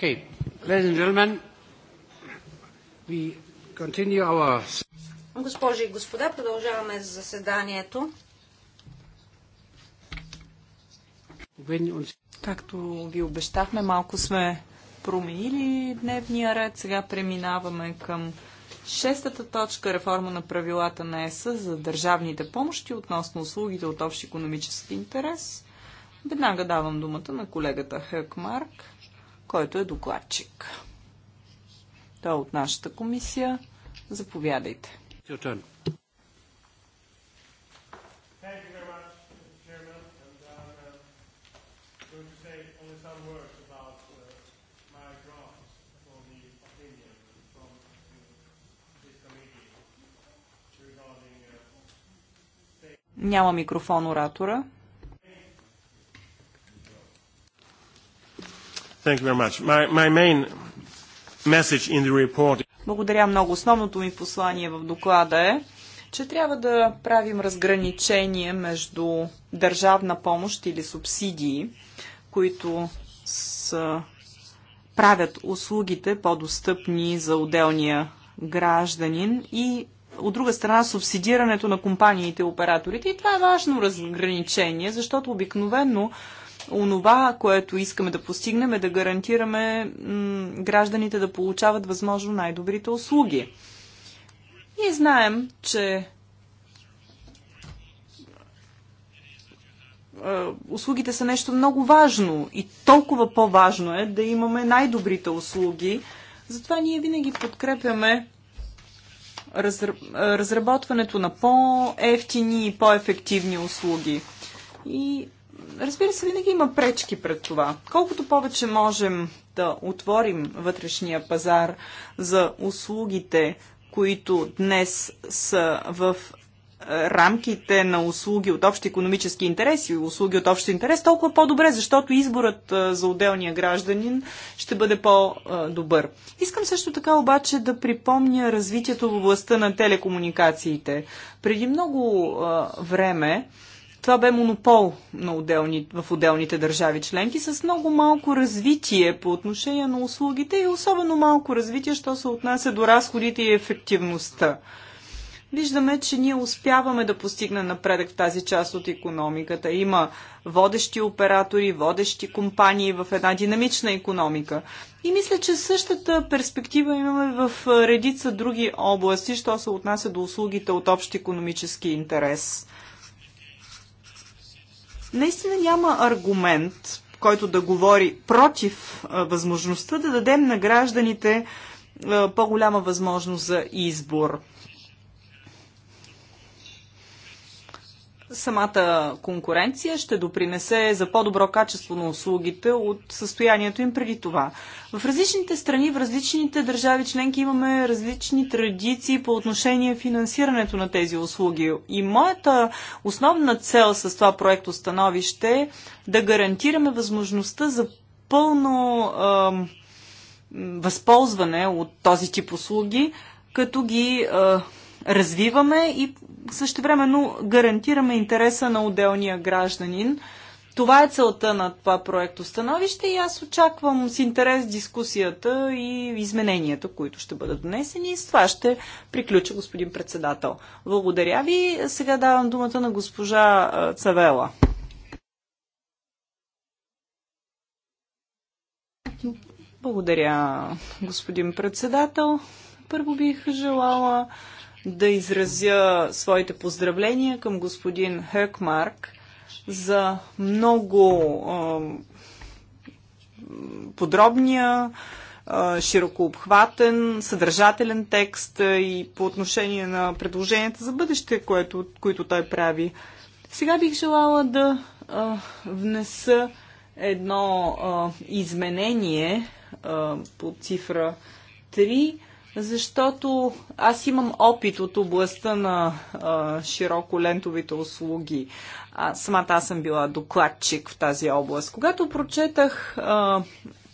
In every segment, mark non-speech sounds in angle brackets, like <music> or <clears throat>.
Okay, ladies and gentlemen, we continue our... Госпожи и господа, продължаваме заседанието. Както ви обещахме, малко сме променили дневния ред. Сега преминаваме към шестата точка реформа на правилата на ЕС за държавните помощи относно услугите от общ економически интерес. Веднага давам думата на колегата Хъкмарк. Марк който е докладчик. Той е от нашата комисия. Заповядайте. Uh, uh, uh, Няма микрофон оратора. Thank you very much. My, my main message in the report... Благодаря много. Основното ми послание в доклада е, че трябва да правим разграничение между държавна помощ или субсидии, които са, правят услугите по-достъпни за отделния гражданин и от друга страна субсидирането на компаниите и операторите. И това е важно разграничение, защото обикновено онова, което искаме да постигнем е да гарантираме гражданите да получават възможно най-добрите услуги. Ние знаем, че услугите са нещо много важно и толкова по-важно е да имаме най-добрите услуги. Затова ние винаги подкрепяме разработването на по-ефтини и по-ефективни услуги. И разбира се, винаги има пречки пред това. Колкото повече можем да отворим вътрешния пазар за услугите, които днес са в рамките на услуги от общи економически интереси и услуги от общ интерес, толкова по-добре, защото изборът за отделния гражданин ще бъде по-добър. Искам също така обаче да припомня развитието в областта на телекомуникациите. Преди много време това бе монопол на отделни, в отделните държави членки с много малко развитие по отношение на услугите и особено малко развитие, що се отнася до разходите и ефективността. Виждаме, че ние успяваме да постигнем напредък в тази част от економиката. Има водещи оператори, водещи компании в една динамична економика. И мисля, че същата перспектива имаме в редица други области, що се отнася до услугите от общ економически интерес. Наистина няма аргумент, който да говори против възможността да дадем на гражданите по-голяма възможност за избор. самата конкуренция ще допринесе за по-добро качество на услугите от състоянието им преди това. В различните страни, в различните държави членки имаме различни традиции по отношение финансирането на тези услуги. И моята основна цел с това проекто становище е да гарантираме възможността за пълно е, възползване от този тип услуги, като ги е, развиваме и същевременно гарантираме интереса на отделния гражданин. Това е целта на това проекто становище и аз очаквам с интерес дискусията и измененията, които ще бъдат внесени. И с това ще приключа, господин председател. Благодаря ви. Сега давам думата на госпожа Цавела. Благодаря, господин председател. Първо бих желала да изразя своите поздравления към господин Хъкмарк за много подробния, широко обхватен, съдържателен текст и по отношение на предложенията за бъдеще, което, които той прави. Сега бих желала да а, внеса едно а, изменение а, по цифра 3 защото аз имам опит от областта на а, широколентовите услуги. А, самата аз съм била докладчик в тази област. Когато прочетах а,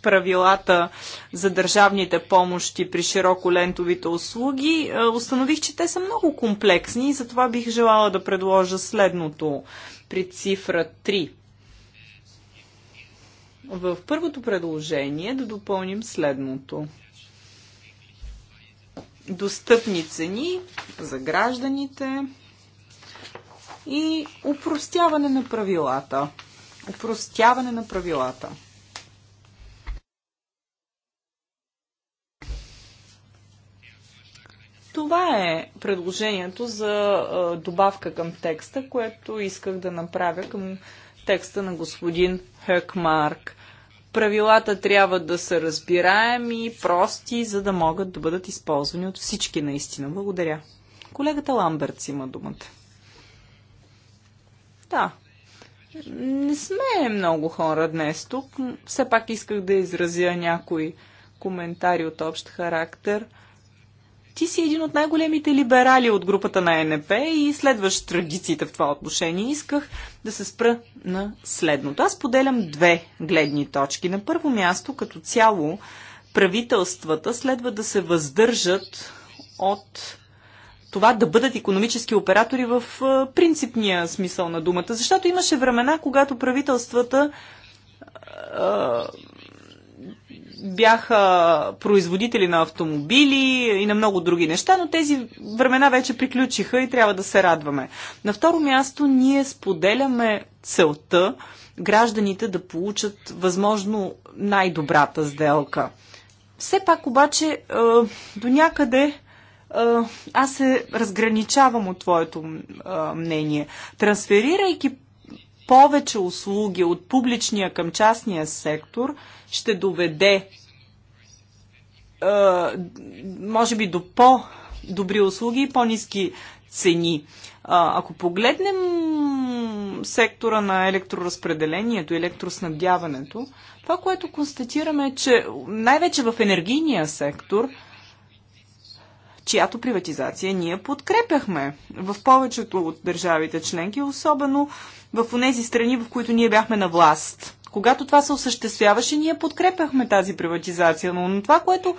правилата за държавните помощи при широколентовите услуги, а, установих, че те са много комплексни и затова бих желала да предложа следното при цифра 3. В първото предложение да допълним следното – достъпни цени за гражданите и упростяване на правилата. Упростяване на правилата. Това е предложението за добавка към текста, което исках да направя към текста на господин Хъкмарк. Правилата трябва да са разбираеми, прости, за да могат да бъдат използвани от всички наистина. Благодаря. Колегата си има думата. Да. Не сме много хора днес тук. Все пак исках да изразя някои коментари от общ характер – ти си един от най-големите либерали от групата на НП и следваш традициите в това отношение. Исках да се спра на следното. Аз поделям две гледни точки. На първо място, като цяло, правителствата следва да се въздържат от това да бъдат економически оператори в принципния смисъл на думата. Защото имаше времена, когато правителствата бяха производители на автомобили и на много други неща, но тези времена вече приключиха и трябва да се радваме. На второ място ние споделяме целта гражданите да получат възможно най-добрата сделка. Все пак обаче е, до някъде е, аз се разграничавам от твоето е, мнение. Трансферирайки повече услуги от публичния към частния сектор ще доведе е, може би до по-добри услуги и по-низки цени. Ако погледнем сектора на електроразпределението електроснабдяването, това, което констатираме е, че най-вече в енергийния сектор, чиято приватизация ние подкрепяхме в повечето от държавите членки, особено в тези страни, в които ние бяхме на власт. Когато това се осъществяваше, ние подкрепяхме тази приватизация, но това, което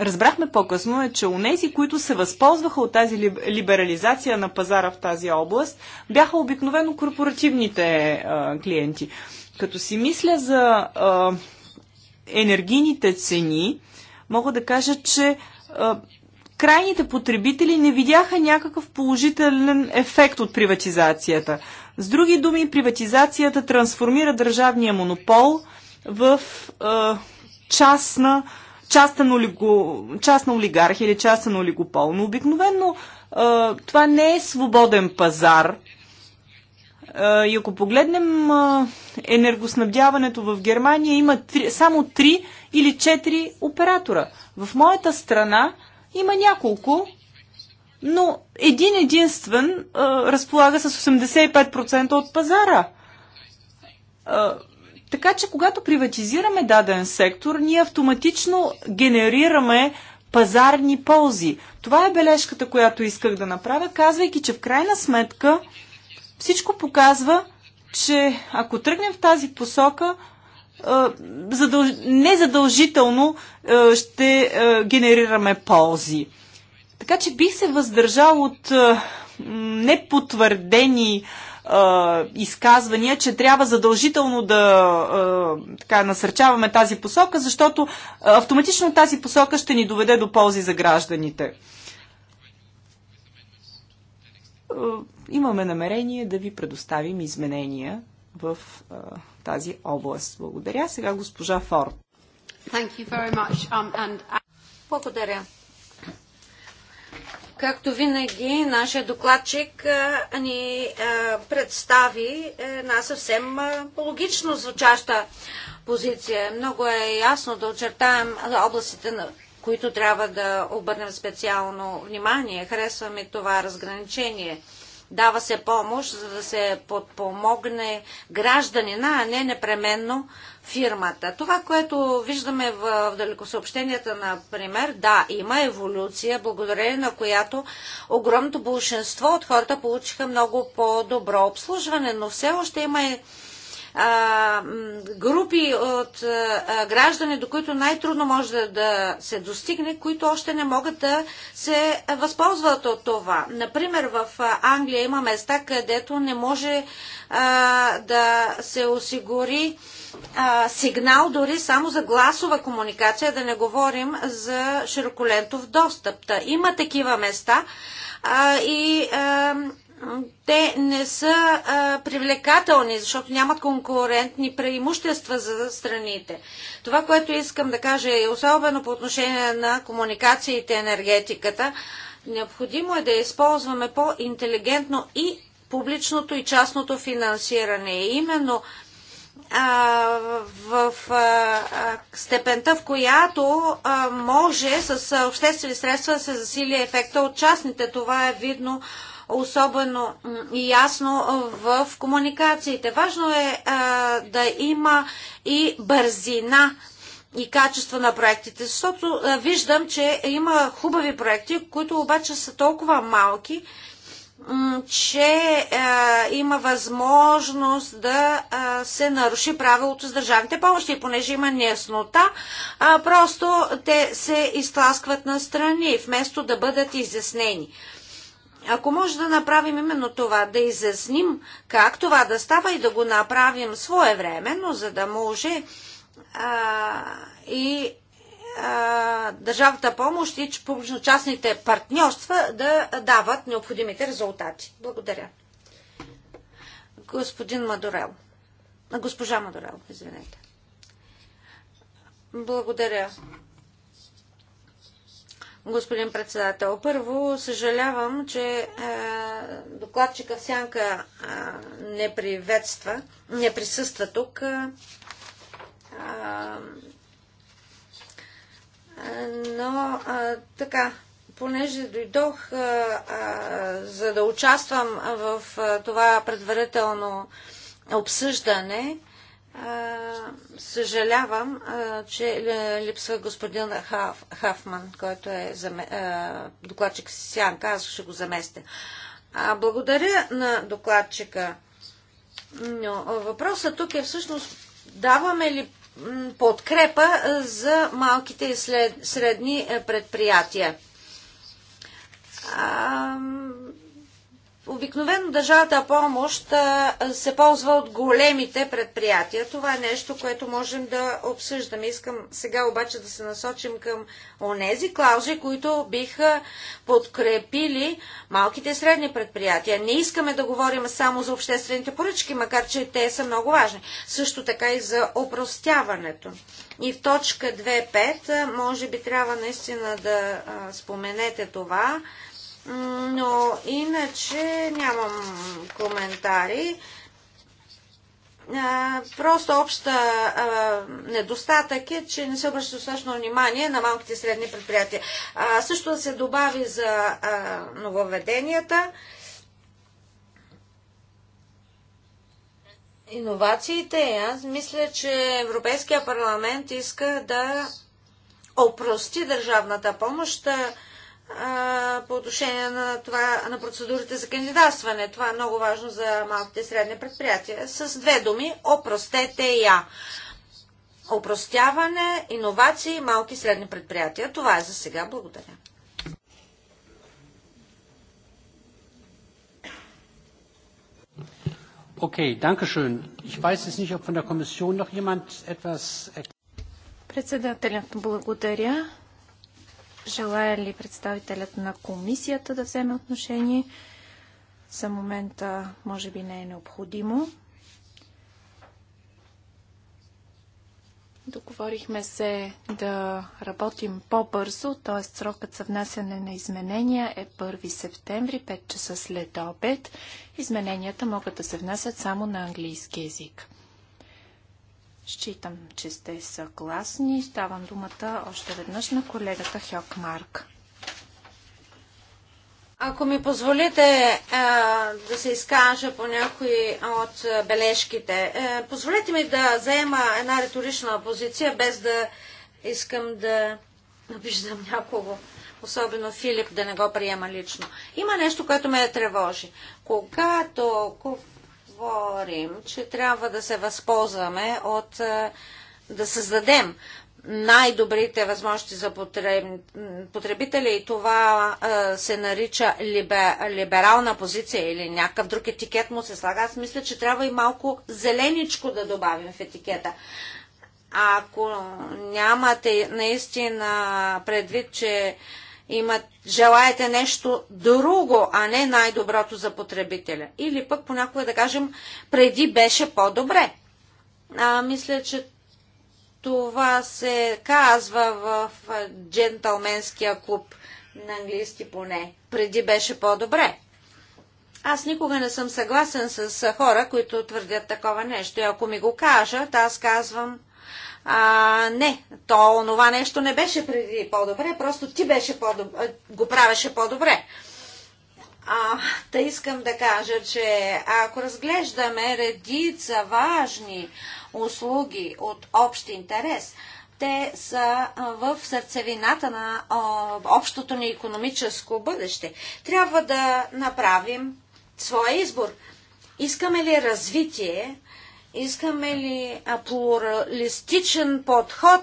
разбрахме по-късно е, че онези, които се възползваха от тази либерализация на пазара в тази област, бяха обикновено корпоративните клиенти. Като си мисля за енергийните цени, мога да кажа, че крайните потребители не видяха някакъв положителен ефект от приватизацията. С други думи, приватизацията трансформира държавния монопол в е, частна, частен олиго, частна олигархия или частен олигопол. Но обикновено е, това не е свободен пазар. Е, и ако погледнем е, енергоснабдяването в Германия, има три, само три или четири оператора. В моята страна има няколко, но един единствен а, разполага с 85% от пазара. А, така че, когато приватизираме даден сектор, ние автоматично генерираме пазарни ползи. Това е бележката, която исках да направя, казвайки, че в крайна сметка всичко показва, че ако тръгнем в тази посока, задълж... незадължително ще генерираме ползи. Така че бих се въздържал от непотвърдени изказвания, че трябва задължително да така, насърчаваме тази посока, защото автоматично тази посока ще ни доведе до ползи за гражданите. Имаме намерение да ви предоставим изменения в тази област. Благодаря. Сега госпожа Форд. Um, and... Благодаря. Както винаги, нашия докладчик ни представи е, една съвсем логично звучаща позиция. Много е ясно да очертаем областите, на които трябва да обърнем специално внимание. Харесваме това разграничение Дава се помощ, за да се подпомогне гражданина, а не непременно фирмата. Това, което виждаме в далекосъобщенията, например, да, има еволюция, благодарение на която огромното большинство от хората получиха много по-добро обслужване, но все още има а, групи от а, граждани, до които най-трудно може да, да се достигне, които още не могат да се възползват от това. Например, в Англия има места, където не може а, да се осигури а, сигнал дори само за гласова комуникация, да не говорим за широколентов достъп. Та, има такива места а, и а, те не са а, привлекателни, защото нямат конкурентни преимущества за страните. Това, което искам да кажа, и е особено по отношение на комуникациите и енергетиката, необходимо е да използваме по-интелигентно и публичното и частното финансиране. И именно а, в а, степента, в която а, може с обществени средства да се засили ефекта от частните. Това е видно особено ясно в комуникациите. Важно е да има и бързина и качество на проектите, защото виждам, че има хубави проекти, които обаче са толкова малки, че има възможност да се наруши правилото с държавните помощи. И понеже има неяснота, а, просто те се изтласкват на страни, вместо да бъдат изяснени. Ако може да направим именно това, да изясним как това да става и да го направим своевременно, за да може а, и а, държавата помощ и публично-частните партньорства да дават необходимите резултати. Благодаря. Господин Мадорел. Госпожа Мадорел, извинете. Благодаря, господин председател. Първо, съжалявам, че е, докладчика сянка е, не приветства, не присъства тук. Е, е но е, така, понеже дойдох е, за да участвам в това предварително обсъждане, съжалявам, че е, липсва господин Хаф, Хафман, който е докладчик Сянка. Аз ще го заместя. благодаря на докладчика. Но въпросът тук е всъщност даваме ли подкрепа за малките и средни е, предприятия. Обикновено държавата помощ се ползва от големите предприятия. Това е нещо, което можем да обсъждаме. Искам сега обаче да се насочим към онези клаузи, които биха подкрепили малките и средни предприятия. Не искаме да говорим само за обществените поръчки, макар че те са много важни. Също така и за опростяването. И в точка 2.5 може би трябва наистина да споменете това но иначе нямам коментари. просто обща недостатък е, че не се обръща достатъчно внимание на малките и средни предприятия. също да се добави за нововведенията, иновациите. Аз мисля, че Европейския парламент иска да опрости държавната помощ по отношение на, това, на процедурите за кандидатстване. Това е много важно за малките и средни предприятия. С две думи, опростете я. Опростяване, иновации, малки и средни предприятия. Това е за сега. Благодаря. Okay, danke schön. Ich weiß jetzt nicht, ob von der Kommission noch jemand Председателят, благодаря. Желая ли представителят на комисията да вземе отношение? За момента може би не е необходимо. Договорихме се да работим по-бързо, т.е. срокът за внасяне на изменения е 1 септември, 5 часа след обед. Измененията могат да се внасят само на английски язик. Считам, че сте съгласни. Ставам думата още веднъж на колегата Хьок Марк. Ако ми позволите е, да се изкажа по някои от бележките, е, позволете ми да заема една риторична позиция, без да искам да обиждам някого, особено Филип, да не го приема лично. Има нещо, което ме тревожи. Когато говорим, че трябва да се възползваме от е, да създадем най-добрите възможности за потребителя и това е, се нарича либерална позиция или някакъв друг етикет му се слага. Аз мисля, че трябва и малко зеленичко да добавим в етикета. Ако нямате наистина предвид, че имат, желаете нещо друго, а не най-доброто за потребителя. Или пък понякога да кажем, преди беше по-добре. А, мисля, че това се казва в джентълменския клуб на английски поне. Преди беше по-добре. Аз никога не съм съгласен с хора, които твърдят такова нещо. И ако ми го кажат, аз казвам – а, не, то онова нещо не беше преди по-добре, просто ти беше по-добре, го правеше по-добре. А, та искам да кажа, че ако разглеждаме редица важни услуги от общ интерес, те са в сърцевината на общото ни економическо бъдеще. Трябва да направим своя избор. Искаме ли развитие Искаме ли плуралистичен подход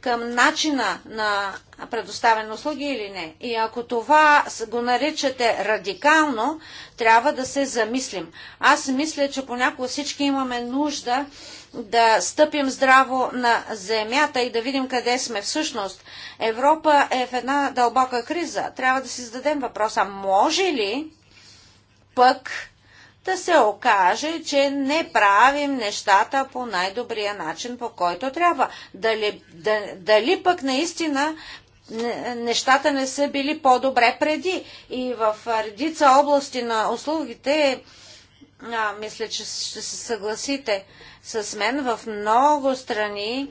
към начина на предоставяне услуги или не? И ако това го наричате радикално, трябва да се замислим. Аз мисля, че понякога всички имаме нужда да стъпим здраво на земята и да видим къде сме всъщност. Европа е в една дълбока криза. Трябва да си зададем въпроса, може ли пък да се окаже, че не правим нещата по най-добрия начин, по който трябва. Дали, дали пък наистина нещата не са били по-добре преди. И в редица области на услугите, а, мисля, че ще се съгласите с мен, в много страни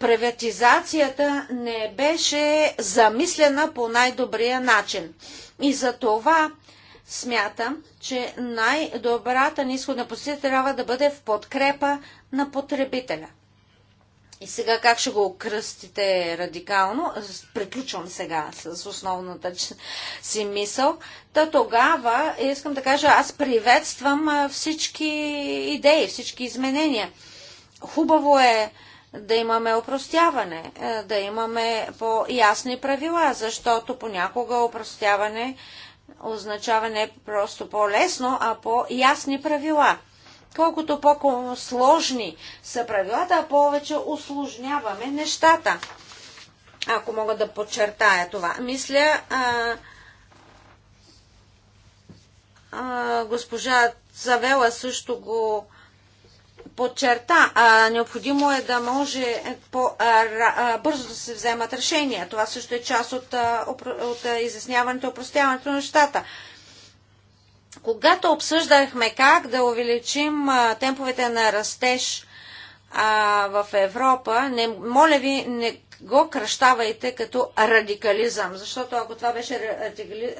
приватизацията не беше замислена по най-добрия начин. И за това Смятам, че най-добрата ни изходна позиция трябва да бъде в подкрепа на потребителя. И сега как ще го окръстите радикално? Приключвам сега с основната си мисъл. Та тогава искам да кажа, аз приветствам всички идеи, всички изменения. Хубаво е да имаме опростяване, е, да имаме по-ясни правила, защото понякога опростяване означава не просто по-лесно, а по-ясни правила. Колкото по-сложни са правилата, повече усложняваме нещата. Ако мога да подчертая това. Мисля, а, а, госпожа Завела също го подчерта, а, необходимо е да може по-бързо да се вземат решения. Това също е част от, от, а, изясняването и опростяването на нещата. Когато обсъждахме как да увеличим темповете на растеж а, в Европа, не, моля ви, не го кръщавайте като радикализъм, защото ако това беше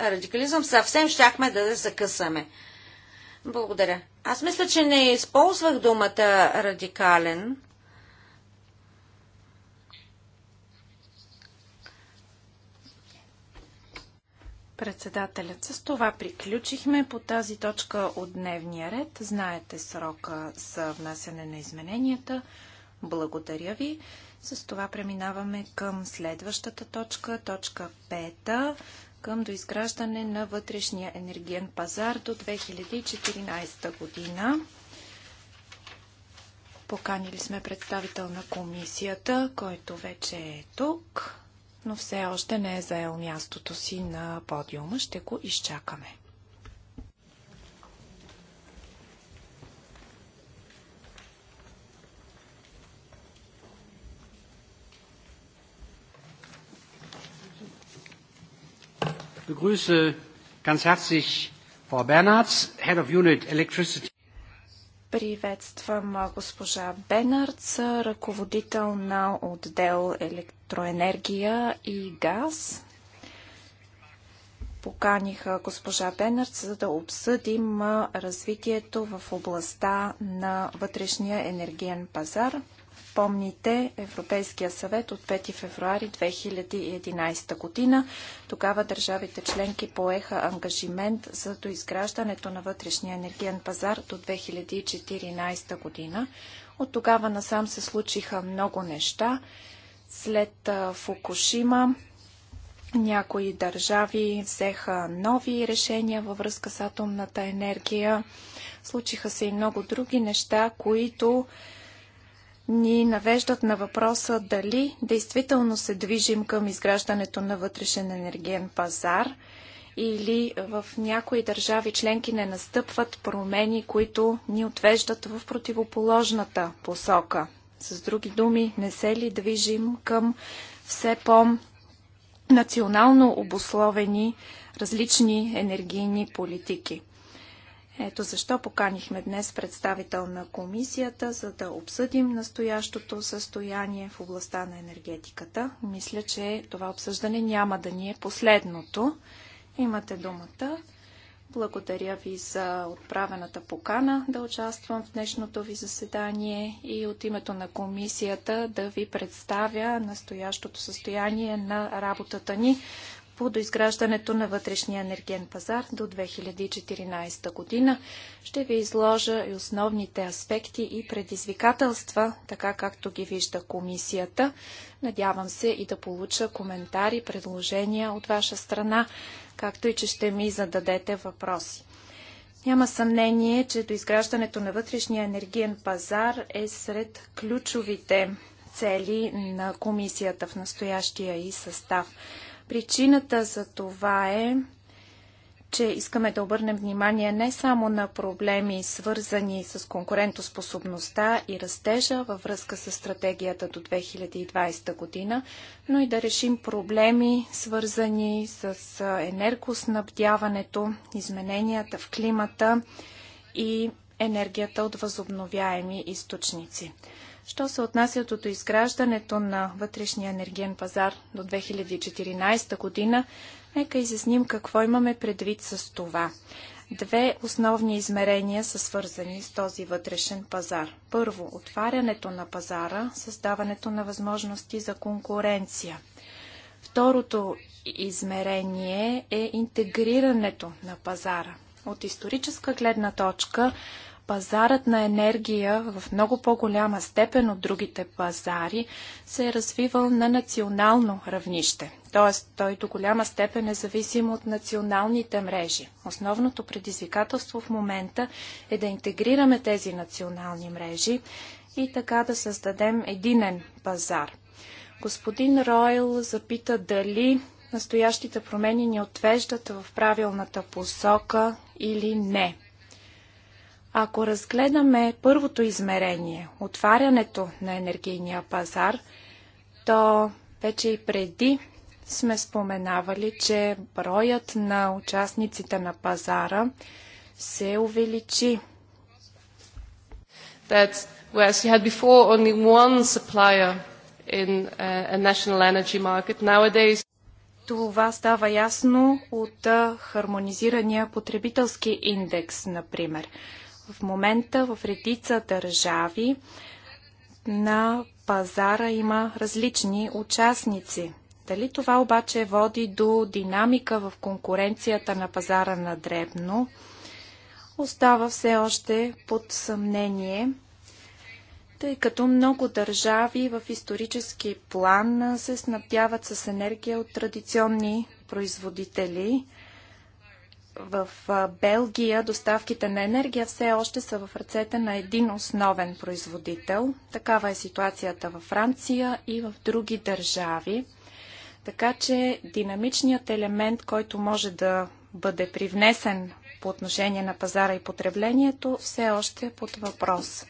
радикализъм, съвсем щяхме да закъсаме. Благодаря. Аз мисля, че не използвах думата радикален. Председателят, с това приключихме по тази точка от дневния ред. Знаете срока за внасяне на измененията. Благодаря ви. С това преминаваме към следващата точка, точка 5 към доизграждане на вътрешния енергиен пазар до 2014 година. Поканили сме представител на комисията, който вече е тук, но все още не е заел мястото си на подиума. Ще го изчакаме. begrüße ganz herzlich Frau Bernards, Head of Unit Electricity. Приветствам госпожа Бенардс, ръководител на отдел електроенергия и газ. Поканиха госпожа Бенардс, за да обсъдим развитието в областта на вътрешния енергиен пазар спомните Европейския съвет от 5 февруари 2011 година. Тогава държавите членки поеха ангажимент за доизграждането на вътрешния енергиен пазар до 2014 година. От тогава насам се случиха много неща. След Фукушима някои държави взеха нови решения във връзка с атомната енергия. Случиха се и много други неща, които ни навеждат на въпроса дали действително се движим към изграждането на вътрешен енергиен пазар или в някои държави членки не настъпват промени, които ни отвеждат в противоположната посока. С други думи, не се ли движим към все по-национално обусловени различни енергийни политики? Ето защо поканихме днес представител на комисията, за да обсъдим настоящото състояние в областта на енергетиката. Мисля, че това обсъждане няма да ни е последното. Имате думата. Благодаря ви за отправената покана да участвам в днешното ви заседание и от името на комисията да ви представя настоящото състояние на работата ни по доизграждането на вътрешния енергиен пазар до 2014 година. Ще ви изложа и основните аспекти и предизвикателства, така както ги вижда комисията. Надявам се и да получа коментари, предложения от ваша страна, както и че ще ми зададете въпроси. Няма съмнение, че доизграждането на вътрешния енергиен пазар е сред ключовите цели на комисията в настоящия и състав. Причината за това е, че искаме да обърнем внимание не само на проблеми, свързани с конкурентоспособността и растежа във връзка с стратегията до 2020 година, но и да решим проблеми, свързани с енергоснабдяването, измененията в климата и енергията от възобновяеми източници. Що се отнася до изграждането на вътрешния енергиен пазар до 2014 година, нека изясним какво имаме предвид с това. Две основни измерения са свързани с този вътрешен пазар. Първо, отварянето на пазара, създаването на възможности за конкуренция. Второто измерение е интегрирането на пазара. От историческа гледна точка пазарът на енергия в много по-голяма степен от другите пазари се е развивал на национално равнище. Т.е. той до голяма степен е зависим от националните мрежи. Основното предизвикателство в момента е да интегрираме тези национални мрежи и така да създадем единен пазар. Господин Ройл запита дали настоящите промени ни отвеждат в правилната посока или не. Ако разгледаме първото измерение, отварянето на енергийния пазар, то вече и преди сме споменавали, че броят на участниците на пазара се увеличи. That whereas you had before only one supplier in uh, a national energy market, nowadays това става ясно от хармонизирания потребителски индекс, например. В момента в редица държави на пазара има различни участници. Дали това обаче води до динамика в конкуренцията на пазара на дребно, остава все още под съмнение, тъй като много държави в исторически план се снабдяват с енергия от традиционни производители – в Белгия доставките на енергия все още са в ръцете на един основен производител. Такава е ситуацията във Франция и в други държави. Така че динамичният елемент, който може да бъде привнесен по отношение на пазара и потреблението, все още е под въпрос.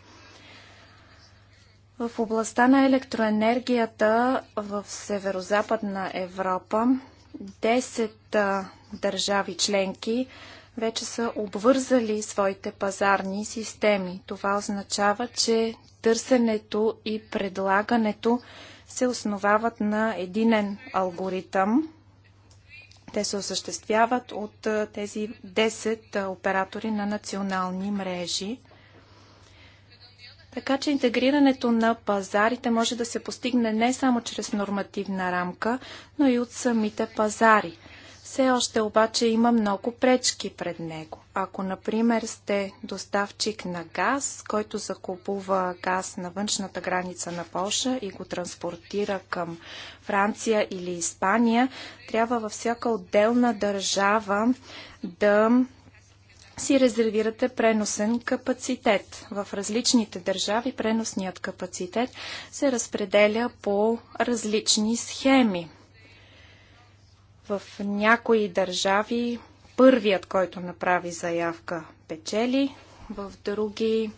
В областта на електроенергията в Северо-Западна Европа 10 държави членки вече са обвързали своите пазарни системи. Това означава, че търсенето и предлагането се основават на единен алгоритъм. Те се осъществяват от тези 10 оператори на национални мрежи. Така че интегрирането на пазарите може да се постигне не само чрез нормативна рамка, но и от самите пазари. Все още обаче има много пречки пред него. Ако, например, сте доставчик на газ, който закупува газ на външната граница на Польша и го транспортира към Франция или Испания, трябва във всяка отделна държава да си резервирате преносен капацитет. В различните държави преносният капацитет се разпределя по различни схеми. В някои държави първият, който направи заявка, печели, в други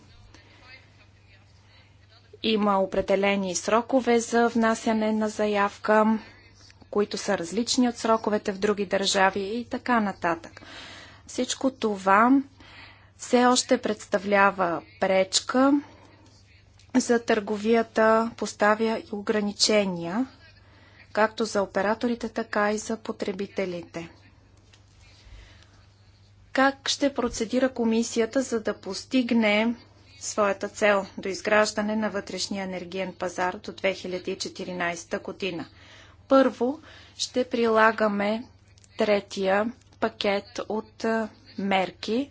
има определени срокове за внасяне на заявка, които са различни от сроковете в други държави и така нататък. Всичко това все още представлява пречка за търговията, поставя и ограничения както за операторите, така и за потребителите. Как ще процедира комисията, за да постигне своята цел до изграждане на вътрешния енергиен пазар до 2014 година? Първо ще прилагаме третия пакет от мерки,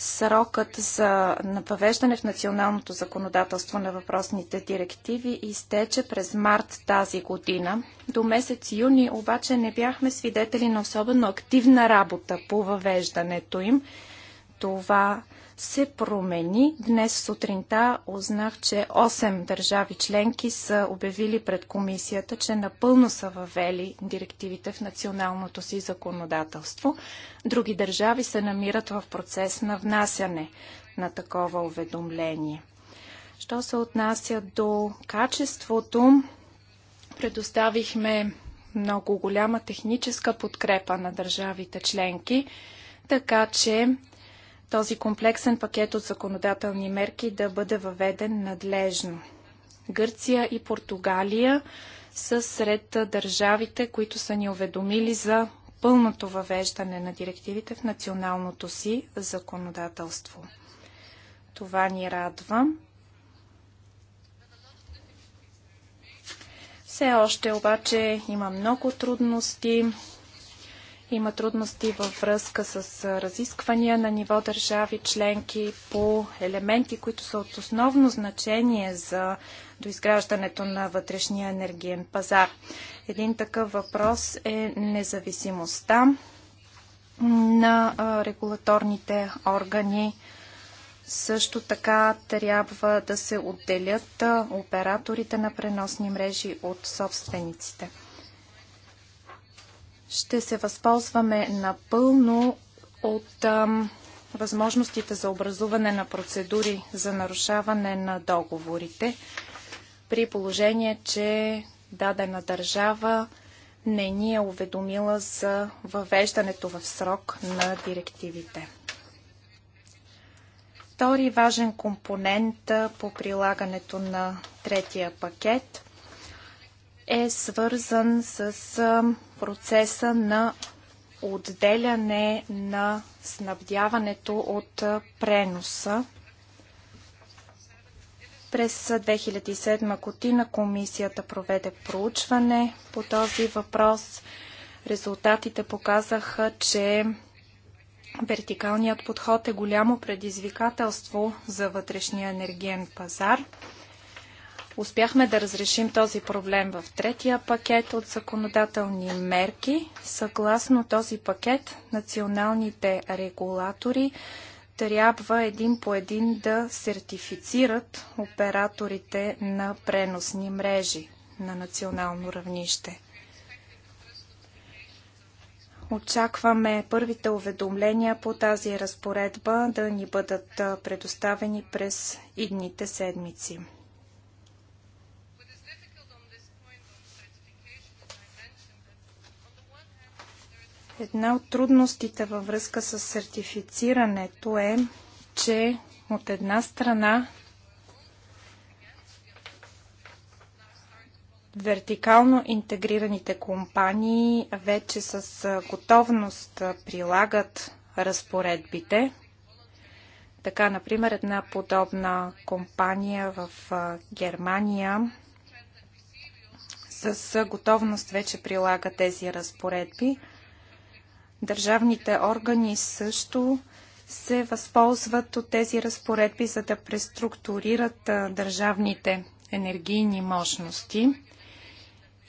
Срокът за въвеждане в националното законодателство на въпросните директиви изтече през март тази година. До месец юни обаче не бяхме свидетели на особено активна работа по въвеждането им. Това се промени. Днес сутринта узнах, че 8 държави членки са обявили пред комисията, че напълно са въвели директивите в националното си законодателство. Други държави се намират в процес на внасяне на такова уведомление. Що се отнася до качеството, предоставихме много голяма техническа подкрепа на държавите членки, така че този комплексен пакет от законодателни мерки да бъде въведен надлежно. Гърция и Португалия са сред държавите, които са ни уведомили за пълното въвеждане на директивите в националното си законодателство. Това ни радва. Все още обаче има много трудности, има трудности във връзка с разисквания на ниво държави членки по елементи, които са от основно значение за доизграждането на вътрешния енергиен пазар. Един такъв въпрос е независимостта на регулаторните органи. Също така трябва да се отделят операторите на преносни мрежи от собствениците. Ще се възползваме напълно от възможностите за образуване на процедури за нарушаване на договорите при положение, че дадена държава не ни е уведомила за въвеждането в срок на директивите. Втори важен компонент по прилагането на третия пакет е свързан с процеса на отделяне на снабдяването от преноса. През 2007 година комисията проведе проучване по този въпрос. Резултатите показаха, че вертикалният подход е голямо предизвикателство за вътрешния енергиен пазар. Успяхме да разрешим този проблем в третия пакет от законодателни мерки. Съгласно този пакет, националните регулатори трябва един по един да сертифицират операторите на преносни мрежи на национално равнище. Очакваме първите уведомления по тази разпоредба да ни бъдат предоставени през идните седмици. Една от трудностите във връзка с сертифицирането е, че от една страна вертикално интегрираните компании вече с готовност прилагат разпоредбите. Така, например, една подобна компания в Германия с готовност вече прилага тези разпоредби. Държавните органи също се възползват от тези разпоредби, за да преструктурират държавните енергийни мощности.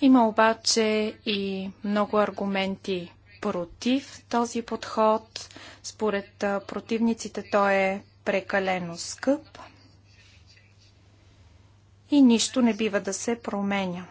Има обаче и много аргументи против този подход. Според противниците той е прекалено скъп и нищо не бива да се променя.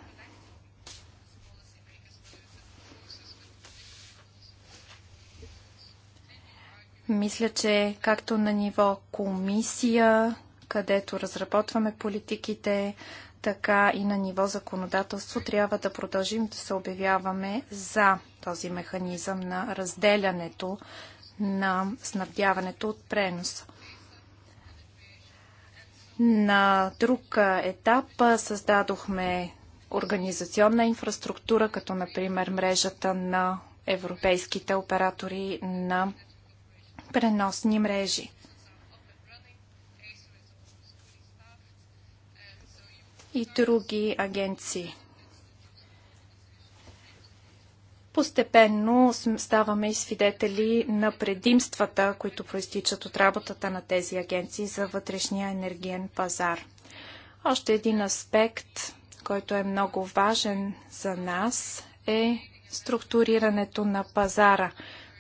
Мисля, че както на ниво комисия, където разработваме политиките, така и на ниво законодателство трябва да продължим да се обявяваме за този механизъм на разделянето на снабдяването от преноса. На друг етап създадохме организационна инфраструктура, като например мрежата на европейските оператори на преносни мрежи. и други агенции. Постепенно ставаме и свидетели на предимствата, които проистичат от работата на тези агенции за вътрешния енергиен пазар. Още един аспект, който е много важен за нас, е структурирането на пазара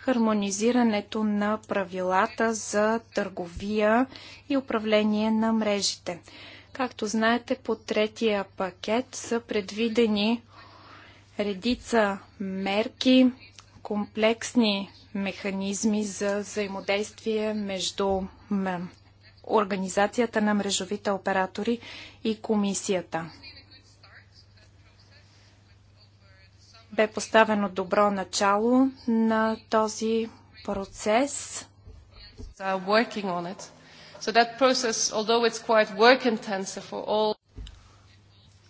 хармонизирането на правилата за търговия и управление на мрежите. Както знаете, по третия пакет са предвидени редица мерки, комплексни механизми за взаимодействие между организацията на мрежовите оператори и комисията. бе поставено добро начало на този процес.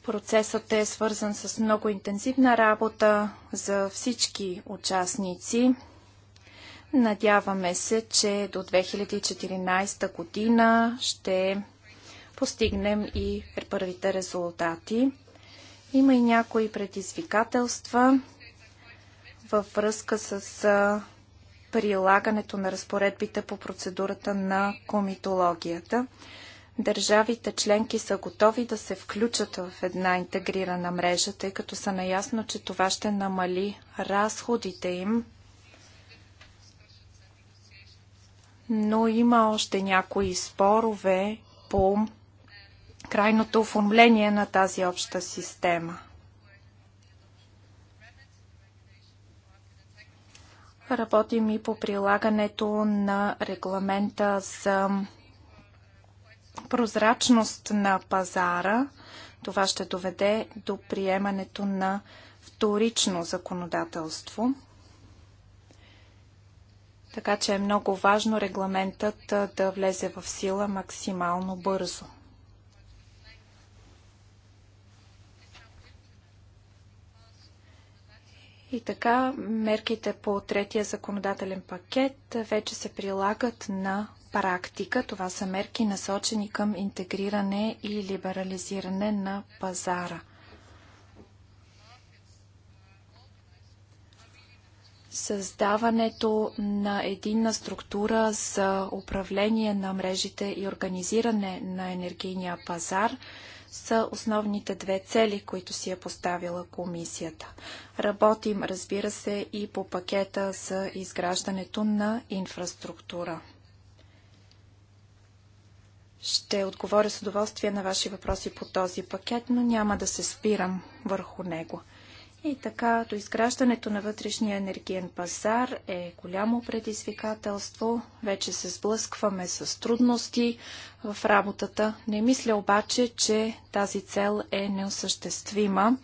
Процесът е свързан с много интензивна работа за всички участници. Надяваме се, че до 2014 година ще постигнем и първите резултати. Има и някои предизвикателства във връзка с прилагането на разпоредбите по процедурата на комитологията. Държавите членки са готови да се включат в една интегрирана мрежа, тъй като са наясно, че това ще намали разходите им. Но има още някои спорове по крайното оформление на тази обща система. Работим и по прилагането на регламента за прозрачност на пазара. Това ще доведе до приемането на вторично законодателство. Така че е много важно регламентът да влезе в сила максимално бързо. И така, мерките по третия законодателен пакет вече се прилагат на практика. Това са мерки насочени към интегриране и либерализиране на пазара. Създаването на единна структура за управление на мрежите и организиране на енергийния пазар – са основните две цели, които си е поставила комисията. Работим, разбира се, и по пакета за изграждането на инфраструктура. Ще отговоря с удоволствие на ваши въпроси по този пакет, но няма да се спирам върху него. И така, до изграждането на вътрешния енергиен пазар е голямо предизвикателство. Вече се сблъскваме с трудности в работата. Не мисля обаче, че тази цел е неосъществима.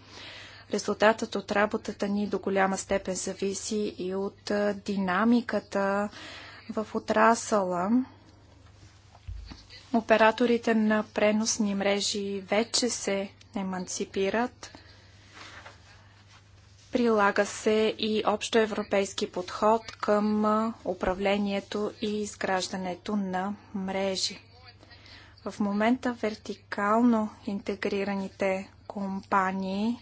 Резултатът от работата ни до голяма степен зависи и от динамиката в отрасъла. Операторите на преносни мрежи вече се еманципират Прилага се и общо европейски подход към управлението и изграждането на мрежи. В момента вертикално интегрираните компании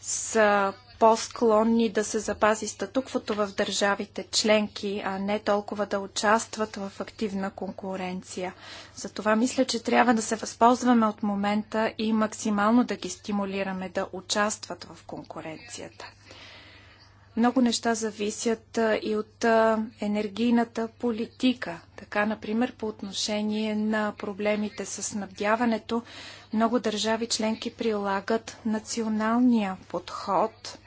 са по-склонни да се запази статуквото в държавите членки, а не толкова да участват в активна конкуренция. Затова мисля, че трябва да се възползваме от момента и максимално да ги стимулираме да участват в конкуренцията. Много неща зависят и от енергийната политика. Така, например, по отношение на проблемите с снабдяването, много държави членки прилагат националния подход.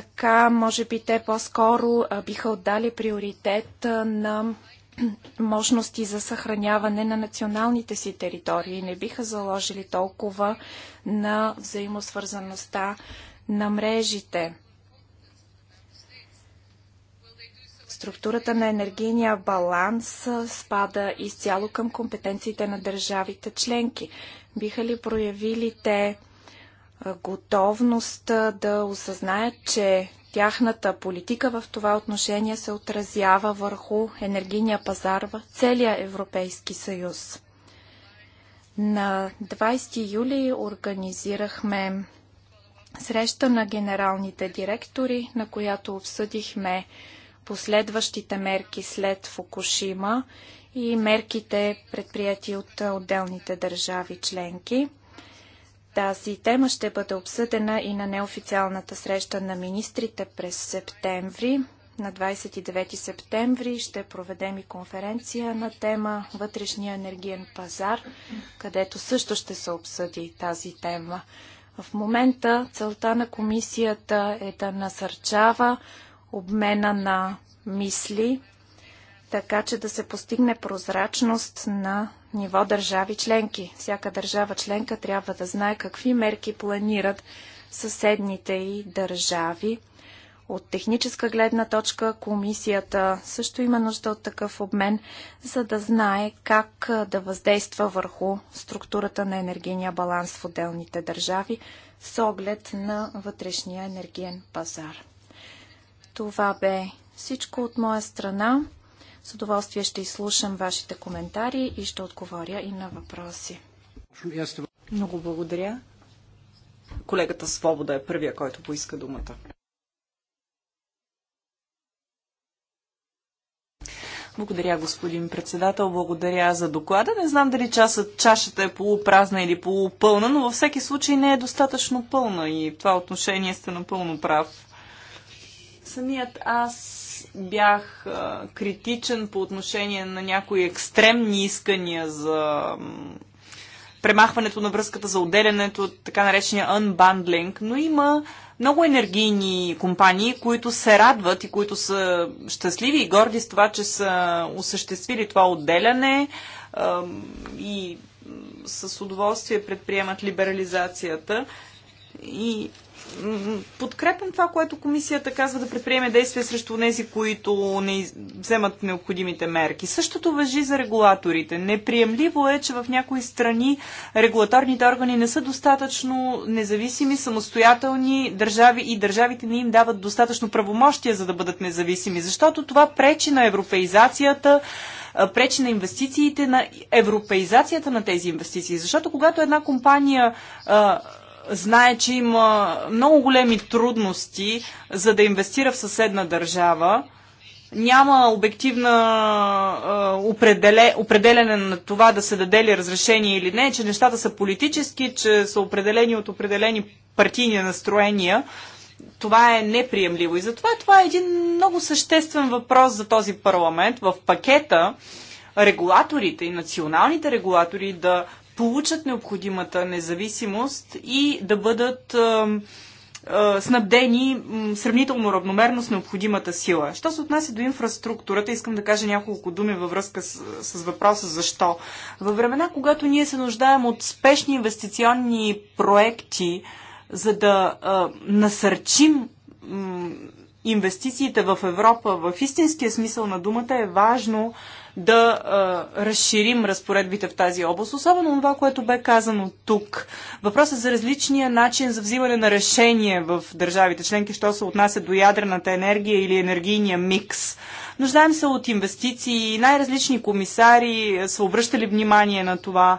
Така, може би те по-скоро биха отдали приоритет на <clears throat> мощности за съхраняване на националните си територии. Не биха заложили толкова на взаимосвързаността на мрежите. Структурата на енергийния баланс спада изцяло към компетенциите на държавите членки. Биха ли проявили те готовност да осъзнаят, че тяхната политика в това отношение се отразява върху енергийния пазар в целия Европейски съюз. На 20 юли организирахме среща на генералните директори, на която обсъдихме последващите мерки след Фукушима и мерките предприяти от отделните държави членки – тази тема ще бъде обсъдена и на неофициалната среща на министрите през септември. На 29 септември ще проведем и конференция на тема Вътрешния енергиен пазар, където също ще се обсъди тази тема. В момента целта на комисията е да насърчава обмена на мисли така че да се постигне прозрачност на ниво държави членки. Всяка държава членка трябва да знае какви мерки планират съседните и държави. От техническа гледна точка комисията също има нужда от такъв обмен, за да знае как да въздейства върху структурата на енергийния баланс в отделните държави с оглед на вътрешния енергиен пазар. Това бе всичко от моя страна. С удоволствие ще изслушам вашите коментари и ще отговоря и на въпроси. Много благодаря. Колегата Свобода е първия, който поиска думата. Благодаря, господин председател. Благодаря за доклада. Не знам дали часът, чашата е полупразна или полупълна, но във всеки случай не е достатъчно пълна и в това отношение сте напълно прав. Самият аз бях критичен по отношение на някои екстремни искания за премахването на връзката, за отделянето, така наречения unbundling, но има много енергийни компании, които се радват и които са щастливи и горди с това, че са осъществили това отделяне и с удоволствие предприемат либерализацията. И подкрепям това, което комисията казва да предприеме действия срещу тези, които не вземат необходимите мерки. Същото въжи за регулаторите. Неприемливо е, че в някои страни регулаторните органи не са достатъчно независими, самостоятелни държави и държавите не им дават достатъчно правомощия, за да бъдат независими. Защото това пречи на европеизацията, пречи на инвестициите, на европеизацията на тези инвестиции. Защото когато една компания знае, че има много големи трудности за да инвестира в съседна държава. Няма обективна определене на това да се даде ли разрешение или не, че нещата са политически, че са определени от определени партийни настроения. Това е неприемливо. И затова това е един много съществен въпрос за този парламент. В пакета регулаторите и националните регулатори да получат необходимата независимост и да бъдат снабдени сравнително равномерно с необходимата сила. Що се отнася до инфраструктурата, искам да кажа няколко думи във връзка с, с въпроса защо. Във времена, когато ние се нуждаем от спешни инвестиционни проекти, за да а, насърчим инвестициите в Европа в истинския смисъл на думата, е важно да а, разширим разпоредбите в тази област, особено това, което бе казано тук. Въпросът за различния начин за взимане на решение в държавите членки, що се отнася до ядрената енергия или енергийния микс. Нуждаем се от инвестиции, най-различни комисари са обръщали внимание на това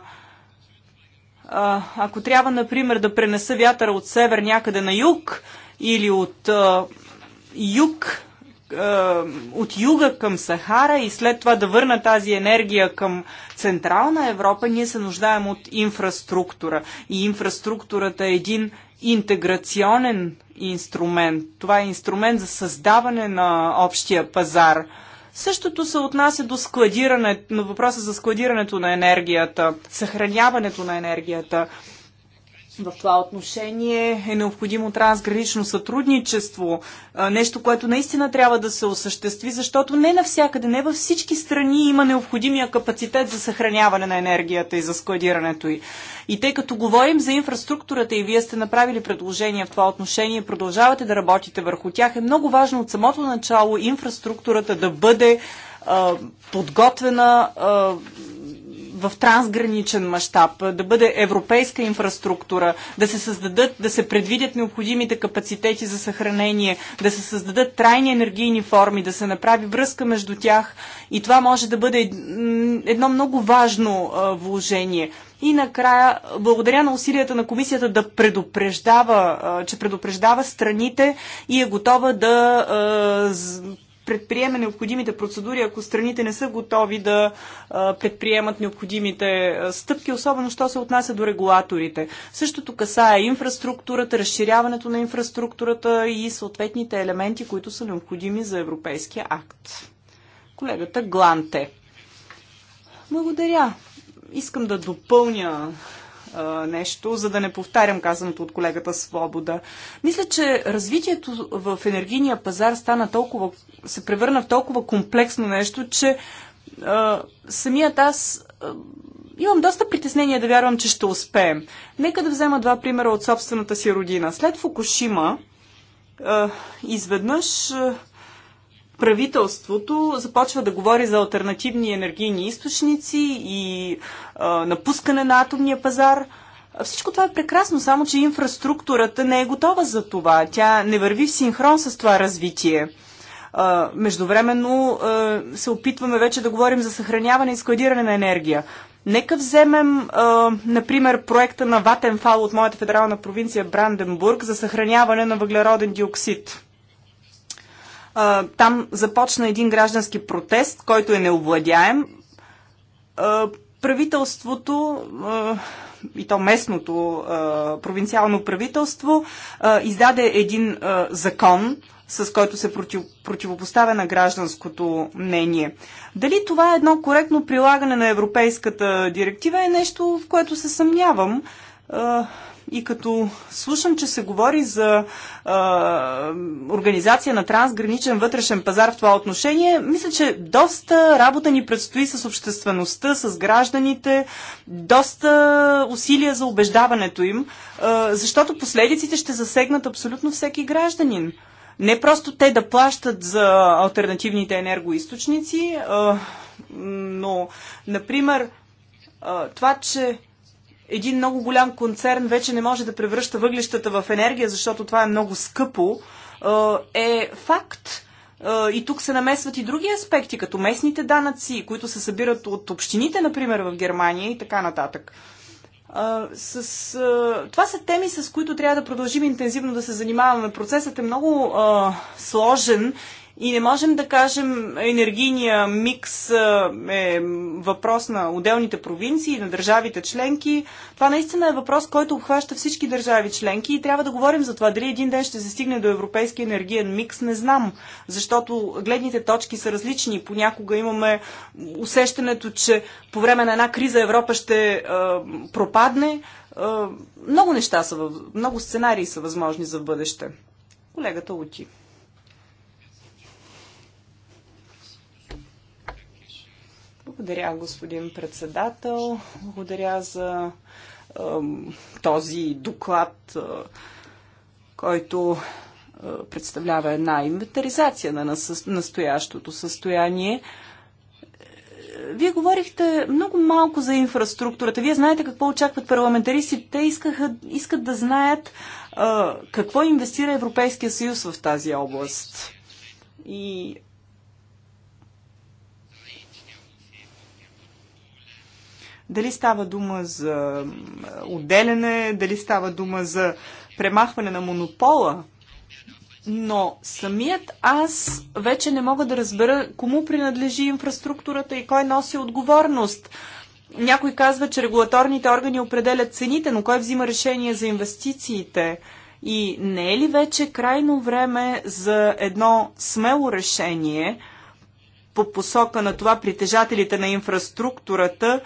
ако трябва, например, да пренеса вятъра от север някъде на юг или от а, юг е, от юга към Сахара и след това да върна тази енергия към Централна Европа, ние се нуждаем от инфраструктура. И инфраструктурата е един интеграционен инструмент. Това е инструмент за създаване на общия пазар. Същото се отнася до складирането, на въпроса за складирането на енергията, съхраняването на енергията. В това отношение е необходимо трансгранично сътрудничество, нещо, което наистина трябва да се осъществи, защото не навсякъде, не във всички страни има необходимия капацитет за съхраняване на енергията и за складирането й. И тъй като говорим за инфраструктурата и вие сте направили предложения в това отношение, продължавате да работите върху тях, е много важно от самото начало инфраструктурата да бъде подготвена в трансграничен мащаб, да бъде европейска инфраструктура, да се създадат, да се предвидят необходимите капацитети за съхранение, да се създадат трайни енергийни форми, да се направи връзка между тях и това може да бъде едно много важно вложение. И накрая, благодаря на усилията на комисията да предупреждава, че предупреждава страните и е готова да предприеме необходимите процедури, ако страните не са готови да предприемат необходимите стъпки, особено що се отнася до регулаторите. Същото касае инфраструктурата, разширяването на инфраструктурата и съответните елементи, които са необходими за Европейския акт. Колегата Гланте. Благодаря. Искам да допълня нещо, за да не повтарям казаното от колегата Свобода. Мисля, че развитието в енергийния пазар стана толкова, се превърна в толкова комплексно нещо, че а, самият аз а, имам доста притеснение да вярвам, че ще успеем. Нека да взема два примера от собствената си родина. След Фукушима, а, изведнъж. А, правителството започва да говори за альтернативни енергийни източници и а, напускане на атомния пазар. Всичко това е прекрасно, само че инфраструктурата не е готова за това. Тя не върви в синхрон с това развитие. А, междувременно а, се опитваме вече да говорим за съхраняване и складиране на енергия. Нека вземем, а, например, проекта на Ватенфал от моята федерална провинция Бранденбург за съхраняване на въглероден диоксид. Там започна един граждански протест, който е необладяем. Правителството и то местното провинциално правителство издаде един закон, с който се против, противопоставя на гражданското мнение. Дали това е едно коректно прилагане на Европейската директива е нещо, в което се съмнявам. И като слушам, че се говори за а, организация на трансграничен вътрешен пазар в това отношение, мисля, че доста работа ни предстои с обществеността, с гражданите, доста усилия за убеждаването им, а, защото последиците ще засегнат абсолютно всеки гражданин не просто те да плащат за альтернативните енергоисточници, но, например, това, че един много голям концерн вече не може да превръща въглищата в енергия, защото това е много скъпо, е, е факт. Е, и тук се намесват и други аспекти, като местните данъци, които се събират от общините, например, в Германия и така нататък. Е, с, това са теми, с които трябва да продължим интензивно да се занимаваме. Процесът е много сложен и не можем да кажем енергийния микс е въпрос на отделните провинции, на държавите членки. Това наистина е въпрос, който обхваща всички държави членки и трябва да говорим за това. Дали един ден ще се стигне до европейски енергиен микс, не знам, защото гледните точки са различни. Понякога имаме усещането, че по време на една криза Европа ще е, пропадне. Е, много неща са, много сценарии са възможни за бъдеще. Колегата Лути. Благодаря, господин председател. Благодаря за е, този доклад, е, който е, представлява една инвентаризация на настоящото състояние. Вие говорихте много малко за инфраструктурата. Вие знаете какво очакват парламентаристите. Те искаха, искат да знаят е, какво инвестира Европейския съюз в тази област. И Дали става дума за отделяне, дали става дума за премахване на монопола, но самият аз вече не мога да разбера кому принадлежи инфраструктурата и кой носи отговорност. Някой казва, че регулаторните органи определят цените, но кой взима решение за инвестициите? И не е ли вече крайно време за едно смело решение по посока на това притежателите на инфраструктурата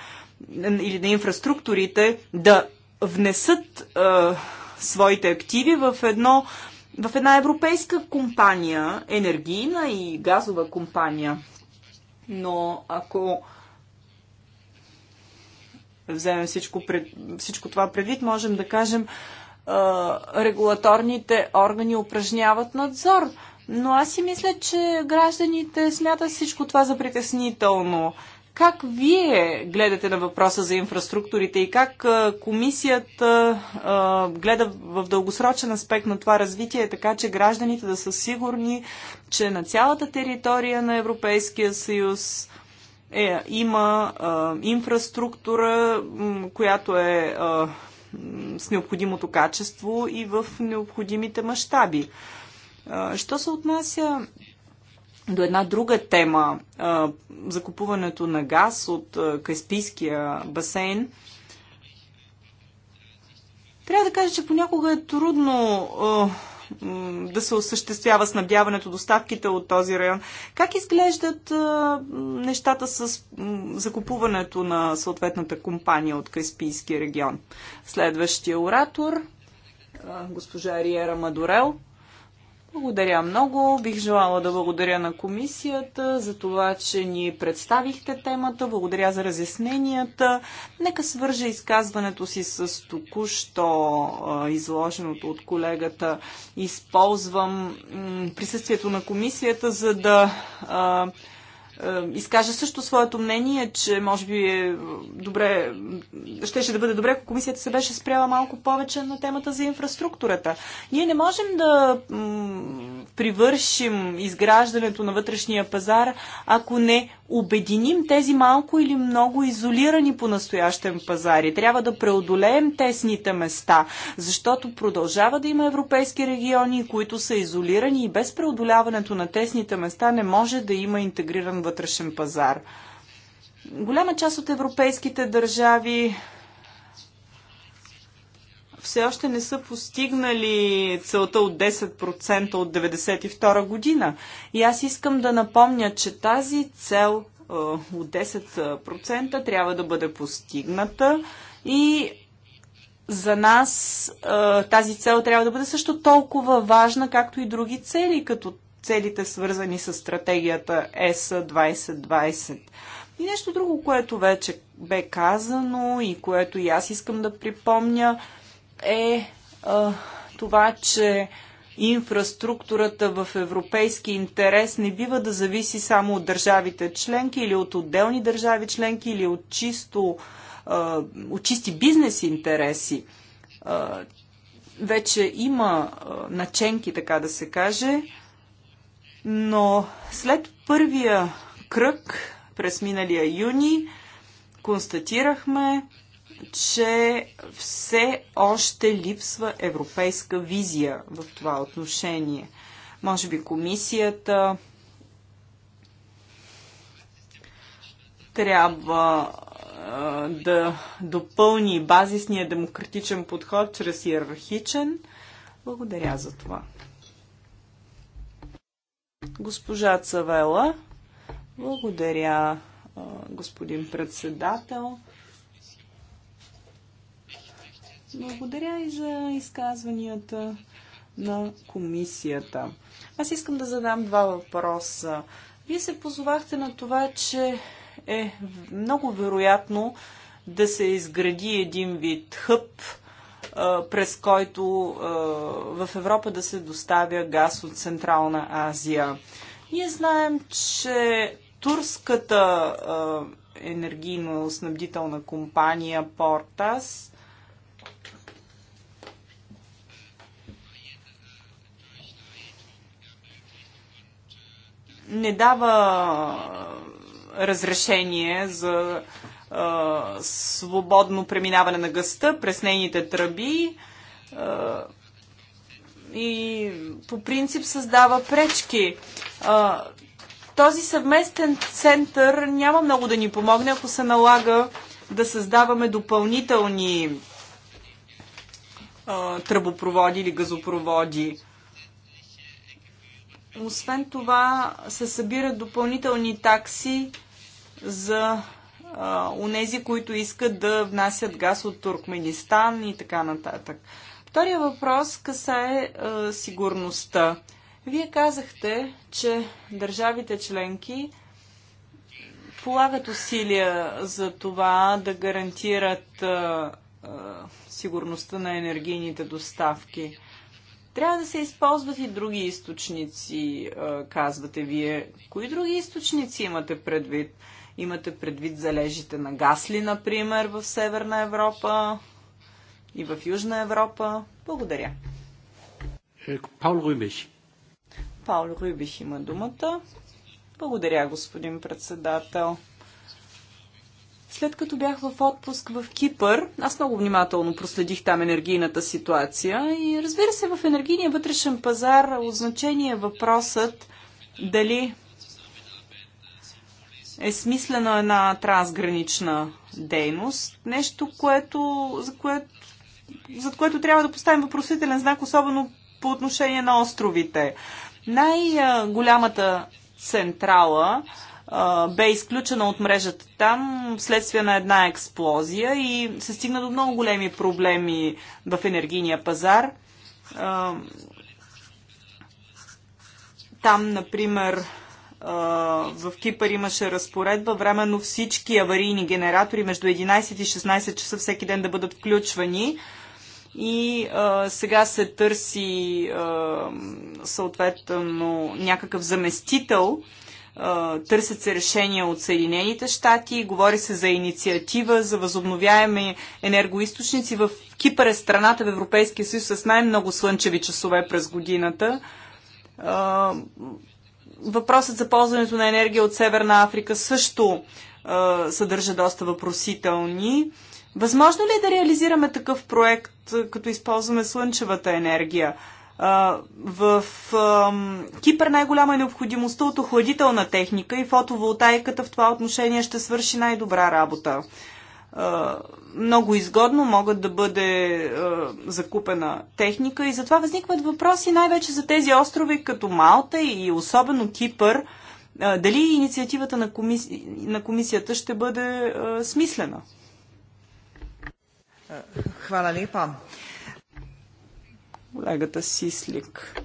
или на инфраструктурите да внесат а, своите активи в едно в една европейска компания, енергийна и газова компания. Но ако вземем всичко, пред, всичко това предвид, можем да кажем, а, регулаторните органи упражняват надзор. Но аз си мисля, че гражданите смятат всичко това за притеснително. Как вие гледате на въпроса за инфраструктурите и как комисията гледа в дългосрочен аспект на това развитие, така че гражданите да са сигурни, че на цялата територия на Европейския съюз е, има е, инфраструктура, която е е с необходимото качество и в необходимите мащаби. Що се отнася до една друга тема закупуването на газ от Каспийския басейн. Трябва да кажа, че понякога е трудно да се осъществява снабдяването, доставките от този район. Как изглеждат нещата с закупуването на съответната компания от Каспийския регион? Следващия оратор, госпожа Риера Мадорел. Благодаря много. Бих желала да благодаря на комисията за това, че ни представихте темата. Благодаря за разясненията. Нека свържа изказването си с току-що изложеното от колегата. Използвам присъствието на комисията, за да изкаже също своето мнение, че може би е добре, щеше ще да бъде добре, ако комисията се беше спряла малко повече на темата за инфраструктурата. Ние не можем да привършим изграждането на вътрешния пазар, ако не обединим тези малко или много изолирани по настоящен пазари. Трябва да преодолеем тесните места, защото продължава да има европейски региони, които са изолирани и без преодоляването на тесните места не може да има интегриран вътрешен пазар. Голяма част от европейските държави все още не са постигнали целта от 10% от 1992 година. И аз искам да напомня, че тази цел е, от 10% трябва да бъде постигната и за нас е, тази цел трябва да бъде също толкова важна, както и други цели, като целите свързани с стратегията ЕС 2020. И нещо друго, което вече бе казано и което и аз искам да припомня – е а, това, че инфраструктурата в европейски интерес не бива да зависи само от държавите членки или от отделни държави членки или от, чисто, а, от чисти бизнес интереси. А, вече има а, наченки, така да се каже, но след първия кръг през миналия юни констатирахме, че все още липсва европейска визия в това отношение. Може би комисията трябва а, да допълни базисния демократичен подход чрез иерархичен. Благодаря за това. Госпожа Цавела, благодаря, господин председател. Благодаря и за изказванията на комисията. Аз искам да задам два въпроса. Вие се позовахте на това, че е много вероятно да се изгради един вид хъб, през който в Европа да се доставя газ от Централна Азия. Ние знаем, че турската енергийно-снабдителна компания Портас не дава разрешение за свободно преминаване на гъста през нейните тръби и по принцип създава пречки. този съвместен център няма много да ни помогне, ако се налага да създаваме допълнителни а, тръбопроводи или газопроводи. Освен това се събират допълнителни такси за онези, които искат да внасят газ от Туркменистан и така нататък. Втория въпрос касае е сигурността. Вие казахте, че държавите членки полагат усилия за това да гарантират сигурността на енергийните доставки. Трябва да се използват и други източници, казвате вие. Кои други източници имате предвид? Имате предвид залежите на гасли, например, в Северна Европа и в Южна Европа? Благодаря. Е, Паул Рубиш. Паул Рубиш има думата. Благодаря, господин председател. След като бях в отпуск в Кипър, аз много внимателно проследих там енергийната ситуация и разбира се, в енергийния вътрешен пазар от значение е въпросът дали е смислено една трансгранична дейност, нещо, което, за, което, за което трябва да поставим въпросителен знак, особено по отношение на островите. Най-голямата централа бе изключена от мрежата там вследствие на една експлозия и се стигна до много големи проблеми в енергийния пазар. там, например, в Кипър имаше разпоредба временно всички аварийни генератори между 11 и 16 часа всеки ден да бъдат включвани. И а, сега се търси а, съответно някакъв заместител търсят се решения от Съединените щати, говори се за инициатива за възобновяеми енергоисточници. В Кипър е страната в Европейския съюз с най-много слънчеви часове през годината. Въпросът за ползването на енергия от Северна Африка също съдържа доста въпросителни. Възможно ли е да реализираме такъв проект, като използваме слънчевата енергия? В Кипър най-голяма е необходимостта от охладителна техника и фотоволтайката в това отношение ще свърши най-добра работа. Много изгодно могат да бъде закупена техника и затова възникват въпроси най-вече за тези острови като Малта и особено Кипър. Дали инициативата на, комиси... на комисията ще бъде смислена? Хвала липа колегата Сислик.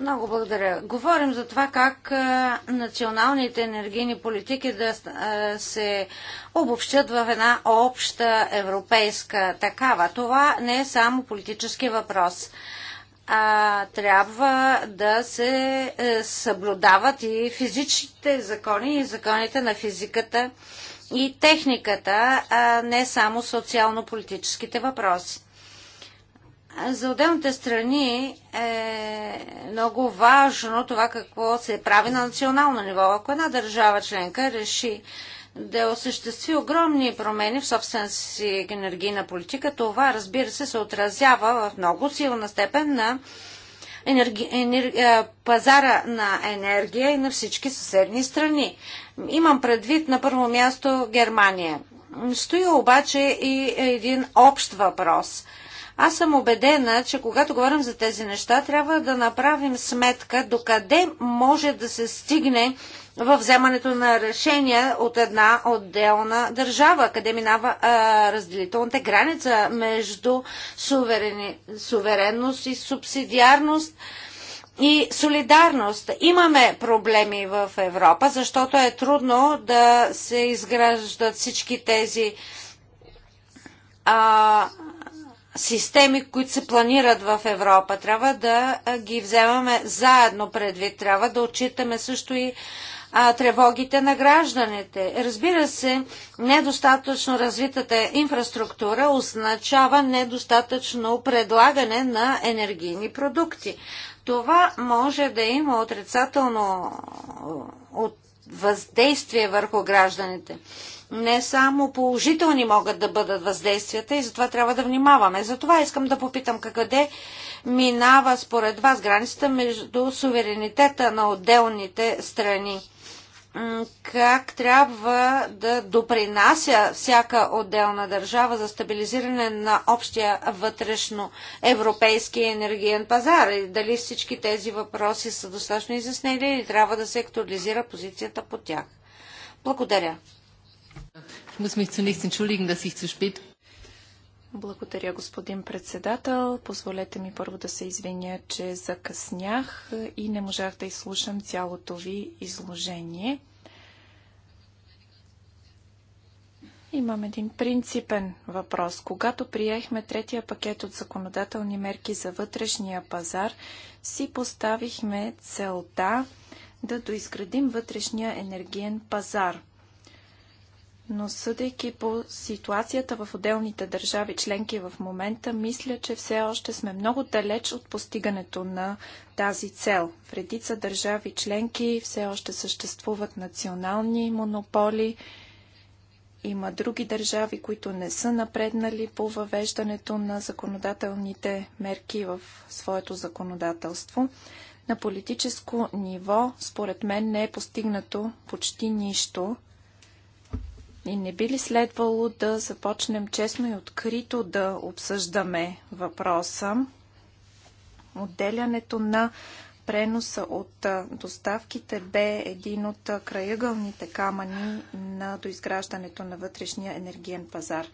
Много благодаря. Говорим за това как а, националните енергийни политики да а, се обобщат в една обща европейска такава. Това не е само политически въпрос. А, трябва да се е, съблюдават и физичните закони и законите на физиката и техниката, а не само социално-политическите въпроси. За отделните страни е много важно това какво се прави на национално ниво. Ако една държава членка реши да осъществи огромни промени в собствената си енергийна политика, това разбира се се отразява в много силна степен на енерги... енер... пазара на енергия и на всички съседни страни. Имам предвид на първо място Германия. Стои обаче и един общ въпрос. Аз съм убедена, че когато говорим за тези неща, трябва да направим сметка докъде може да се стигне във вземането на решения от една отделна държава, къде минава а, разделителната граница между суверени, суверенност и субсидиарност и солидарност. Имаме проблеми в Европа, защото е трудно да се изграждат всички тези а, системи, които се планират в Европа. Трябва да ги вземаме заедно предвид. Трябва да отчитаме също и а, тревогите на гражданите. Разбира се, недостатъчно развитата инфраструктура означава недостатъчно предлагане на енергийни продукти това може да има отрицателно от въздействие върху гражданите. Не само положителни могат да бъдат въздействията и затова трябва да внимаваме. Затова искам да попитам къде минава според вас границата между суверенитета на отделните страни как трябва да допринася всяка отделна държава за стабилизиране на общия вътрешно европейски енергиен пазар и дали всички тези въпроси са достатъчно изяснени или трябва да се актуализира позицията по тях. Благодаря. Благодаря, господин председател. Позволете ми първо да се извиня, че закъснях и не можах да изслушам цялото ви изложение. Имам един принципен въпрос. Когато приехме третия пакет от законодателни мерки за вътрешния пазар, си поставихме целта да доизградим вътрешния енергиен пазар – но съдейки по ситуацията в отделните държави членки в момента, мисля, че все още сме много далеч от постигането на тази цел. В редица държави членки все още съществуват национални монополи. Има други държави, които не са напреднали по въвеждането на законодателните мерки в своето законодателство. На политическо ниво, според мен, не е постигнато почти нищо и не би ли следвало да започнем честно и открито да обсъждаме въпроса? Отделянето на преноса от доставките бе един от краягълните камъни на доизграждането на вътрешния енергиен пазар.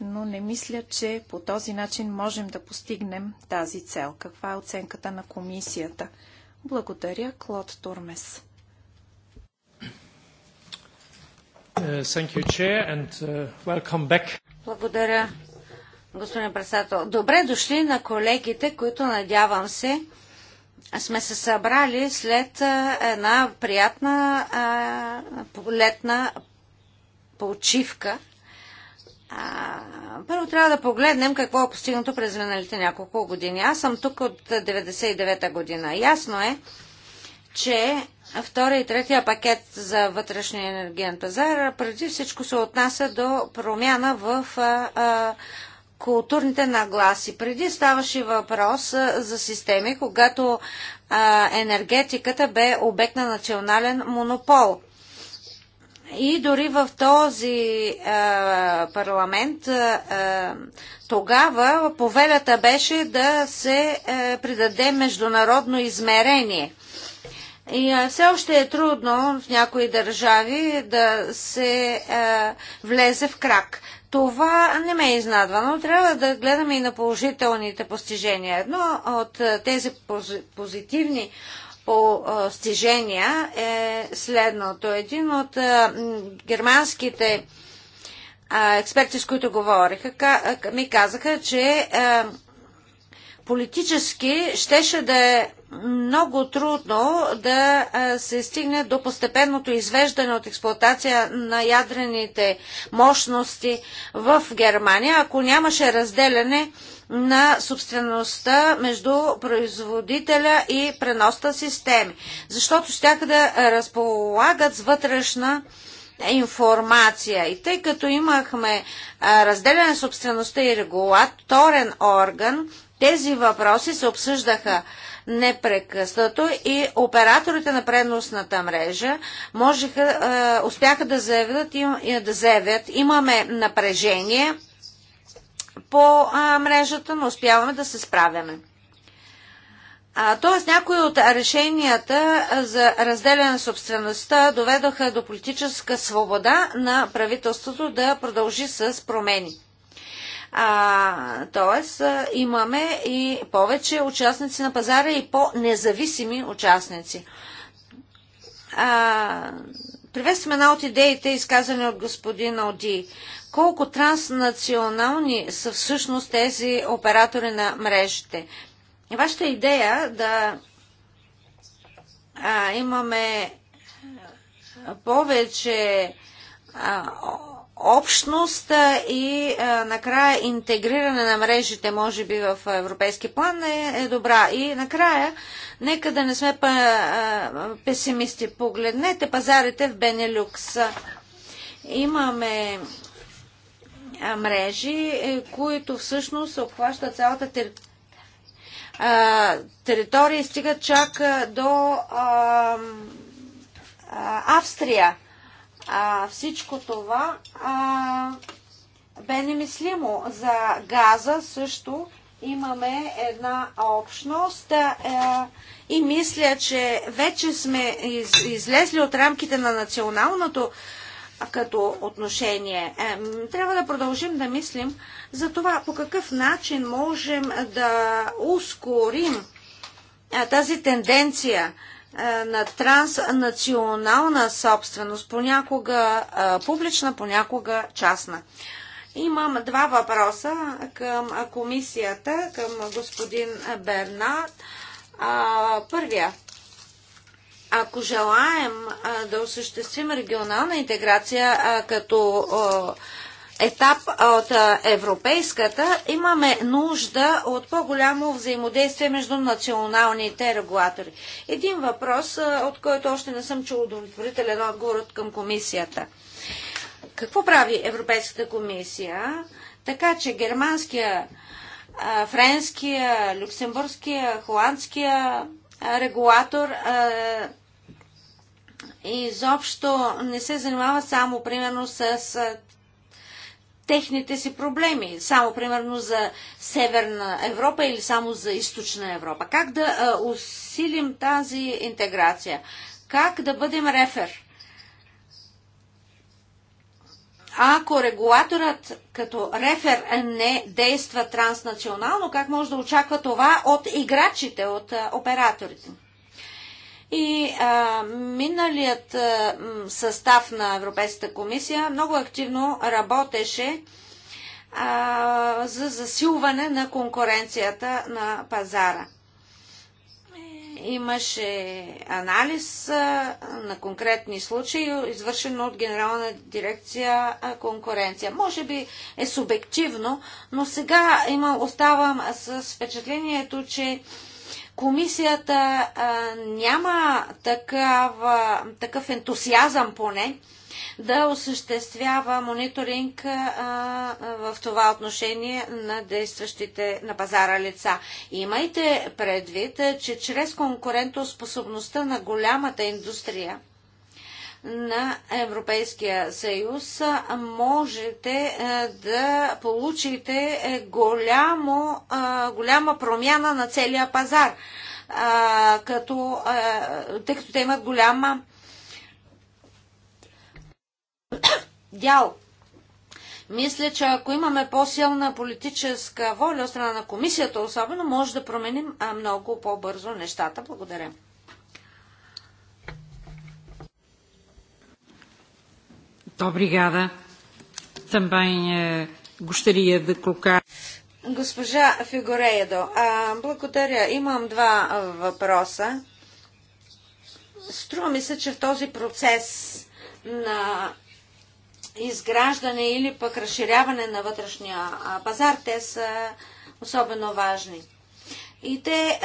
Но не мисля, че по този начин можем да постигнем тази цел. Каква е оценката на комисията? Благодаря, Клод Турмес. Uh, uh, Благодаря, господин председател. Добре дошли на колегите, които надявам се сме се събрали след една приятна летна почивка. първо трябва да погледнем какво е постигнато през миналите няколко години. Аз съм тук от 99-та година. Ясно е, че втория и третия пакет за вътрешния енергиен пазар преди всичко се отнася до промяна в а, а, културните нагласи. Преди ставаше въпрос а, за системи, когато а, енергетиката бе обект на национален монопол. И дори в този а, парламент а, тогава повелята беше да се а, е, придаде международно измерение – и все още е трудно в някои държави да се е, влезе в крак. Това не ме изнадва, но трябва да гледаме и на положителните постижения. Едно от тези позитивни постижения е следното. Един от германските експерти, с които говориха, ми казаха, че политически щеше да е много трудно да се стигне до постепенното извеждане от експлоатация на ядрените мощности в Германия, ако нямаше разделяне на собствеността между производителя и преноста системи. Защото ще да разполагат с вътрешна информация. И тъй като имахме разделяне на собствеността и регулаторен орган, тези въпроси се обсъждаха непрекъснато и операторите на преносната мрежа можеха, е, успяха да заявят, им, да заявят имаме напрежение по е, мрежата, но успяваме да се справяме. Тоест някои от решенията за разделяне на собствеността доведоха до политическа свобода на правителството да продължи с промени. Тоест, имаме и повече участници на пазара и по-независими участници. Приветстваме една от идеите, изказани от господин Оди. Колко транснационални са всъщност тези оператори на мрежите? Вашата идея да а, имаме повече а, общност и а, накрая интегриране на мрежите, може би в европейски план е, е добра. И накрая, нека да не сме па, а, песимисти. Погледнете пазарите в Бенелюкс. Имаме мрежи, е, които всъщност обхващат цялата територия територии стигат чак до а, а, Австрия. А, всичко това а, бе немислимо. За газа също имаме една общност а, а, е, и мисля, че вече сме из, излезли от рамките на националното като отношение. Е, трябва да продължим да мислим за това по какъв начин можем да ускорим тази тенденция е, на транснационална собственост, понякога е, публична, понякога частна. Имам два въпроса към комисията, към господин Бернат. Първия. Ако желаем е, да осъществим регионална интеграция като етап от европейската, имаме нужда от по-голямо взаимодействие между националните регулатори. Един въпрос, от който още не съм чул удовлетворителен отговор към комисията. Какво прави Европейската комисия, така че германския, френския, люксембургския, холандския регулатор изобщо не се занимава само, примерно, с техните си проблеми. Само, примерно, за Северна Европа или само за Източна Европа. Как да усилим тази интеграция? Как да бъдем рефер? Ако регулаторът като рефер не действа транснационално, как може да очаква това от играчите, от операторите? И а, миналият а, състав на Европейската комисия много активно работеше а, за засилване на конкуренцията на пазара. Имаше анализ а, на конкретни случаи, извършен от Генерална дирекция а, конкуренция. Може би е субективно, но сега има, оставам с впечатлението, че а, Комисията а, няма такава, такъв ентусиазъм поне да осъществява мониторинг а, в това отношение на действащите на пазара лица. Имайте предвид, че чрез конкурентоспособността на голямата индустрия, на Европейския съюз можете е, да получите е, голямо, е, голяма промяна на целия пазар, като, тъй като те имат голяма дял. Мисля, че ако имаме по-силна политическа воля от страна на комисията, особено може да променим много по-бързо нещата. Благодаря. Obrigada. Também е, gostaria de colocar. Госпожа Фигореедо, благодаря. Имам два въпроса. Струва ми се, че в този процес на изграждане или пък разширяване на вътрешния пазар, те са особено важни. И те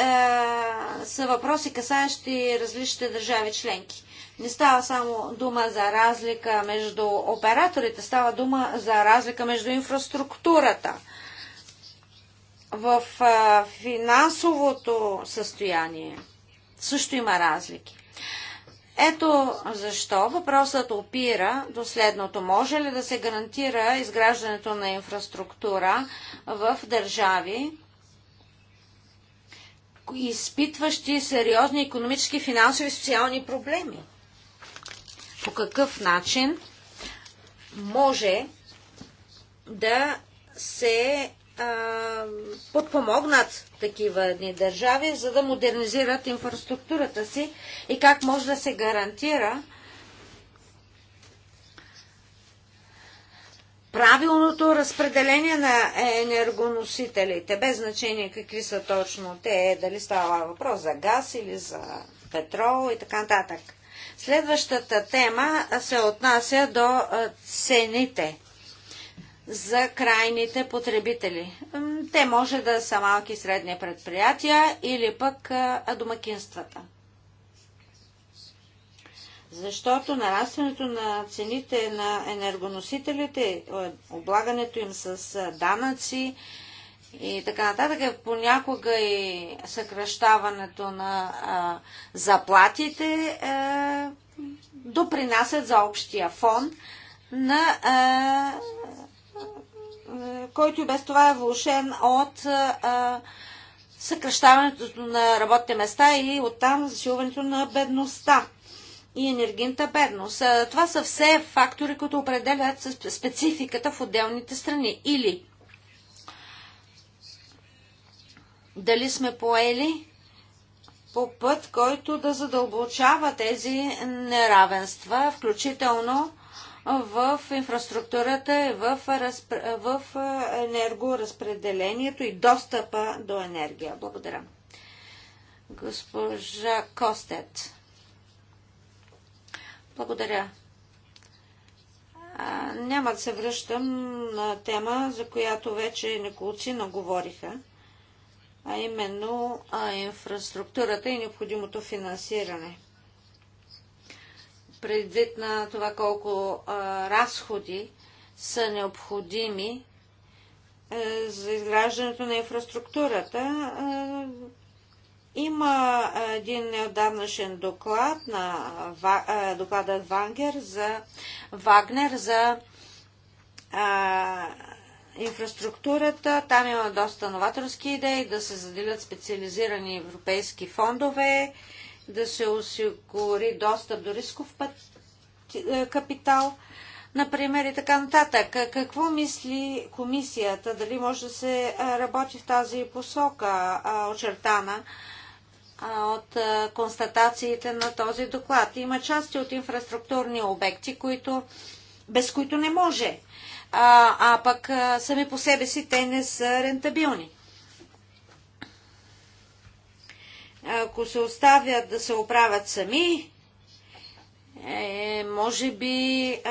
са въпроси, касаещи различните държави членки. Не става само дума за разлика между операторите, става дума за разлика между инфраструктурата в а, финансовото състояние също има разлики. Ето защо въпросът опира до следното. Може ли да се гарантира изграждането на инфраструктура в държави, изпитващи сериозни економически, финансови и социални проблеми? по какъв начин може да се а, подпомогнат такива едни държави, за да модернизират инфраструктурата си и как може да се гарантира правилното разпределение на енергоносителите, без значение какви са точно те, дали става въпрос за газ или за петрол и така нататък. Следващата тема се отнася до цените за крайните потребители. Те може да са малки и средни предприятия или пък домакинствата. Защото нарастването на цените на енергоносителите, е, облагането им с данъци, и така нататък. Е понякога и съкръщаването на а, заплатите а, допринасят за общия фон на а, който без това е влушен от а, съкръщаването на работните места и оттам засилването на бедността и енергийната бедност. Това са все фактори, които определят спецификата в отделните страни. Или дали сме поели по път, който да задълбочава тези неравенства, включително в инфраструктурата, в, разпр... в енергоразпределението и достъпа до енергия. Благодаря. Госпожа Костет. Благодаря. А, няма да се връщам на тема, за която вече неколци говориха а именно а, инфраструктурата и необходимото финансиране. Предвид на това колко а, разходи са необходими а, е, за изграждането на инфраструктурата, е, а, има един неодавнашен доклад на докладът Вангер за Вагнер за а, инфраструктурата. Там има доста новаторски идеи да се заделят специализирани европейски фондове, да се осигури достъп до рисков път, е, капитал, например, и така нататък. Какво мисли комисията? Дали може да се е, работи в тази посока, е, очертана? от констатациите на този доклад. Има части от инфраструктурни обекти, които, без които не може а, а пък а, сами по себе си те не са рентабилни. Ако се оставят да се оправят сами, е, може би е,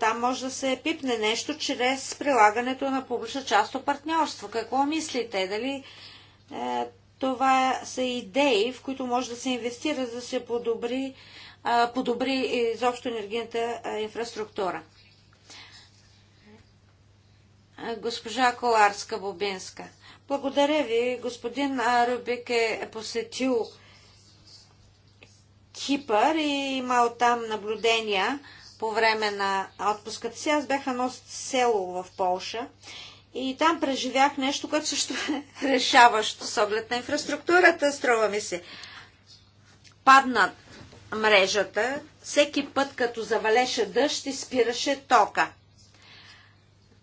там може да се пипне нещо чрез прилагането на публична част от партньорство. Какво мислите? Дали е, това са идеи, в които може да се инвестира, за да се подобри, е, подобри изобщо енергийната инфраструктура? госпожа Коларска-Бобинска. Благодаря ви. Господин Рубик е посетил Кипър и имал там наблюдения по време на отпуската си. Аз бях едно село в Полша и там преживях нещо, което също е решаващо с оглед на инфраструктурата, струва ми се. Падна мрежата, всеки път като завалеше дъжд и спираше тока.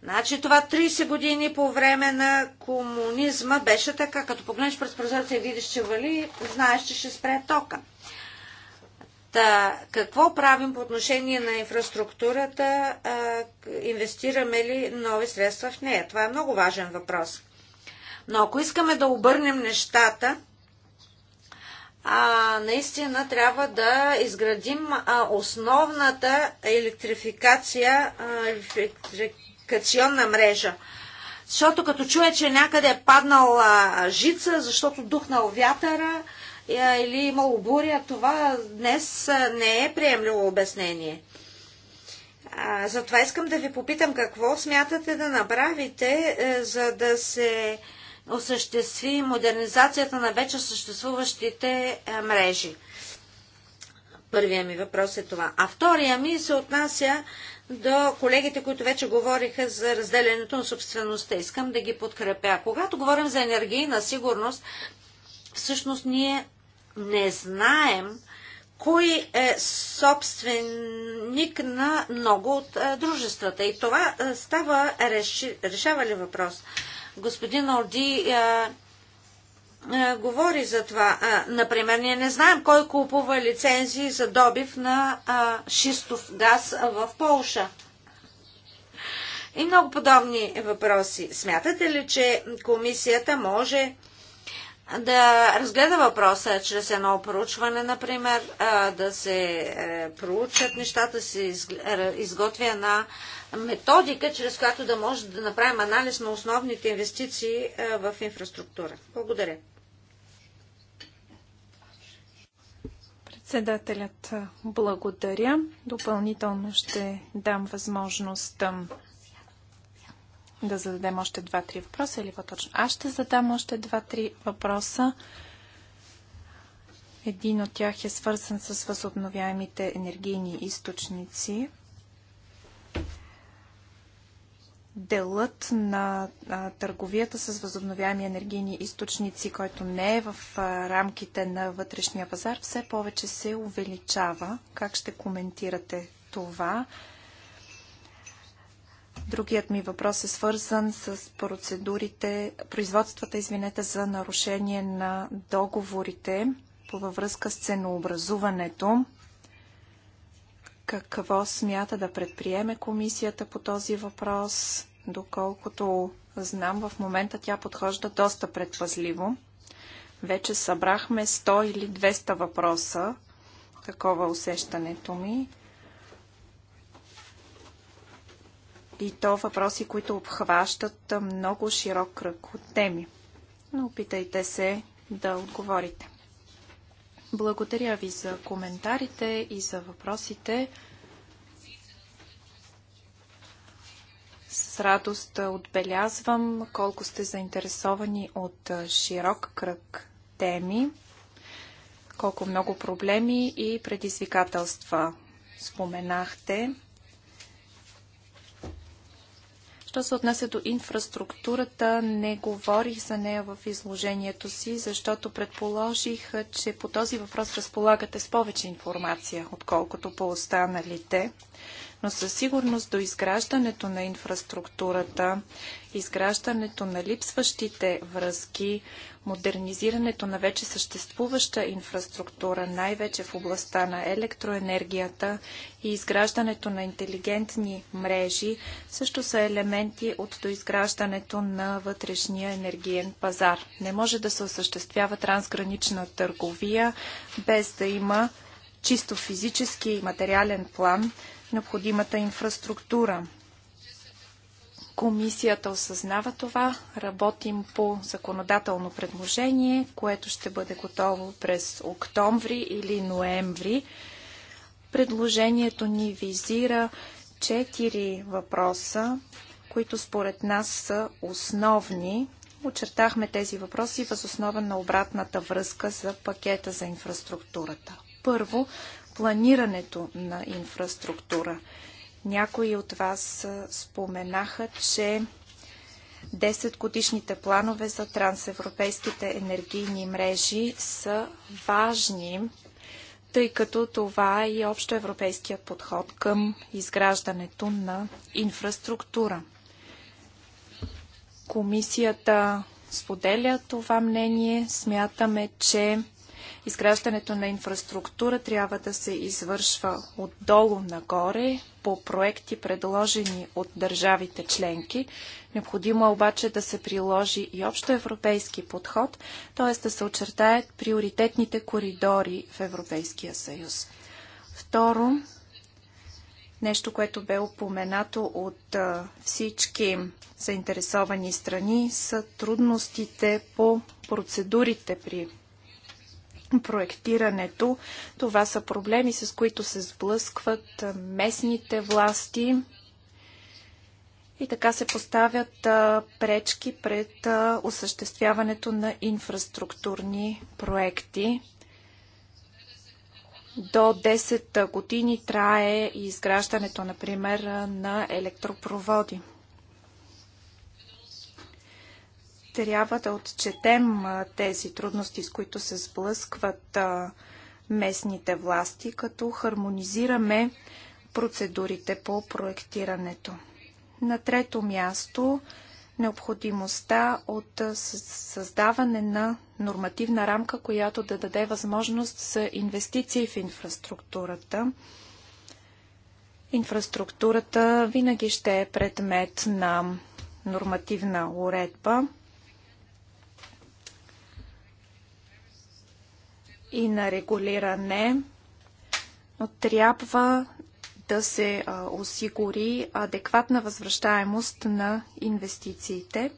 Значи това 30 години по време на комунизма беше така. Като погледнеш през прозореца и видиш, че вали, знаеш, че ще спре тока. Та, какво правим по отношение на инфраструктурата? А, инвестираме ли нови средства в нея? Това е много важен въпрос. Но ако искаме да обърнем нещата, а, наистина трябва да изградим а, основната електрификация, а, комуникационна мрежа. Защото като чуе, че някъде е паднала жица, защото духнал вятъра е, или е имало буря, това днес не е приемливо обяснение. А, затова искам да ви попитам какво смятате да направите, е, за да се осъществи модернизацията на вече съществуващите е, мрежи. Първия ми въпрос е това. А втория ми се отнася до колегите, които вече говориха за разделянето на собствеността. Искам да ги подкрепя. Когато говорим за енергийна сигурност, всъщност ние не знаем кой е собственик на много от е, дружествата. И това е, става решава ли въпрос. Господин Орди е, е, говори за това. например, ние не знаем кой купува лицензии за добив на а, шистов газ в Полша. И много подобни въпроси. Смятате ли, че комисията може да разгледа въпроса чрез едно проучване, например, да се е, проучат нещата, се е, изготвя една методика, чрез която да може да направим анализ на основните инвестиции в инфраструктура. Благодаря. Председателят благодаря. Допълнително ще дам възможност да зададем още два-три въпроса или по-точно. Аз ще задам още два-три въпроса. Един от тях е свързан с възобновяемите енергийни източници делът на търговията с възобновяеми енергийни източници, който не е в рамките на вътрешния пазар, все повече се увеличава. Как ще коментирате това? Другият ми въпрос е свързан с процедурите, производствата, извинете, за нарушение на договорите по във връзка с ценообразуването. Какво смята да предприеме комисията по този въпрос? Доколкото знам, в момента тя подхожда доста предпазливо. Вече събрахме 100 или 200 въпроса. Такова усещането ми. И то въпроси, които обхващат много широк кръг от теми. Но опитайте се да отговорите. Благодаря ви за коментарите и за въпросите. С радост отбелязвам колко сте заинтересовани от широк кръг теми, колко много проблеми и предизвикателства споменахте. Що се отнася до инфраструктурата, не говорих за нея в изложението си, защото предположих, че по този въпрос разполагате с повече информация, отколкото по останалите но със сигурност до изграждането на инфраструктурата, изграждането на липсващите връзки, модернизирането на вече съществуваща инфраструктура, най-вече в областта на електроенергията и изграждането на интелигентни мрежи, също са елементи от доизграждането на вътрешния енергиен пазар. Не може да се осъществява трансгранична търговия без да има чисто физически и материален план необходимата инфраструктура. Комисията осъзнава това. Работим по законодателно предложение, което ще бъде готово през октомври или ноември. Предложението ни визира четири въпроса, които според нас са основни. Очертахме тези въпроси въз основа на обратната връзка за пакета за инфраструктурата. Първо, планирането на инфраструктура. Някои от вас споменаха, че 10 годишните планове за трансевропейските енергийни мрежи са важни, тъй като това е и общоевропейският подход към изграждането на инфраструктура. Комисията споделя това мнение. Смятаме, че Изграждането на инфраструктура трябва да се извършва отдолу нагоре по проекти, предложени от държавите членки. Необходимо е обаче да се приложи и общо европейски подход, т.е. да се очертаят приоритетните коридори в Европейския съюз. Второ, нещо, което бе упоменато от всички заинтересовани страни, са трудностите по процедурите при проектирането. Това са проблеми, с които се сблъскват местните власти и така се поставят пречки пред осъществяването на инфраструктурни проекти. До 10 години трае изграждането, например, на електропроводи. трябва да отчетем тези трудности, с които се сблъскват местните власти, като хармонизираме процедурите по проектирането. На трето място необходимостта от създаване на нормативна рамка, която да даде възможност за инвестиции в инфраструктурата. Инфраструктурата винаги ще е предмет на нормативна уредба. и на регулиране, но трябва да се осигури адекватна възвръщаемост на инвестициите.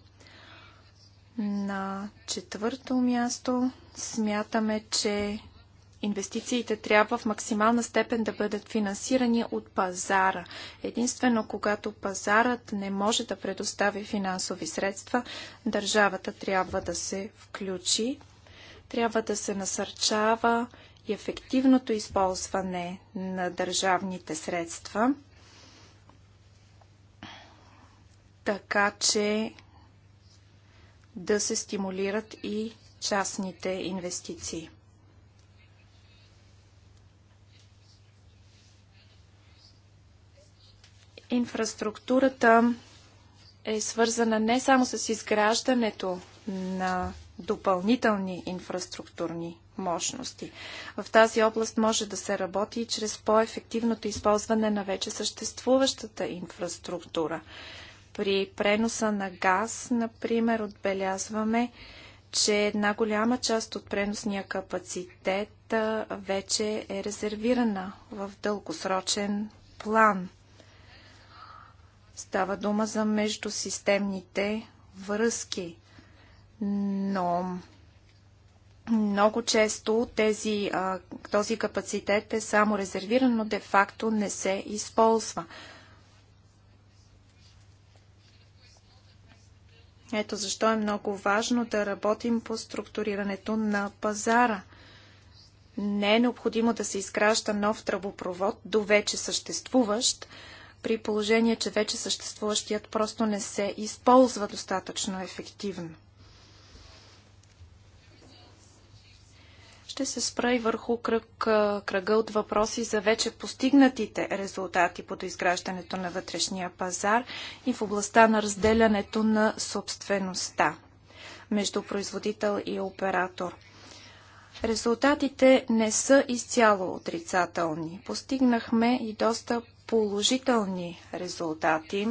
На четвърто място смятаме, че инвестициите трябва в максимална степен да бъдат финансирани от пазара. Единствено, когато пазарът не може да предостави финансови средства, държавата трябва да се включи. Трябва да се насърчава и ефективното използване на държавните средства, така че да се стимулират и частните инвестиции. Инфраструктурата е свързана не само с изграждането на допълнителни инфраструктурни мощности. В тази област може да се работи и чрез по-ефективното използване на вече съществуващата инфраструктура. При преноса на газ, например, отбелязваме, че една голяма част от преносния капацитет вече е резервирана в дългосрочен план. Става дума за междусистемните връзки но много често тези, този капацитет е само резервиран, но де-факто не се използва. Ето защо е много важно да работим по структурирането на пазара. Не е необходимо да се изгражда нов тръбопровод до вече съществуващ, при положение, че вече съществуващият просто не се използва достатъчно ефективно. Ще се спра и върху кръг, кръга от въпроси за вече постигнатите резултати по доизграждането на вътрешния пазар и в областта на разделянето на собствеността между производител и оператор. Резултатите не са изцяло отрицателни. Постигнахме и доста положителни резултати.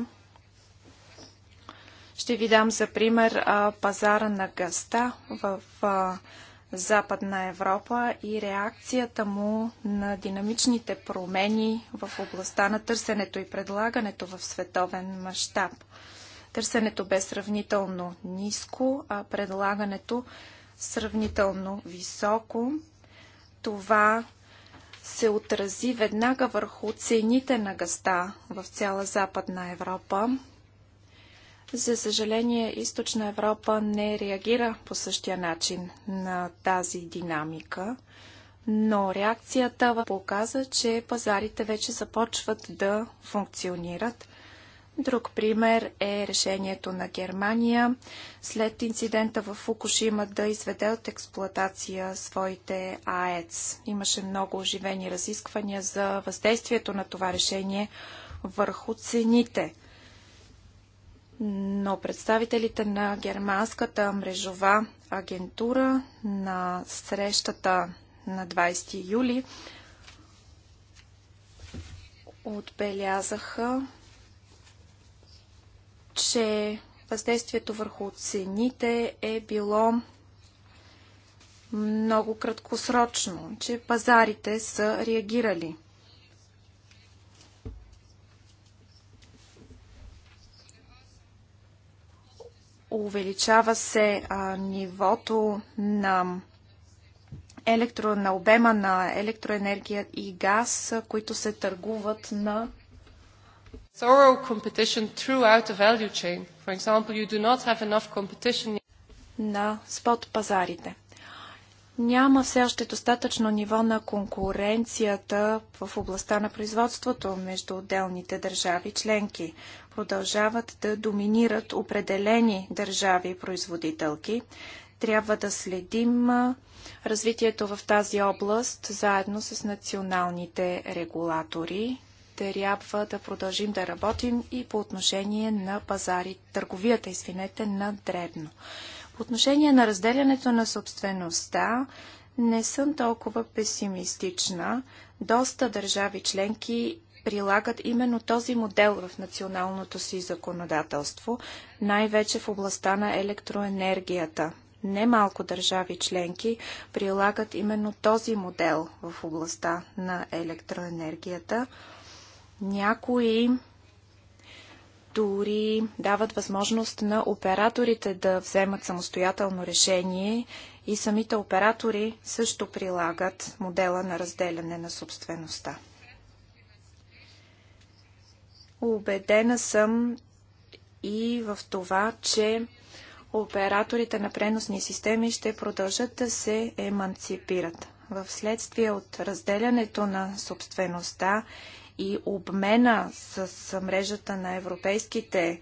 Ще ви дам за пример пазара на гъста в Западна Европа и реакцията му на динамичните промени в областта на търсенето и предлагането в световен мащаб. Търсенето бе сравнително ниско, а предлагането сравнително високо. Това се отрази веднага върху цените на гъста в цяла Западна Европа. За съжаление, Източна Европа не реагира по същия начин на тази динамика, но реакцията показа, че пазарите вече започват да функционират. Друг пример е решението на Германия след инцидента в Фукушима да изведе от експлоатация своите АЕЦ. Имаше много оживени разисквания за въздействието на това решение върху цените – но представителите на германската мрежова агентура на срещата на 20 юли отбелязаха, че въздействието върху цените е било много краткосрочно, че пазарите са реагирали – увеличава се а, нивото на електро, на обема на електроенергия и газ, които се търгуват на thorough competition throughout the value chain. For example, you do not have enough competition на спот пазарите няма все още достатъчно ниво на конкуренцията в областта на производството между отделните държави членки. Продължават да доминират определени държави производителки. Трябва да следим развитието в тази област заедно с националните регулатори. Трябва да продължим да работим и по отношение на пазари, търговията, извинете, на дребно. По отношение на разделянето на собствеността, не съм толкова песимистична. Доста държави членки прилагат именно този модел в националното си законодателство, най-вече в областта на електроенергията. Немалко държави членки прилагат именно този модел в областта на електроенергията. Някои дори дават възможност на операторите да вземат самостоятелно решение и самите оператори също прилагат модела на разделяне на собствеността. Убедена съм и в това, че операторите на преносни системи ще продължат да се еманципират. В следствие от разделянето на собствеността и обмена с мрежата на европейските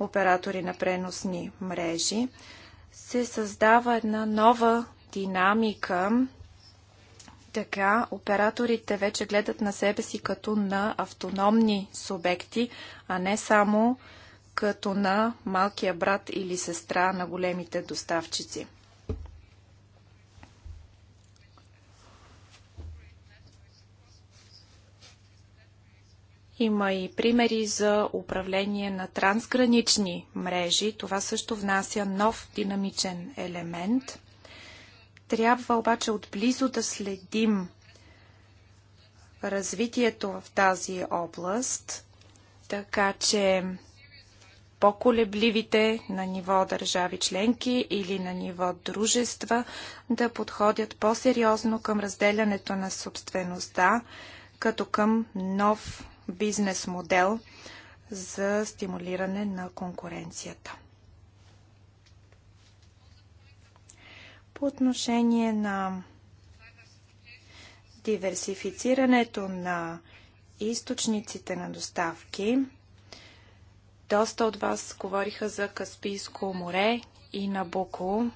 оператори на преносни мрежи, се създава една нова динамика. Така операторите вече гледат на себе си като на автономни субекти, а не само като на малкия брат или сестра на големите доставчици. Има и примери за управление на трансгранични мрежи. Това също внася нов динамичен елемент. Трябва обаче отблизо да следим развитието в тази област, така че по-колебливите на ниво държави членки или на ниво дружества да подходят по-сериозно към разделянето на собствеността като към нов бизнес модел за стимулиране на конкуренцията. По отношение на диверсифицирането на източниците на доставки, доста от вас говориха за Каспийско море и Набуко.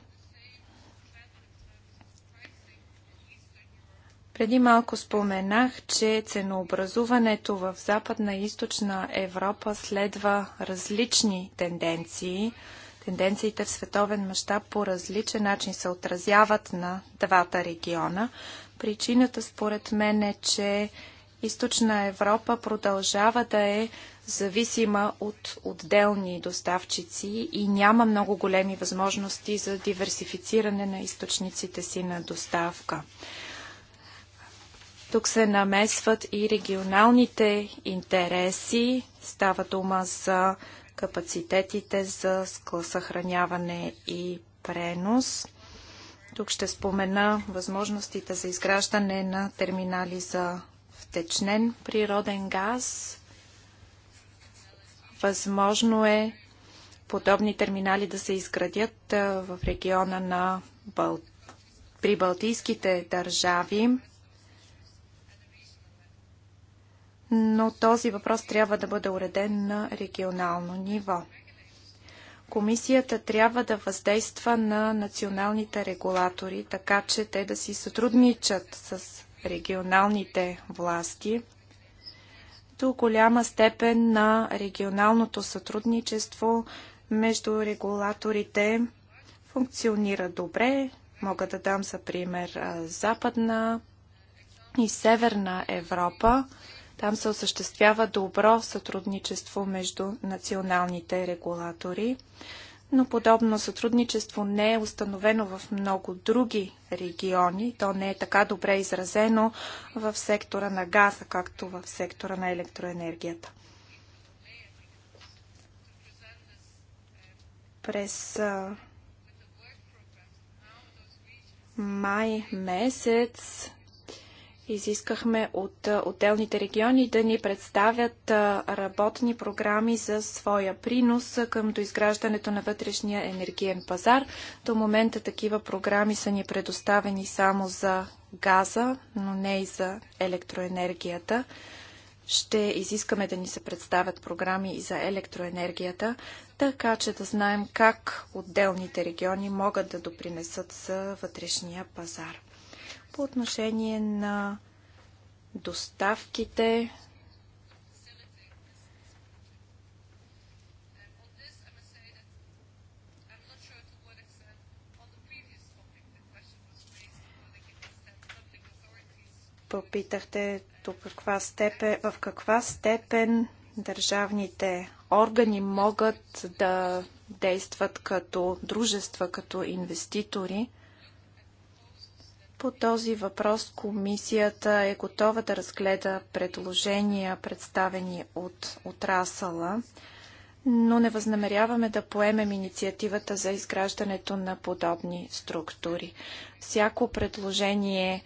Преди малко споменах, че ценообразуването в Западна и Източна Европа следва различни тенденции. Тенденциите в световен мащаб по различен начин се отразяват на двата региона. Причината според мен е, че Източна Европа продължава да е зависима от отделни доставчици и няма много големи възможности за диверсифициране на източниците си на доставка. Тук се намесват и регионалните интереси. Става дума за капацитетите за съхраняване и пренос. Тук ще спомена възможностите за изграждане на терминали за втечнен природен газ. Възможно е подобни терминали да се изградят в региона на Бал... при Балтийските държави. но този въпрос трябва да бъде уреден на регионално ниво. Комисията трябва да въздейства на националните регулатори, така че те да си сътрудничат с регионалните власти до голяма степен на регионалното сътрудничество между регулаторите функционира добре. Мога да дам за пример Западна и Северна Европа. Там се осъществява добро сътрудничество между националните регулатори, но подобно сътрудничество не е установено в много други региони. То не е така добре изразено в сектора на газа, както в сектора на електроенергията. През май месец изискахме от отделните региони да ни представят работни програми за своя принос към доизграждането на вътрешния енергиен пазар. До момента такива програми са ни предоставени само за газа, но не и за електроенергията. Ще изискаме да ни се представят програми и за електроенергията, така че да знаем как отделните региони могат да допринесат за вътрешния пазар по отношение на доставките. Попитахте тук каква степен, в каква степен държавните органи могат да действат като дружества, като инвеститори. По този въпрос комисията е готова да разгледа предложения, представени от отрасала, но не възнамеряваме да поемем инициативата за изграждането на подобни структури. Всяко предложение,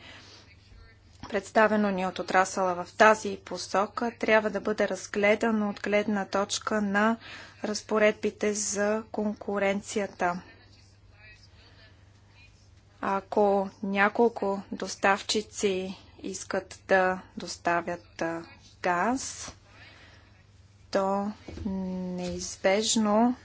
представено ни от отрасала в тази посока, трябва да бъде разгледано от гледна точка на разпоредбите за конкуренцията. Ако няколко доставчици искат да доставят газ, то неизбежно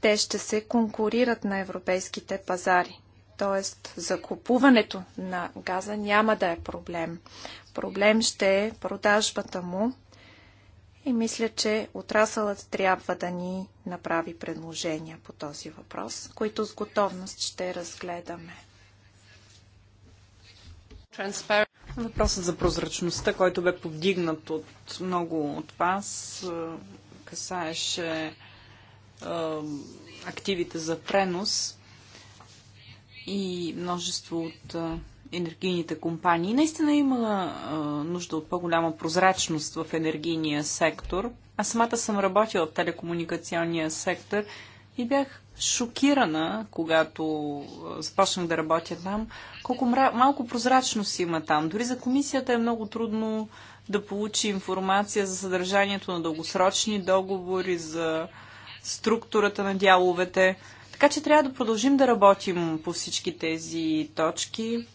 те ще се конкурират на европейските пазари. Тоест, закупуването на газа няма да е проблем. Проблем ще е продажбата му и мисля, че отрасълът трябва да ни направи предложения по този въпрос, които с готовност ще разгледаме. Въпросът за прозрачността, който бе повдигнат от много от вас, е, касаеше е, активите за пренос и множество от е, енергийните компании. Наистина има а, нужда от по-голяма прозрачност в енергийния сектор. Аз самата съм работила в телекомуникационния сектор и бях шокирана, когато започнах да работя там, колко мра... малко прозрачност има там. Дори за комисията е много трудно да получи информация за съдържанието на дългосрочни договори, за структурата на дяловете. Така че трябва да продължим да работим по всички тези точки.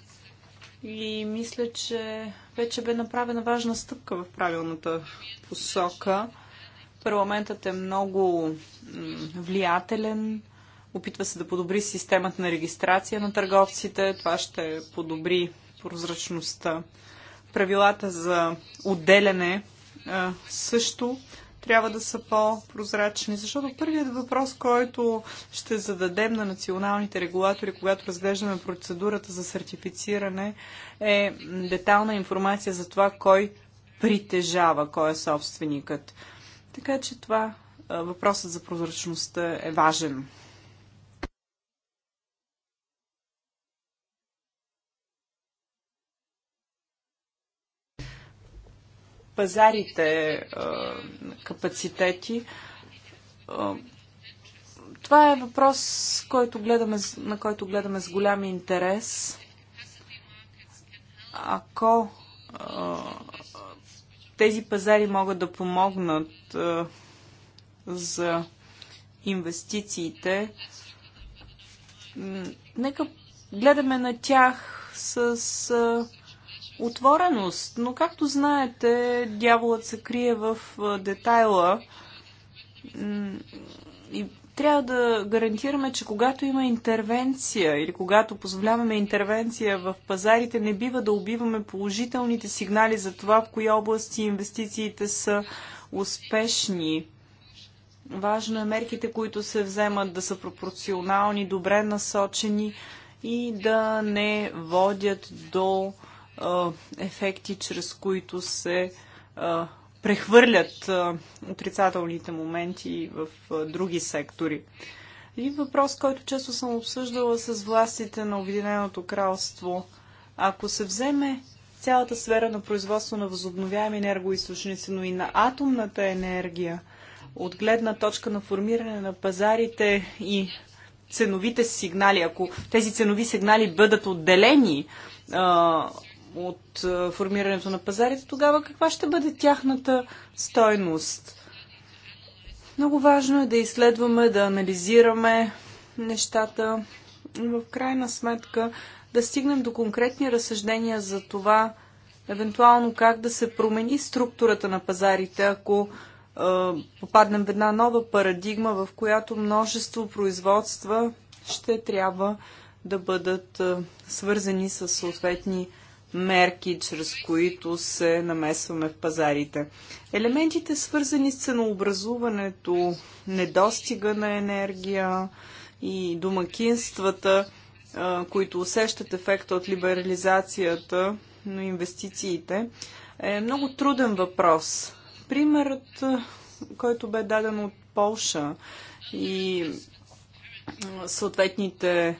И мисля, че вече бе направена важна стъпка в правилната посока. Парламентът е много влиятелен, опитва се да подобри системата на регистрация на търговците. Това ще подобри прозрачността. Правилата за отделяне също трябва да са по-прозрачни. Защото първият въпрос, който ще зададем на националните регулатори, когато разглеждаме процедурата за сертифициране, е детална информация за това кой притежава, кой е собственикът. Така че това въпросът за прозрачността е важен. пазарите капацитети. Това е въпрос, който гледаме, на който гледаме с голям интерес. Ако тези пазари могат да помогнат за инвестициите, нека гледаме на тях с отвореност. Но както знаете, дяволът се крие в детайла и трябва да гарантираме, че когато има интервенция или когато позволяваме интервенция в пазарите, не бива да убиваме положителните сигнали за това в кои области инвестициите са успешни. Важно е мерките, които се вземат, да са пропорционални, добре насочени и да не водят до ефекти, чрез които се прехвърлят отрицателните моменти в други сектори. И въпрос, който често съм обсъждала с властите на Обединеното кралство. Ако се вземе цялата сфера на производство на възобновяеми енергоисточници, но и на атомната енергия, от гледна точка на формиране на пазарите и ценовите сигнали, ако тези ценови сигнали бъдат отделени а, от е, формирането на пазарите, тогава каква ще бъде тяхната стойност? Много важно е да изследваме, да анализираме нещата и в крайна сметка да стигнем до конкретни разсъждения за това, евентуално как да се промени структурата на пазарите, ако е, попаднем в една нова парадигма, в която множество производства ще трябва да бъдат е, свързани с съответни мерки, чрез които се намесваме в пазарите. Елементите, свързани с ценообразуването, недостига на енергия и домакинствата, които усещат ефекта от либерализацията на инвестициите, е много труден въпрос. Примерът, който бе даден от Полша и съответните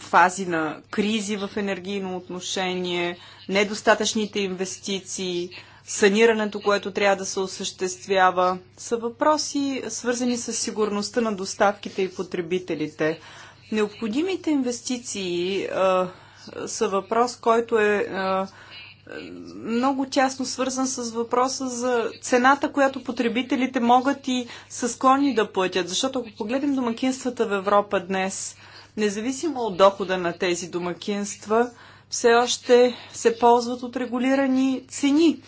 фази на кризи в енергийно отношение, недостатъчните инвестиции, санирането, което трябва да се осъществява, са въпроси свързани с сигурността на доставките и потребителите. Необходимите инвестиции а, са въпрос, който е а, много тясно свързан с въпроса за цената, която потребителите могат и са склонни да платят. Защото ако погледнем домакинствата в Европа днес, независимо от дохода на тези домакинства, все още се ползват от регулирани цени.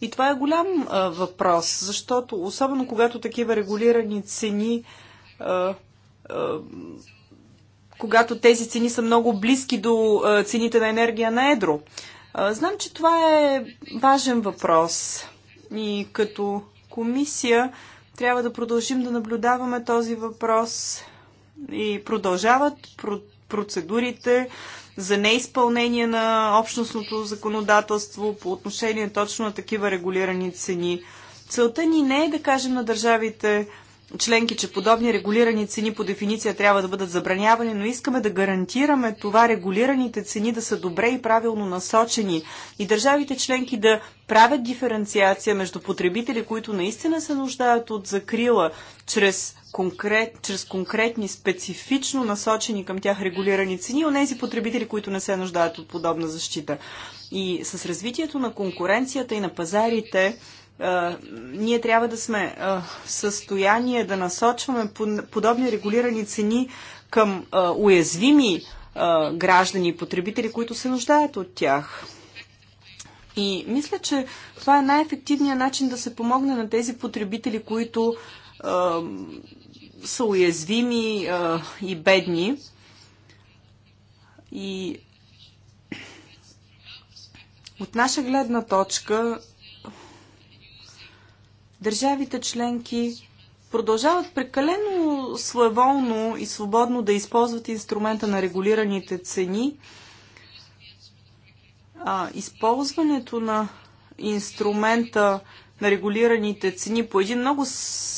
И това е голям а, въпрос, защото особено когато такива регулирани цени, а, а, когато тези цени са много близки до а, цените на енергия на едро. А, знам, че това е важен въпрос. И като комисия трябва да продължим да наблюдаваме този въпрос и продължават процедурите за неизпълнение на общностното законодателство по отношение точно на такива регулирани цени. Целта ни не е да кажем на държавите членки, че подобни регулирани цени по дефиниция трябва да бъдат забранявани, но искаме да гарантираме това регулираните цени да са добре и правилно насочени и държавите членки да правят диференциация между потребители, които наистина се нуждаят от закрила чрез, конкрет, чрез конкретни, специфично насочени към тях регулирани цени, от тези потребители, които не се нуждаят от подобна защита. И с развитието на конкуренцията и на пазарите, ние трябва да сме в състояние да насочваме подобни регулирани цени към уязвими граждани и потребители, които се нуждаят от тях. И мисля, че това е най-ефективният начин да се помогне на тези потребители, които са уязвими и бедни. И от наша гледна точка държавите членки продължават прекалено своеволно и свободно да използват инструмента на регулираните цени. А, използването на инструмента на регулираните цени по един много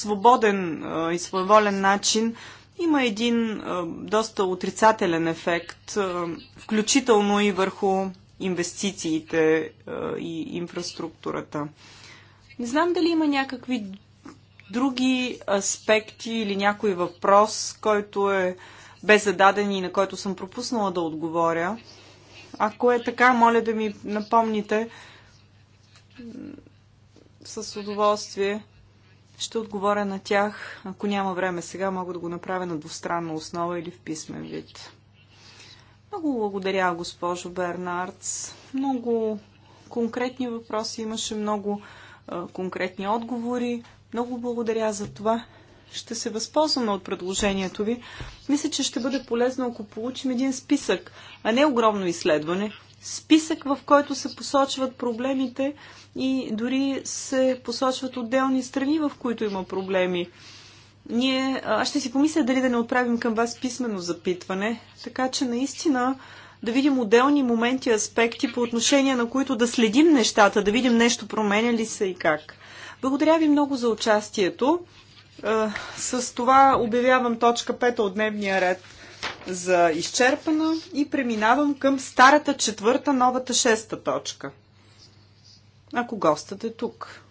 свободен а, и своеволен начин има един а, доста отрицателен ефект, а, включително и върху инвестициите а, и инфраструктурата. Не знам дали има някакви други аспекти или някой въпрос, който е бе зададен и на който съм пропуснала да отговоря. Ако е така, моля да ми напомните с удоволствие. Ще отговоря на тях. Ако няма време сега, мога да го направя на двустранна основа или в писмен вид. Много благодаря, госпожо Бернардс. Много конкретни въпроси имаше, много конкретни отговори. Много благодаря за това. Ще се възползваме от предложението ви. Мисля, че ще бъде полезно, ако получим един списък, а не огромно изследване. Списък, в който се посочват проблемите и дори се посочват отделни страни, в които има проблеми. Ние, аз ще си помисля дали да не отправим към вас писмено запитване, така че наистина да видим отделни моменти, аспекти, по отношение на които да следим нещата, да видим нещо променя ли се и как. Благодаря ви много за участието. С това обявявам точка 5 от дневния ред за изчерпана и преминавам към старата четвърта, новата шеста точка. Ако гостът е тук.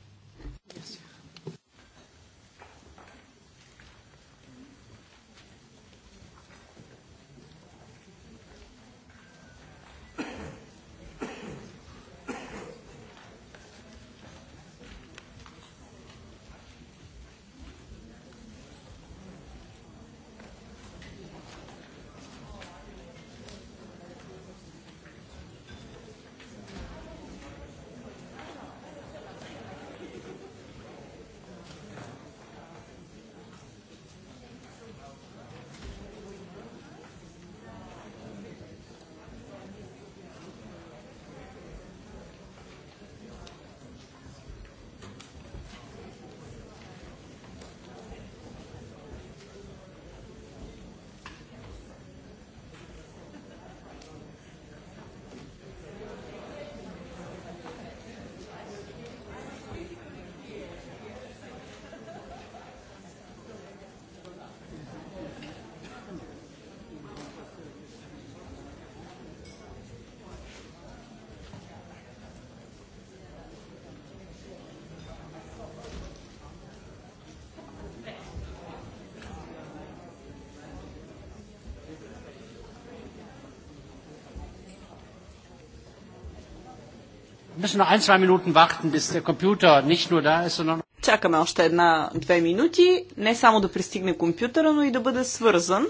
müssen noch ein, zwei Minuten warten, bis der Computer nicht nur da ist, sondern... Чакаме още една-две минути, не само да пристигне компютъра, но и да бъде свързан.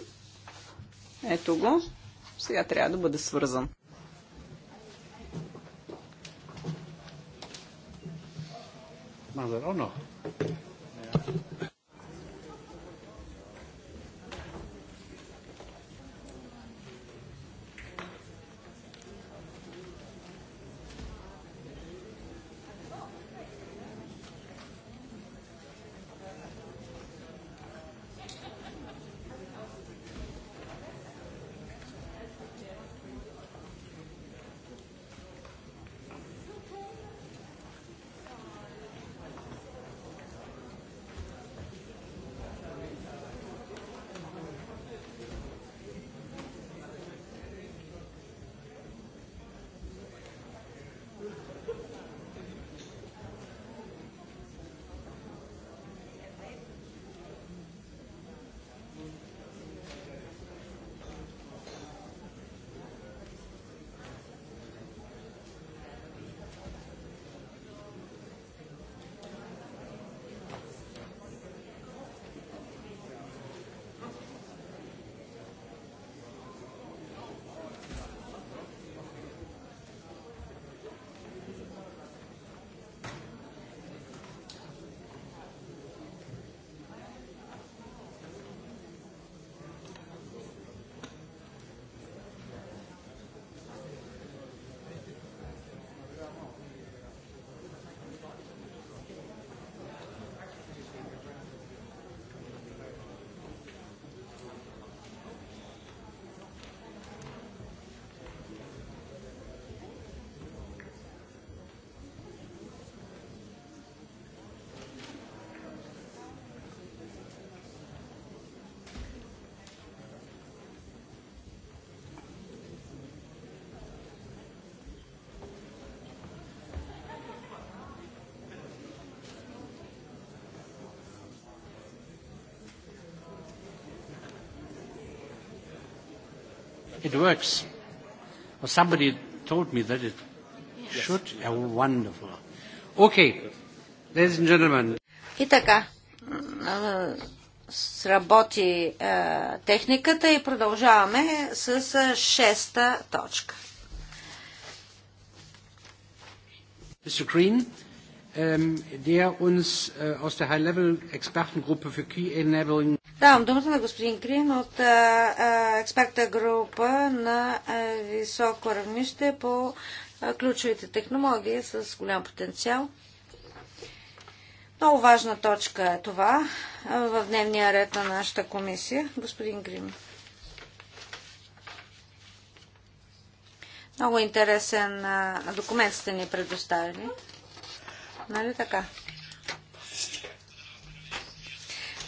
Ето го. Сега трябва да бъде свързан. Мазар, оно. It works. Well, somebody told me that it yes. should. Oh, wonderful. Okay, ladies and gentlemen. И така, сработи техниката и продължаваме с шеста точка. Mr. Green, der uns aus der High-Level-Expertengruppe für Key Enabling Давам думата на господин Крин от а, а, експерта група на а, високо равнище по а, ключовите технологии с голям потенциал. Много важна точка е това в дневния ред на нашата комисия. Господин Грим. Много интересен а, документ сте ни предоставили. Нали така?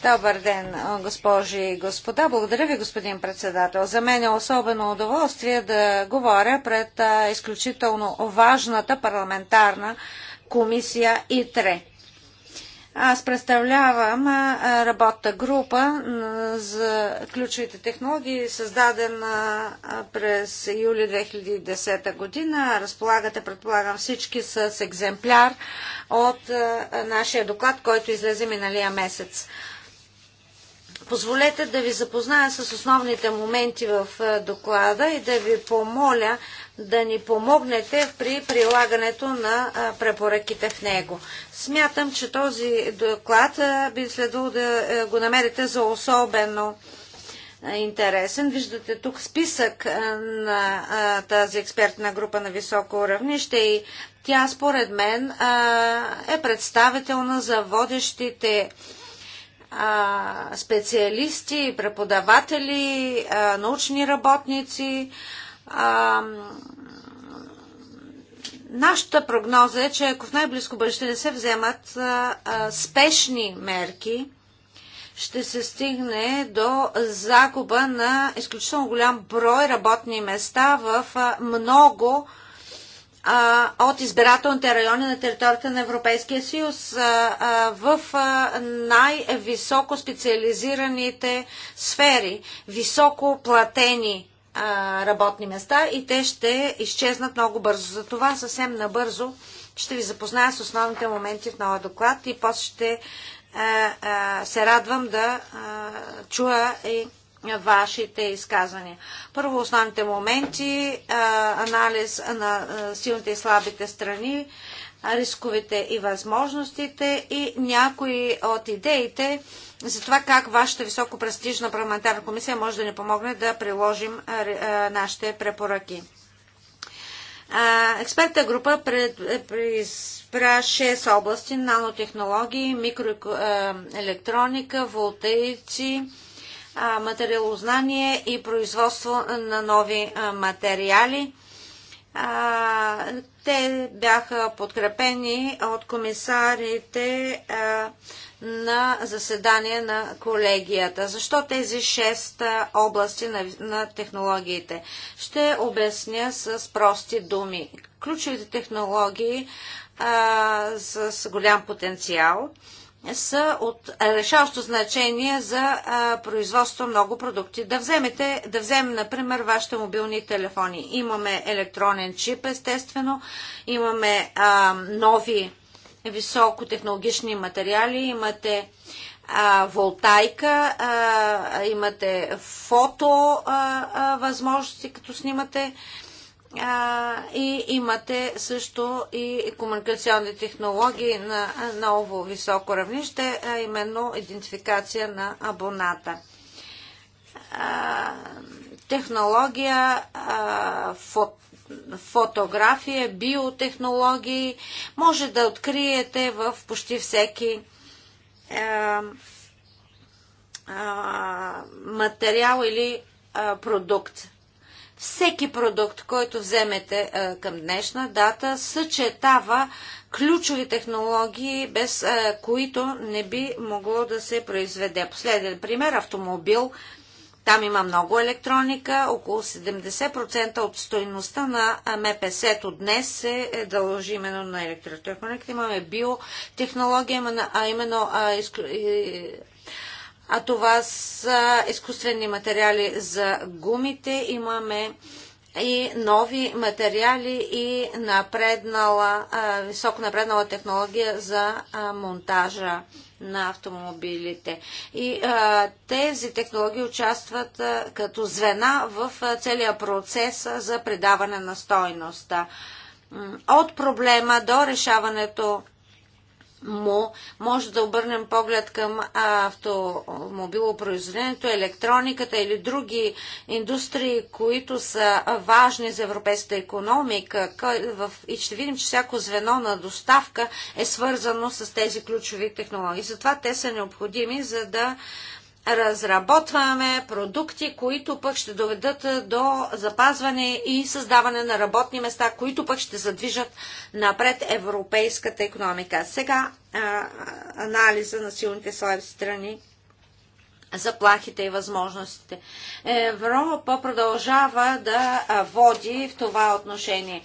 Добър ден, госпожи и господа. Благодаря ви, господин председател. За мен е особено удоволствие да говоря пред изключително важната парламентарна комисия ИТРЕ. Аз представлявам работна група за ключовите технологии, създадена през юли 2010 година. Разполагате, предполагам, всички с екземпляр от нашия доклад, който излезе миналия месец. Позволете да ви запозная с основните моменти в е, доклада и да ви помоля да ни помогнете при прилагането на е, препоръките в него. Смятам, че този доклад е, би следвало да го намерите за особено интересен. Виждате тук списък на тази експертна група на високо равнище и тя според мен е представителна за водещите специалисти, преподаватели, научни работници. нашата прогноза е, че ако в най-близко бъдеще не се вземат спешни мерки, ще се стигне до загуба на изключително голям брой работни места в много а, от избирателните райони на територията на Европейския съюз в най-високо специализираните сфери, високо платени работни места и те ще изчезнат много бързо. Затова съвсем набързо ще ви запозная с основните моменти в новия доклад и после ще се радвам да чуя и вашите изказвания. Първо основните моменти, анализ на силните и слабите страни, рисковете и възможностите и някои от идеите за това как вашата високопрестижна парламентарна комисия може да ни помогне да приложим нашите препоръки. Експертна група приспра е, 6 области – нанотехнологии, микроелектроника, волтейци, материалознание и производство на нови материали. Те бяха подкрепени от комисарите на заседание на колегията. Защо тези шест области на, технологиите? Ще обясня с прости думи. Ключовите технологии с голям потенциал, са от е, решаващо значение за е, производство много продукти. Да, вземете, да вземем, например, вашите мобилни телефони. Имаме електронен чип, естествено, имаме а, е, нови високотехнологични материали, имате а, волтайка, а, имате фото а, а, възможности, като снимате а, а, и имате също и комуникационни технологии на ново високо равнище, а именно идентификация на абоната. А, технология, а, фото фотография, биотехнологии, може да откриете в почти всеки е, е, материал или е, продукт. Всеки продукт, който вземете а, е, към днешна дата, съчетава ключови технологии, без а, е, които не би могло да се произведе. Последен пример автомобил. Там има много електроника. Около 70% от стоеността на е, МПС-то днес се дължи именно на електротехниката. Имаме биотехнология, а именно а, изклю а това са изкуствени материали за гумите. Имаме и нови материали и напреднала, високо напреднала технология за монтажа на автомобилите. И а, тези технологии участват а, като звена в а, целия процес а, за придаване на стойността. От проблема до решаването му може да обърнем поглед към автомобилопроизводението, електрониката или други индустрии, които са важни за европейската економика. И ще видим, че всяко звено на доставка е свързано с тези ключови технологии. Затова те са необходими, за да разработваме продукти, които пък ще доведат до запазване и създаване на работни места, които пък ще задвижат напред европейската економика. Сега а, анализа на силните слаби страни заплахите и възможностите. Европа продължава да води в това отношение.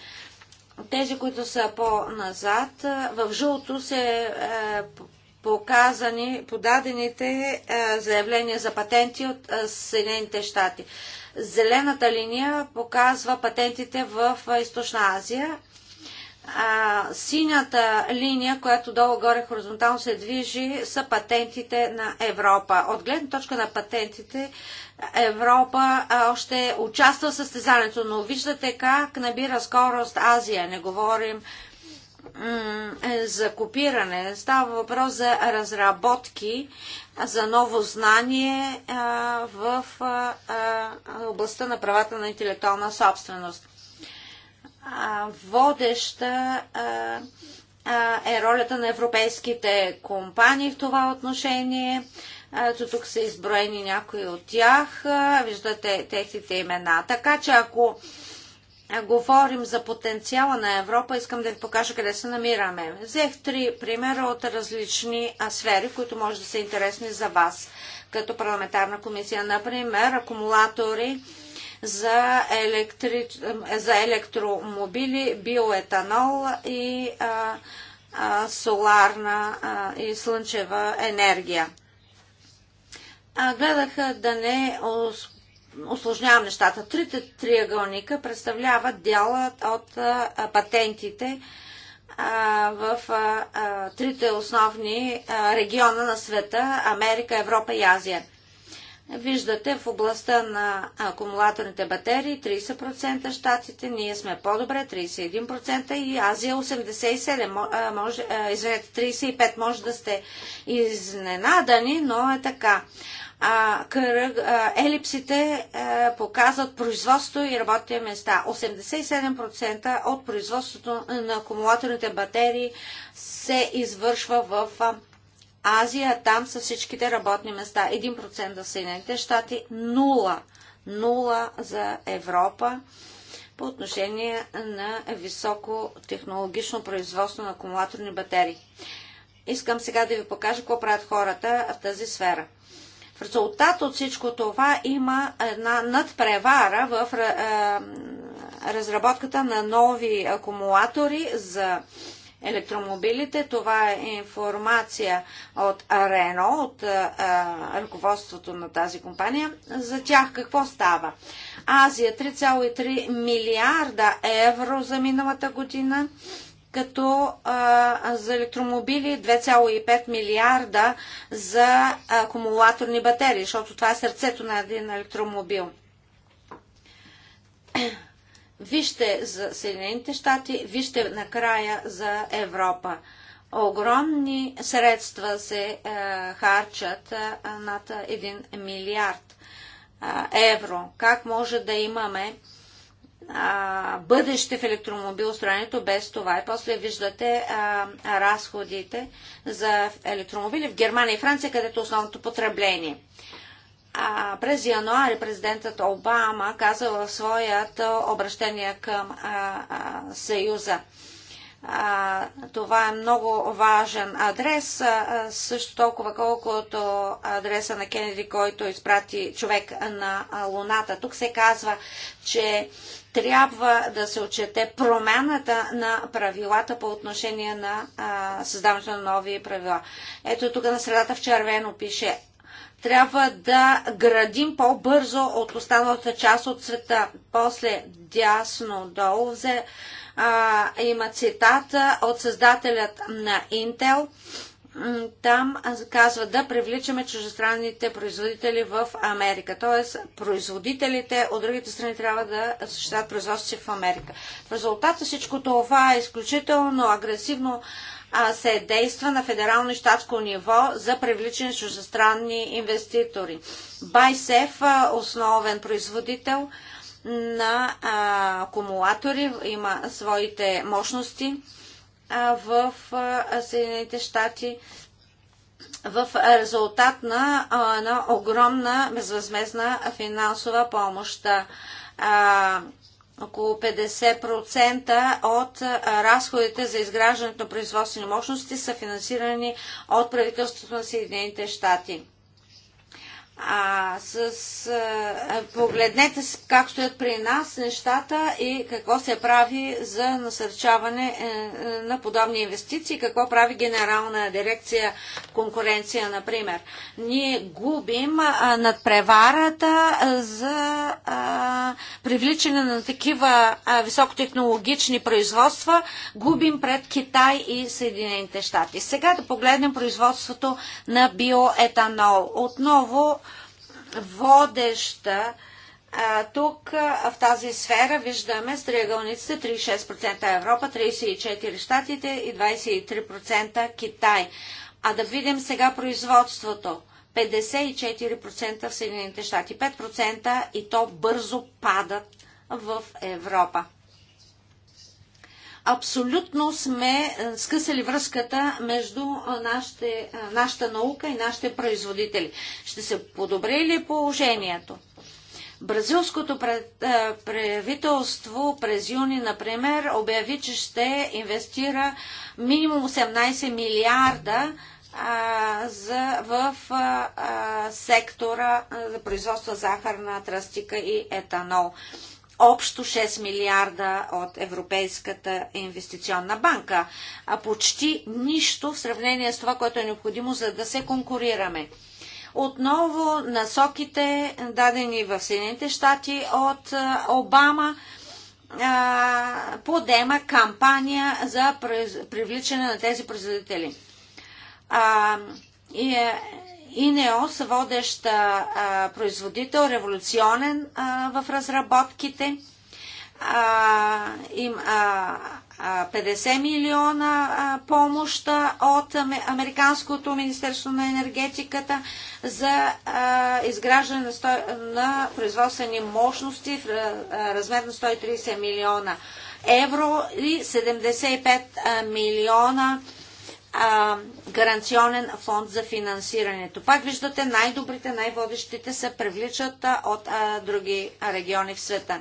Тези, които са по-назад, в жълто се показани, подадените е, заявления за патенти от е, Съединените щати. Зелената линия показва патентите в е, Източна Азия. А, синята линия, която долу-горе хоризонтално се движи, са патентите на Европа. От гледна точка на патентите, Европа още участва в състезанието, но виждате как набира скорост Азия. Не говорим е за копиране. Става въпрос за разработки, за ново знание в областта на правата на интелектуална собственост. Водеща е ролята на европейските компании в това отношение. Ето тук са изброени някои от тях. Виждате техните имена. Така че ако е, говорим за потенциала на Европа, искам да ви покажа къде се намираме. Взех три примера от различни сфери, които може да са интересни за вас като парламентарна комисия. Например, акумулатори за, електри... за електромобили, биоетанол и а, а, соларна а, и слънчева енергия. А, гледах да не осложнявам нещата. Трите триъгълника представляват дялът от а, патентите а, в а, трите основни региона на света Америка, Европа и Азия. Виждате в областта на акумулаторните батерии 30%, щатите, ние сме по-добре 31% и Азия 87%, може, извинете, 35% може да сте изненадани, но е така а, кръг, а, елипсите а, показват производство и работни места. 87% от производството на акумулаторните батерии се извършва в а, Азия, там са всичките работни места. 1% за Съединените щати, 0, 0 за Европа по отношение на високотехнологично производство на акумулаторни батерии. Искам сега да ви покажа какво правят хората в тази сфера. В резултат от всичко това има една надпревара в разработката на нови акумулатори за електромобилите. Това е информация от Рено, от ръководството на тази компания. За тях какво става? Азия 3,3 милиарда евро за миналата година като а, за електромобили 2,5 милиарда за акумулаторни батерии, защото това е сърцето на един електромобил. <clears throat> Вижте за Съединените щати, вижте накрая за Европа. Огромни средства се е, харчат е, над 1 милиард е, евро. Как може да имаме бъдеще в електромобилостроенето без това. И после виждате а, разходите за електромобили в Германия и Франция, където е основното потребление. А, през януари президентът Обама каза в своят обращение към а, а, Съюза – това е много важен адрес, също толкова колкото адреса на Кенеди, който изпрати човек на Луната. Тук се казва, че трябва да се отчете промяната на правилата по отношение на създаването на нови правила. Ето тук на средата в червено пише трябва да градим по-бързо от останалата част от света. После дясно долу взе а, има цитата от създателят на Intel. Там казва да привличаме чужестранните производители в Америка. Тоест, производителите от другите страни трябва да защитават производство в Америка. В резултат всичко това е изключително агресивно се действа на федерално и щатско ниво за привличане на чуждестранни инвеститори. Байсеф, основен производител, на а, акумулатори, има своите мощности а, в а, Съединените щати в резултат на една огромна безвъзмезна финансова помощ. А, около 50% от разходите за изграждането на производствени мощности са финансирани от правителството на Съединените щати. А, с, а, погледнете как стоят при нас нещата и какво се прави за насърчаване е, е, на подобни инвестиции, какво прави Генерална дирекция конкуренция, например. Ние губим а, над преварата за а, привличане на такива а, високотехнологични производства, губим пред Китай и Съединените щати. Сега да погледнем производството на биоетанол. Отново водеща а, тук а, в тази сфера виждаме с триъгълниците 36% Европа, 34% Штатите и 23% Китай. А да видим сега производството. 54% в Съединените щати, 5% и то бързо падат в Европа абсолютно сме е, скъсали връзката между е, нашите, е, нашата наука и нашите производители. Ще се подобри ли положението? Бразилското правителство през юни, например, обяви, че ще инвестира минимум 18 милиарда а, за, в а, сектора за производство захарна тръстика и етанол общо 6 милиарда от Европейската инвестиционна банка. А почти нищо в сравнение с това, което е необходимо, за да се конкурираме. Отново насоките, дадени в Съединените щати от Обама, подема кампания за привличане на тези производители. И е, ИНЕОС, водещ а, производител, революционен а, в разработките. А, им, а, 50 милиона помощ от Американското Министерство на енергетиката за изграждане на производствени мощности в размер на 130 милиона евро и 75 милиона евро а, гаранционен фонд за финансирането. Пак виждате, най-добрите, най-водещите се привличат а, от а, други региони в света.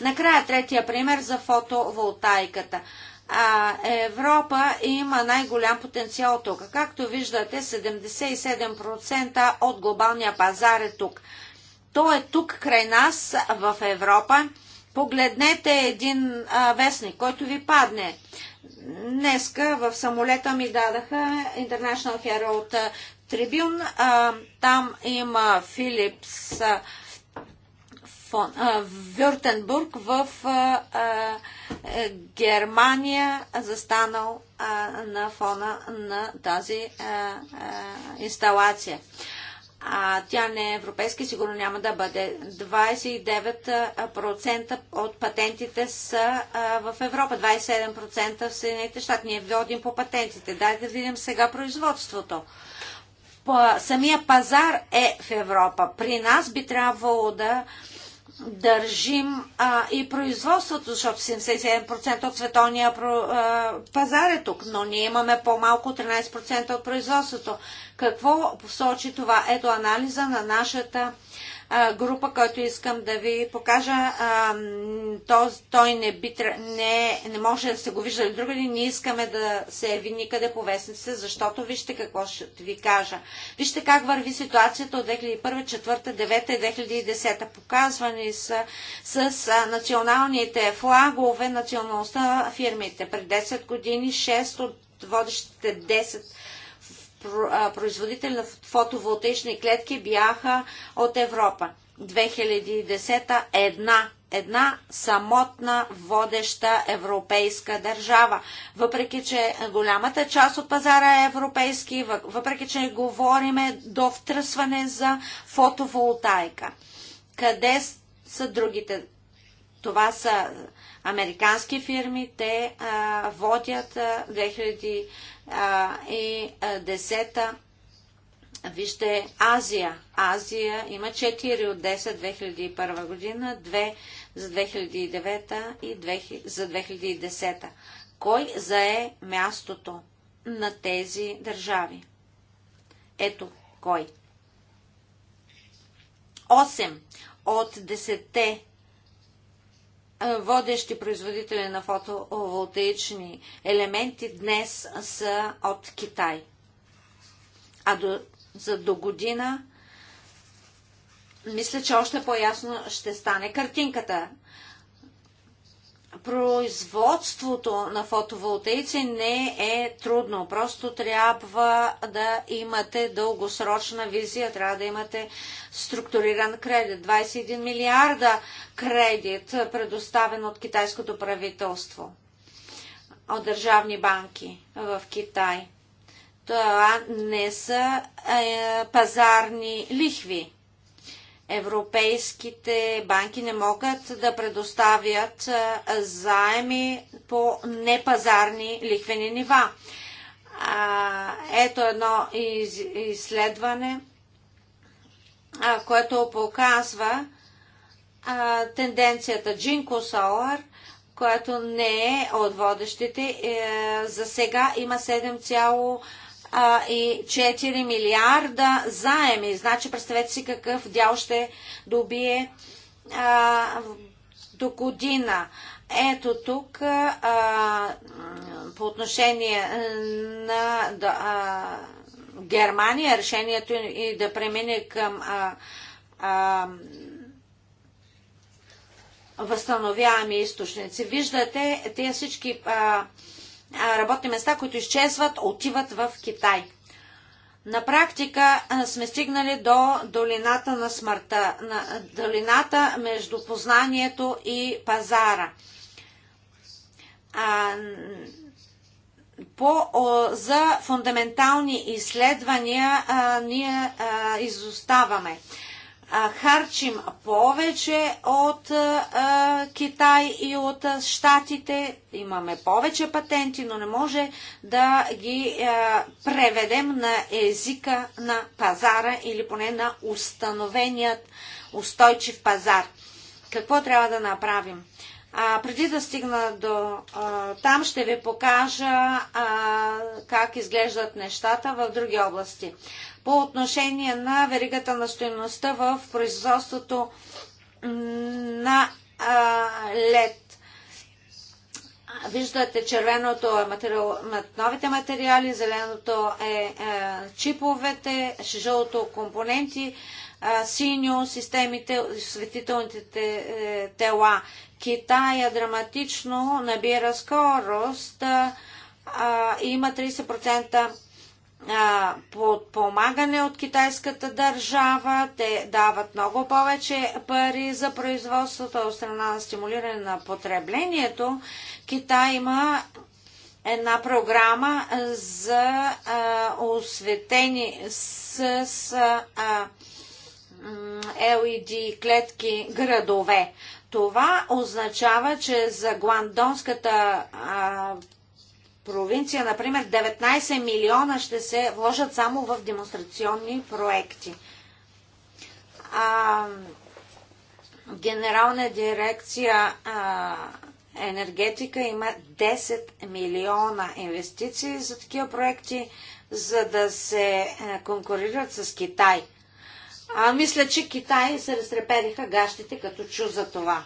Накрая третия пример за фотоволтайката. А, Европа има най-голям потенциал тук. Както виждате, 77% от глобалния пазар е тук. Той е тук край нас в Европа Погледнете един а, вестник, който ви падне. Днеска в самолета ми дадаха International Herald Tribune. А, там има Филипс а, фон, а, Вюртенбург в а, а, Германия, застанал а, на фона на тази а, а, инсталация а тя не е европейска и сигурно няма да бъде. 29% от патентите са в Европа, 27% в Съединените щати. Ние водим по патентите. Дайте да видим сега производството. Самия пазар е в Европа. При нас би трябвало да държим а, и производството, защото 77% от световния пазар е тук, но ние имаме по-малко 13% от производството. Какво посочи това? Ето анализа на нашата група, който искам да ви покажа. той не, би, не, не може да се го вижда другаде. Ние искаме да се яви никъде по вестниците, защото вижте какво ще ви кажа. Вижте как върви ситуацията от 2001, 2004, 2009 и 2010. Показвани са с, с националните флагове националността на фирмите. Пред 10 години 6 от водещите 10 производители на фотоволтични клетки бяха от Европа. 2010 една, една самотна водеща европейска държава. Въпреки, че голямата част от пазара е европейски, въпреки, че говориме до втръсване за фотоволтайка. Къде са другите? Това са американски фирми, те а, водят 2000 и десета Вижте Азия. Азия има 4 от 10 2001 година, 2 за 2009 и 2 за 2010. Кой зае мястото на тези държави? Ето кой. 8 от 10 водещи производители на фотоволтаични елементи днес са от Китай. А до, за до година мисля, че още по-ясно ще стане картинката производството на фотоволтейци не е трудно. Просто трябва да имате дългосрочна визия, трябва да имате структуриран кредит. 21 милиарда кредит, предоставен от китайското правителство, от държавни банки в Китай. Това не са е, пазарни лихви европейските банки не могат да предоставят заеми по непазарни лихвени нива. Ето едно изследване, което показва тенденцията Джинко Солар, което не е от водещите. Е, за сега има 7, 4 милиарда заеми. Значи представете си какъв дял ще добие а, до година. Ето тук а, по отношение на а, Германия решението и да премине към а, а, източници. Виждате, тези всички а, работни места, които изчезват, отиват в Китай. На практика сме стигнали до долината на смъртта, на долината между познанието и пазара. А, по, о, за фундаментални изследвания а, ние а, изоставаме харчим повече от а, Китай и от Штатите, имаме повече патенти, но не може да ги а, преведем на езика на пазара или поне на установеният устойчив пазар. Какво трябва да направим? А, преди да стигна до а, там, ще ви покажа а, как изглеждат нещата в други области по отношение на веригата на стоеността в производството на лед. Виждате, червеното е материал, новите материали, зеленото е, е чиповете, жълто компоненти, е, синьо системите, светителните е, тела. Китая драматично набира скорост. има 30% подпомагане от китайската държава. Те дават много повече пари за производството от страна на стимулиране на потреблението. Китай има една програма за а, осветени с, с а, LED клетки градове. Това означава, че за Гуандонската а, провинция, например, 19 милиона ще се вложат само в демонстрационни проекти. А, Генерална дирекция а, енергетика има 10 милиона инвестиции за такива проекти, за да се е, конкурират с Китай. А, мисля, че Китай се разтрепериха гащите като чу за това.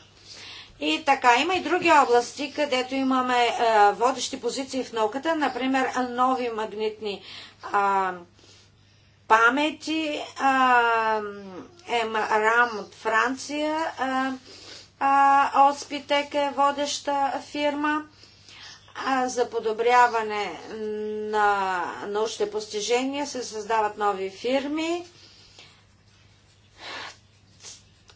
И така, има и други области, където имаме а, е, водещи позиции в науката, например нови магнитни а, памети, Рам МРАМ от Франция, Оспитек е водеща фирма за подобряване на научните постижения, се създават нови фирми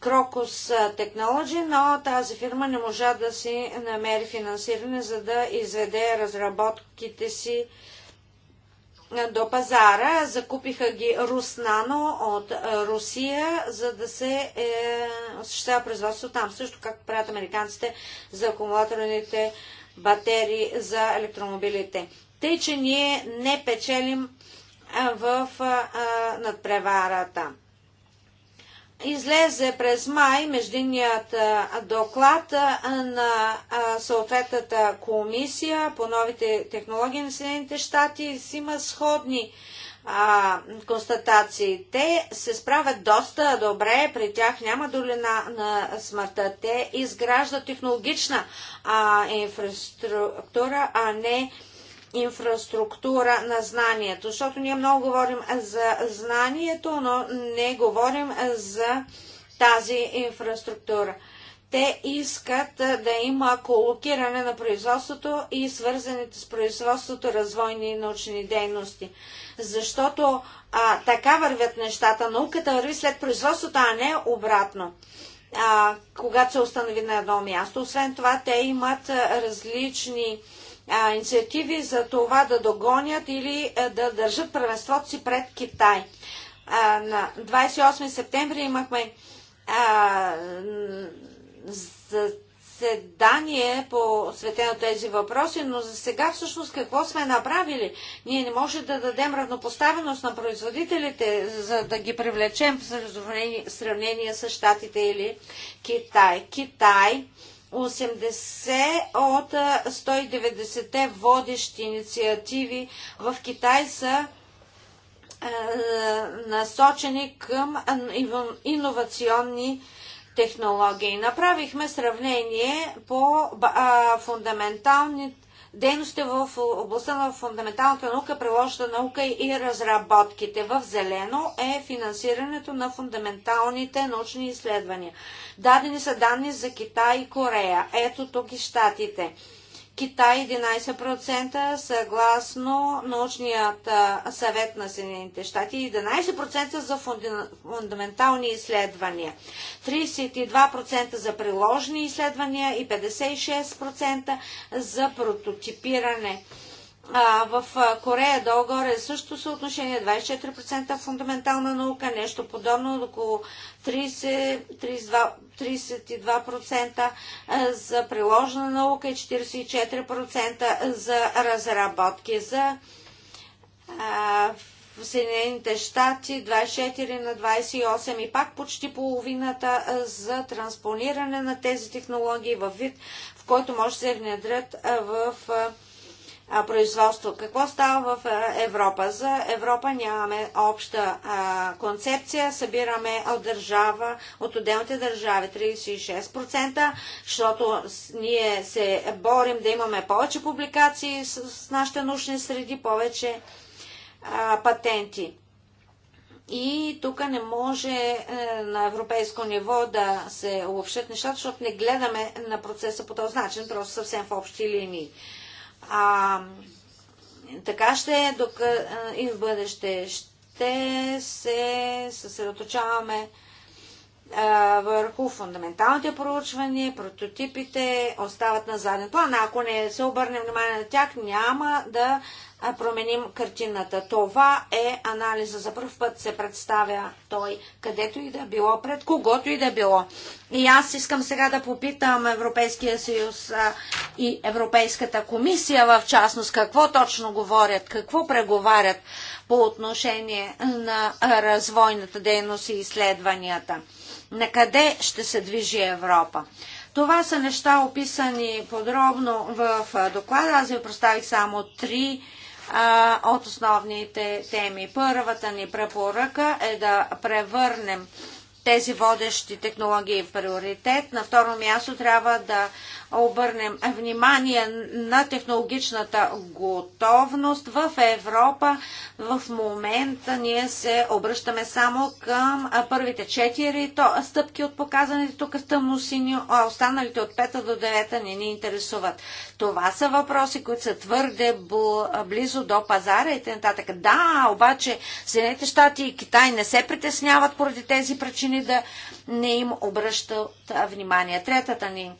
Крокус Technology, но тази фирма не можа да си намери финансиране, за да изведе разработките си до пазара. Закупиха ги Руснано от Русия, за да се е, осъществява производство там, също както правят американците за акумулаторните батерии за електромобилите. Тъй, че ние не печелим в а, надпреварата излезе през май междинният доклад на съответната комисия по новите технологии на Съединените щати с има сходни а, констатации. Те се справят доста добре, при тях няма долина на смъртта. Те изграждат технологична а, инфраструктура, а не инфраструктура на знанието. Защото ние много говорим за знанието, но не говорим за тази инфраструктура. Те искат да има колокиране на производството и свързаните с производството развойни и научни дейности. Защото а, така вървят нещата. Науката върви след производството, а не обратно а, когато се установи на едно място. Освен това, те имат различни а, инициативи за това да догонят или а, да държат първенството си пред Китай. А, на 28 септември имахме а, заседание по на тези въпроси, но за сега всъщност какво сме направили? Ние не можем да дадем равнопоставеност на производителите, за да ги привлечем в сравнение с Штатите или Китай. Китай 80 от 190-те водещи инициативи в Китай са насочени към иновационни технологии. Направихме сравнение по фундаменталните дейностите в областта на фундаменталната наука, приложната наука и разработките. В зелено е финансирането на фундаменталните научни изследвания. Дадени са данни за Китай и Корея. Ето тук и щатите. Китай 11%, съгласно научният съвет на Съединените щати и 11% за фундаментални изследвания, 32% за приложни изследвания и 56% за прототипиране. А, в Корея долу-горе е също съотношение 24% фундаментална наука, нещо подобно около 30, 32, 32% за приложена наука и 44% за разработки. За а, в Съединените щати 24 на 28 и пак почти половината за транспониране на тези технологии в вид, в който може да се внедрят в а, производство. Какво става в Европа? За Европа нямаме обща концепция, събираме от държава, от отделните държави 36%, защото ние се борим да имаме повече публикации с, нашите научни среди, повече патенти. И тук не може е, на европейско ниво да се обобщат нещата, защото не гледаме на процеса по този начин, просто съвсем в общи линии. А, така ще дока, и в бъдеще ще се съсредоточаваме а, върху фундаменталните проучвания, прототипите остават на заден план. Ако не се обърне внимание на тях, няма да е, променим картината. Това е анализа. За първ път се представя той, където и да било, пред когото и да било. И аз искам сега да попитам Европейския съюз и Европейската комисия в частност, какво точно говорят, какво преговарят по отношение на развойната дейност и изследванията. На къде ще се движи Европа? Това са неща описани подробно в доклада. Аз ви представих само три а, от основните теми. Първата ни препоръка е да превърнем тези водещи технологии в приоритет. На второ място трябва да обърнем внимание на технологичната готовност в Европа. В момента ние се обръщаме само към първите четири стъпки от показаните тук тъмносини, а останалите от пета до девета не ни интересуват. Това са въпроси, които са твърде близо до пазара и т.н. Да, обаче Съединените щати и Китай не се притесняват поради тези причини да не им обръщат внимание. Третата ни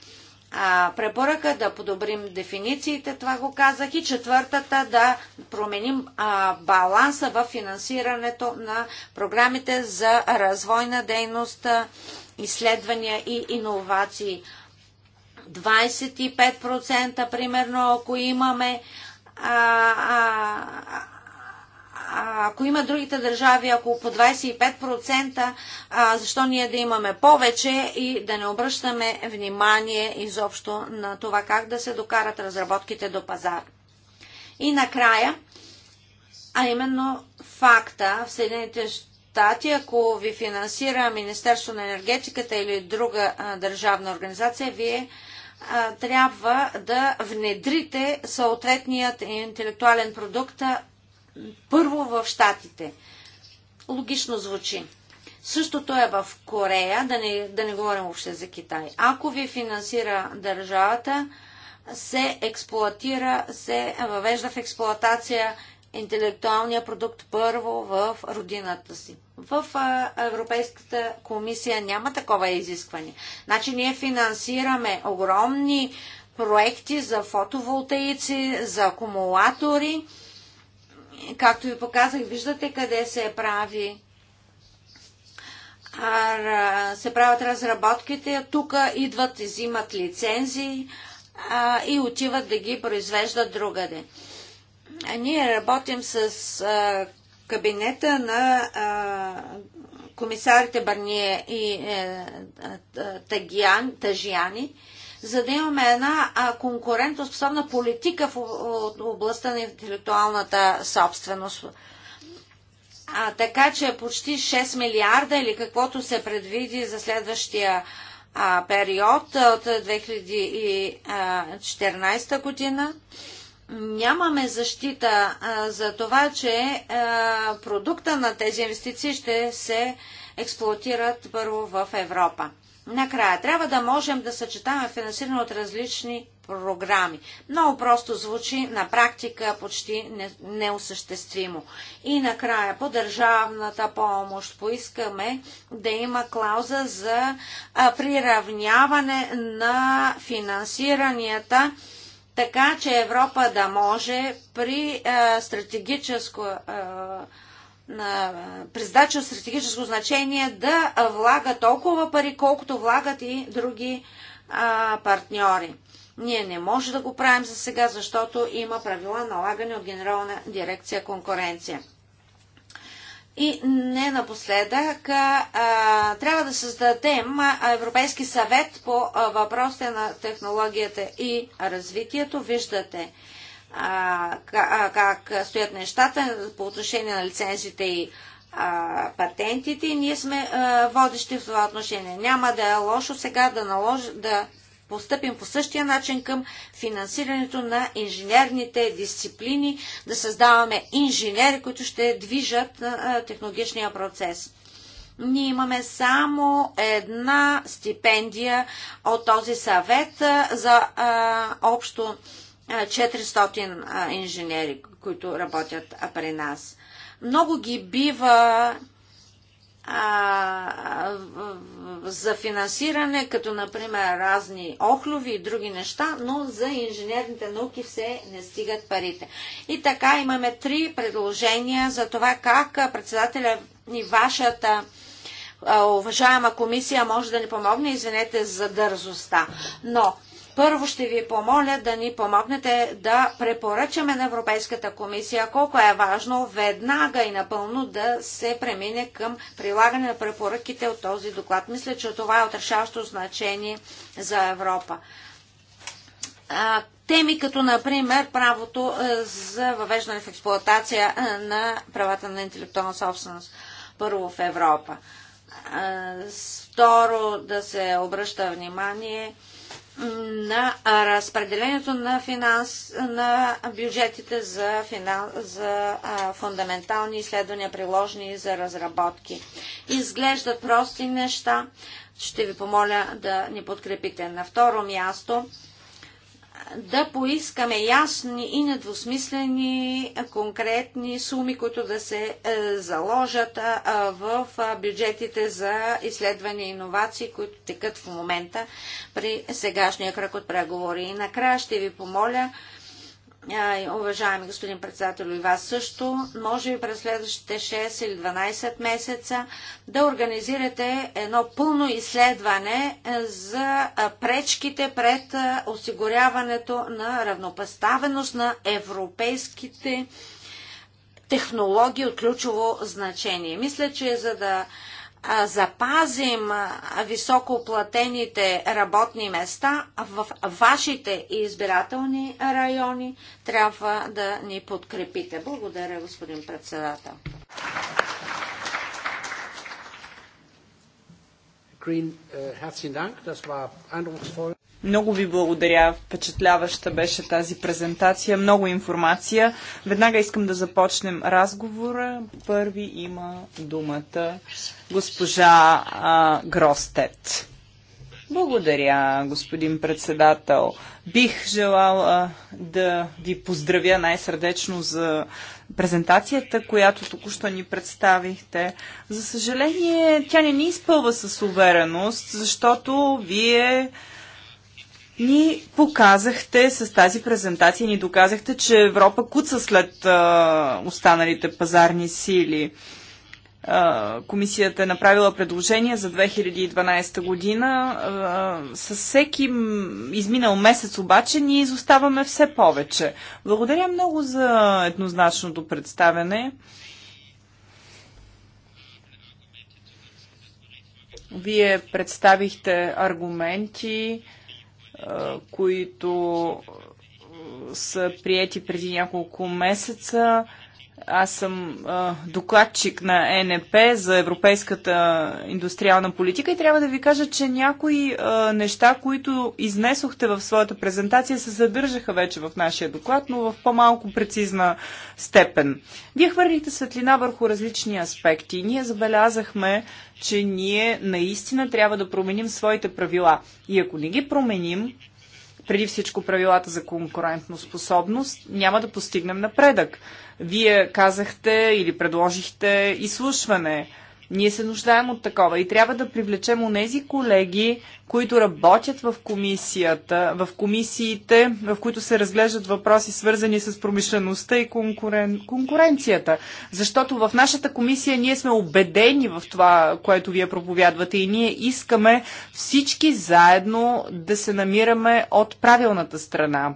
а, препоръка да подобрим дефинициите, това го казах, и четвъртата да променим а, баланса в финансирането на програмите за развойна дейност, изследвания и иновации. 25% примерно, ако имаме а, а, ако има другите държави, ако по 25%, а, защо ние да имаме повече и да не обръщаме внимание изобщо на това как да се докарат разработките до пазар. И накрая, а именно факта в Съединените щати, ако ви финансира Министерство на енергетиката или друга а, държавна организация, вие трябва да внедрите съответният интелектуален продукт първо в Штатите. Логично звучи. Същото е в Корея, да не, да не говорим въобще за Китай. Ако ви финансира държавата, се експлуатира, се въвежда в експлуатация интелектуалния продукт първо в родината си. В Европейската комисия няма такова изискване. Значи ние финансираме огромни проекти за фотоволтаици, за акумулатори, Както ви показах, виждате къде се прави се правят разработките, тук идват, взимат лицензии а, и отиват да ги произвеждат другаде. А ние работим с а, кабинета на а, комисарите Барние и е, а, Тагиан, Тажиани за да имаме една конкурентоспособна политика в областта на интелектуалната собственост. А, така че почти 6 милиарда или каквото се предвиди за следващия а, период от 2014 година. Нямаме защита а, за това, че а, продукта на тези инвестиции ще се експлуатират първо в Европа. Накрая, трябва да можем да съчетаваме финансиране от различни програми. Много просто звучи, на практика почти неосъществимо. И накрая, по държавната помощ поискаме да има клауза за приравняване на финансиранията, така че Европа да може при стратегическо на от стратегическо значение да влага толкова пари, колкото влагат и други а, партньори. Ние не може да го правим за сега, защото има правила налагани от Генерална дирекция конкуренция. И не напоследък, а, трябва да създадем Европейски съвет по въпросите на технологията и развитието. Виждате, а, как стоят нещата по отношение на лицензите и а, патентите. Ние сме а, водещи в това отношение. Няма да е лошо сега да, наложи, да постъпим по същия начин към финансирането на инженерните дисциплини, да създаваме инженери, които ще движат а, технологичния процес. Ние имаме само една стипендия от този съвет за а, общо 400 инженери, които работят при нас. Много ги бива а, за финансиране, като например разни охлюви и други неща, но за инженерните науки все не стигат парите. И така имаме три предложения за това как председателя и вашата уважаема комисия може да ни помогне. Извинете за дързостта. Но първо ще ви помоля да ни помогнете да препоръчаме на Европейската комисия колко е важно веднага и напълно да се премине към прилагане на препоръките от този доклад. Мисля, че това е отрешаващо значение за Европа теми като, например, правото за въвеждане в експлоатация на правата на интелектуална собственост. Първо в Европа. Второ, да се обръща внимание на разпределението на, финанс, на бюджетите за, финал, за а, фундаментални изследвания, приложени за разработки. Изглеждат прости неща. Ще ви помоля да ни подкрепите. На второ място да поискаме ясни и недвусмислени конкретни суми, които да се е, заложат в бюджетите за изследвания и иновации, които текат в момента при сегашния кръг от преговори. И накрая ще ви помоля уважаеми господин председател и вас също, може би през следващите 6 или 12 месеца да организирате едно пълно изследване е, за пречките пред осигуряването на равнопоставеност на европейските технологии от ключово значение. Мисля, че за да запазим високоплатените работни места в вашите избирателни райони, трябва да ни подкрепите. Благодаря, господин председател. Е, Много ви благодаря. Впечатляваща беше тази презентация. Много информация. Веднага искам да започнем разговора. Първи има думата госпожа а, Гростет. Благодаря, господин председател. Бих желала да ви поздравя най-сърдечно за презентацията, която току-що ни представихте. За съжаление, тя не ни изпълва с увереност, защото вие ни показахте с тази презентация, ни доказахте, че Европа куца след а, останалите пазарни сили комисията е направила предложение за 2012 година. С всеки изминал месец обаче ние изоставаме все повече. Благодаря много за еднозначното представяне. Вие представихте аргументи, които са приети преди няколко месеца. Аз съм а, докладчик на ЕНП за европейската индустриална политика и трябва да ви кажа, че някои а, неща, които изнесохте в своята презентация, се задържаха вече в нашия доклад, но в по-малко прецизна степен. Вие хвърлите светлина върху различни аспекти. Ние забелязахме, че ние наистина трябва да променим своите правила. И ако не ги променим, преди всичко правилата за конкурентно способност, няма да постигнем напредък. Вие казахте или предложихте изслушване ние се нуждаем от такова и трябва да привлечем у нези колеги, които работят в комисията, в комисиите, в които се разглеждат въпроси свързани с промишлеността и конкурен... конкуренцията. Защото в нашата комисия ние сме убедени в това, което вие проповядвате и ние искаме всички заедно да се намираме от правилната страна.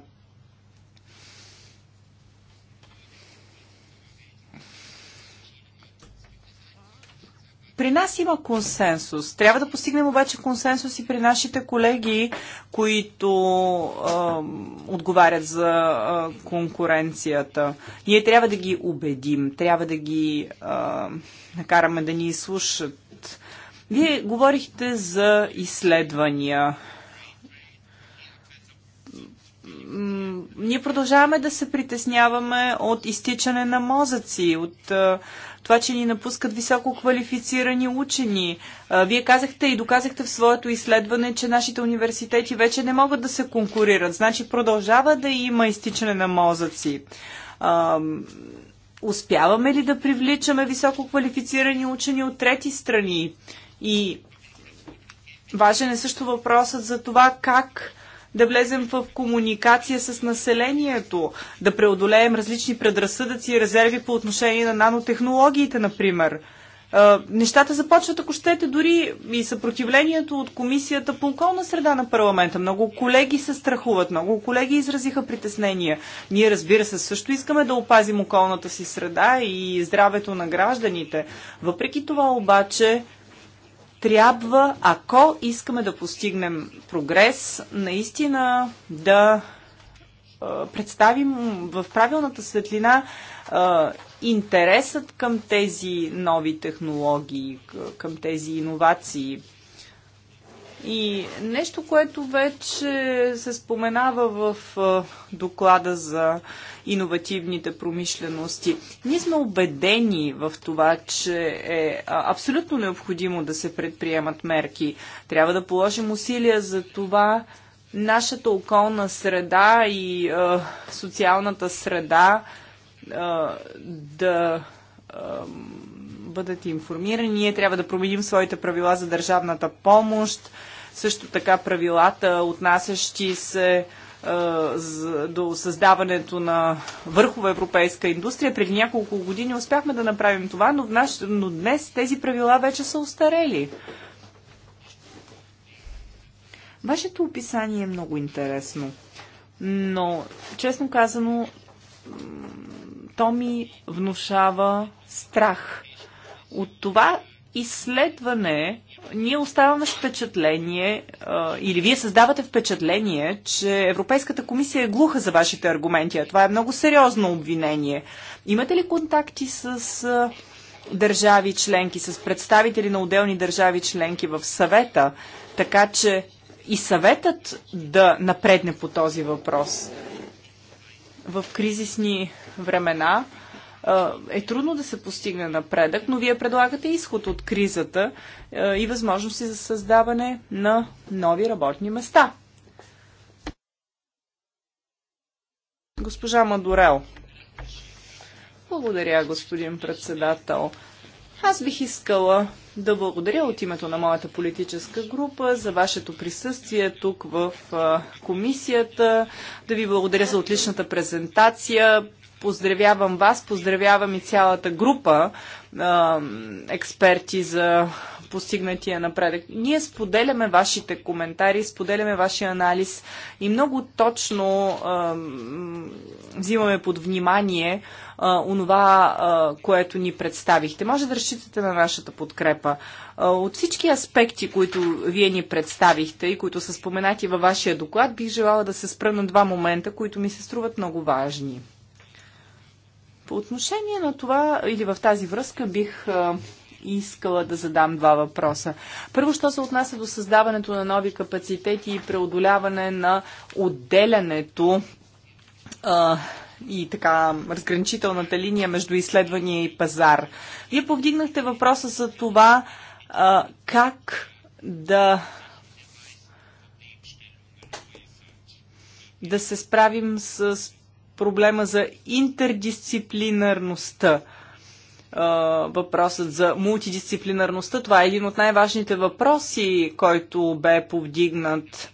При нас има консенсус. Трябва да постигнем обаче консенсус и при нашите колеги, които а, отговарят за а, конкуренцията. Ние трябва да ги убедим, трябва да ги а, накараме да ни слушат. Вие говорихте за изследвания ние продължаваме да се притесняваме от изтичане на мозъци, от това, че ни напускат високо квалифицирани учени. вие казахте и доказахте в своето изследване, че нашите университети вече не могат да се конкурират. Значи продължава да има изтичане на мозъци. успяваме ли да привличаме високо квалифицирани учени от трети страни? И важен е също въпросът за това как да влезем в комуникация с населението, да преодолеем различни предразсъдъци и резерви по отношение на нанотехнологиите, например. Нещата започват, ако щете, дори и съпротивлението от Комисията по околна среда на парламента. Много колеги се страхуват, много колеги изразиха притеснения. Ние, разбира се, също искаме да опазим околната си среда и здравето на гражданите. Въпреки това обаче, трябва, ако искаме да постигнем прогрес, наистина да представим в правилната светлина интересът към тези нови технологии, към тези иновации, и нещо, което вече се споменава в доклада за иновативните промишлености. Ние сме убедени в това, че е абсолютно необходимо да се предприемат мерки. Трябва да положим усилия за това нашата околна среда и е, социалната среда е, да е, бъдат информирани. Ние трябва да променим своите правила за държавната помощ също така правилата, отнасящи се е, до създаването на върхова европейска индустрия. Преди няколко години успяхме да направим това, но, в наш... но днес тези правила вече са устарели. Вашето описание е много интересно, но честно казано, то ми внушава страх от това изследване, ние оставаме с впечатление, или вие създавате впечатление, че Европейската комисия е глуха за вашите аргументи, а това е много сериозно обвинение. Имате ли контакти с държави членки, с представители на отделни държави членки в съвета, така че и съветът да напредне по този въпрос? В кризисни времена е трудно да се постигне напредък, но вие предлагате изход от кризата и възможности за създаване на нови работни места. Госпожа Мадурел. Благодаря, господин председател. Аз бих искала да благодаря от името на моята политическа група за вашето присъствие тук в комисията, да ви благодаря за отличната презентация. Поздравявам вас, поздравявам и цялата група а, експерти за постигнатия напредък. Ние споделяме вашите коментари, споделяме вашия анализ и много точно а, взимаме под внимание а, онова, а, което ни представихте. Може да разчитате на нашата подкрепа. А, от всички аспекти, които вие ни представихте и които са споменати във вашия доклад, бих желала да се спра на два момента, които ми се струват много важни. По отношение на това или в тази връзка бих искала да задам два въпроса. Първо, що се отнася до създаването на нови капацитети и преодоляване на отделянето а, и така разграничителната линия между изследвания и пазар. Вие повдигнахте въпроса за това а, как да да се справим с проблема за интердисциплинарността. Въпросът за мултидисциплинарността, това е един от най-важните въпроси, който бе повдигнат.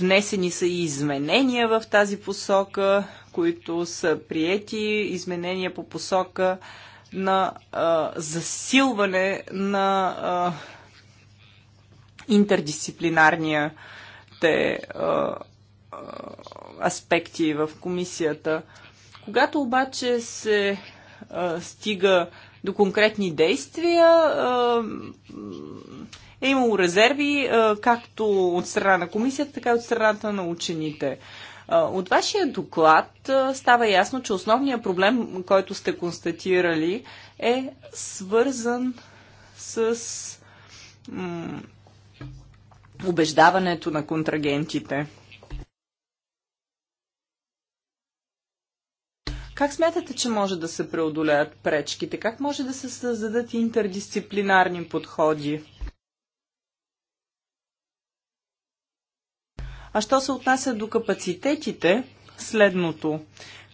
Внесени са и изменения в тази посока, които са приети, изменения по посока на засилване на интердисциплинарния те аспекти в комисията. Когато обаче се а, стига до конкретни действия, а, е имало резерви а, както от страна на комисията, така и от страната на учените. От вашия доклад става ясно, че основният проблем, който сте констатирали, е свързан с убеждаването на контрагентите. Как смятате, че може да се преодолеят пречките? Как може да се създадат интердисциплинарни подходи? А що се отнася до капацитетите, следното.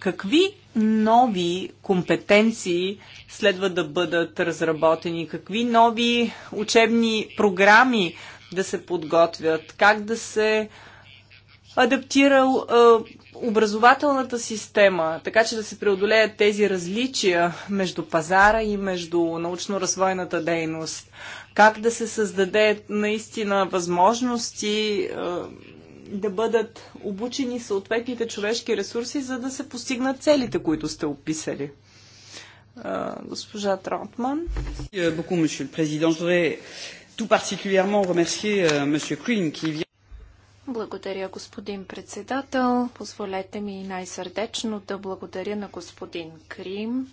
Какви нови компетенции следва да бъдат разработени? Какви нови учебни програми да се подготвят? Как да се адаптира образователната система, така че да се преодолеят тези различия между пазара и между научно-развойната дейност, как да се създаде наистина възможности да бъдат обучени съответните човешки ресурси, за да се постигнат целите, които сте описали. госпожа Тронтман. Благодаря, господин президент. Président. particulièrement remercier euh, qui благодаря, господин председател. Позволете ми най-сърдечно да благодаря на господин Крим,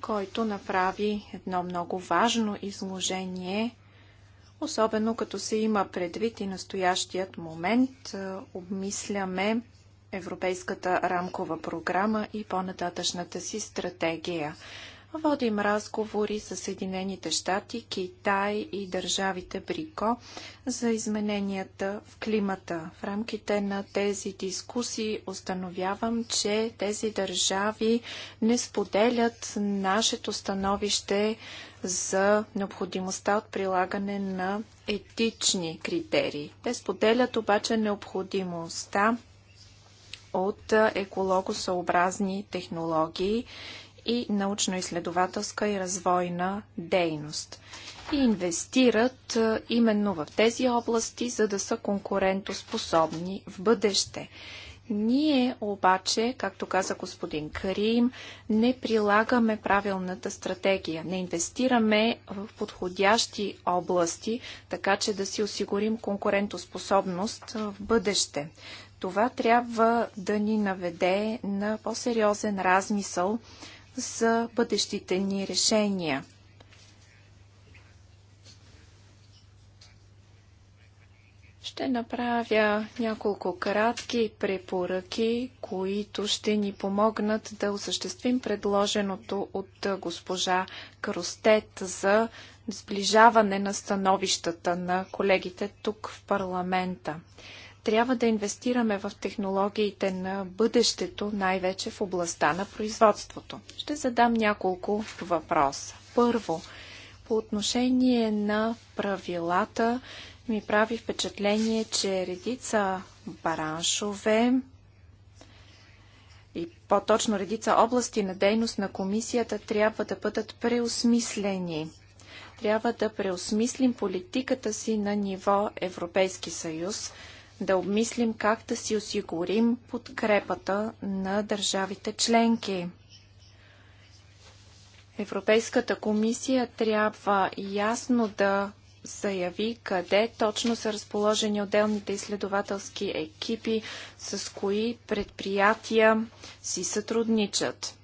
който направи едно много важно изложение, особено като се има предвид и настоящият момент. Обмисляме Европейската рамкова програма и по-нататъчната си стратегия. Водим разговори с Съединените щати, Китай и държавите Брико за измененията в климата. В рамките на тези дискусии установявам, че тези държави не споделят нашето становище за необходимостта от прилагане на етични критерии. Те споделят обаче необходимостта от екологосъобразни технологии и научно-изследователска и развойна дейност. И инвестират е, именно в тези области, за да са конкурентоспособни в бъдеще. Ние обаче, както каза господин Карим, не прилагаме правилната стратегия. Не инвестираме в подходящи области, така че да си осигурим конкурентоспособност е, в бъдеще. Това трябва да ни наведе на по-сериозен размисъл за бъдещите ни решения. Ще направя няколко кратки препоръки, които ще ни помогнат да осъществим предложеното от госпожа Кростет за сближаване на становищата на колегите тук в парламента. Трябва да инвестираме в технологиите на бъдещето, най-вече в областта на производството. Ще задам няколко въпроса. Първо, по отношение на правилата ми прави впечатление, че редица бараншове и по-точно редица области на дейност на комисията трябва да бъдат преосмислени. Трябва да преосмислим политиката си на ниво Европейски съюз, да обмислим как да си осигурим подкрепата на държавите членки. Европейската комисия трябва ясно да заяви къде точно са разположени отделните изследователски екипи, с кои предприятия си сътрудничат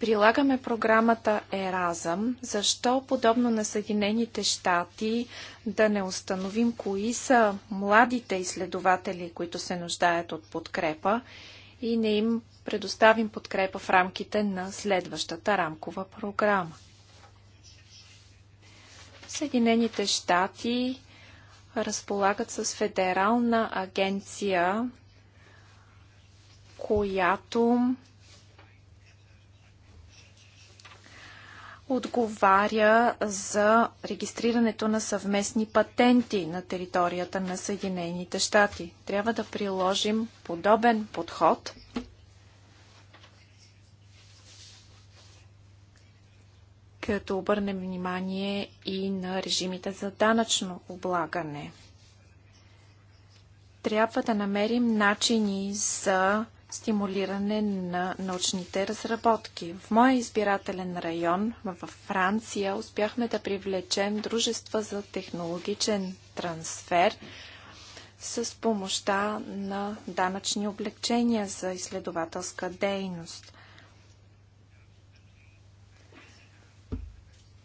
прилагаме програмата Еразъм, защо подобно на Съединените щати да не установим кои са младите изследователи, които се нуждаят от подкрепа и не им предоставим подкрепа в рамките на следващата рамкова програма. Съединените щати разполагат с федерална агенция, която отговаря за регистрирането на съвместни патенти на територията на Съединените щати. Трябва да приложим подобен подход. като обърнем внимание и на режимите за данъчно облагане. Трябва да намерим начини за стимулиране на научните разработки. В моя избирателен район, във Франция, успяхме да привлечем дружества за технологичен трансфер с помощта на данъчни облегчения за изследователска дейност.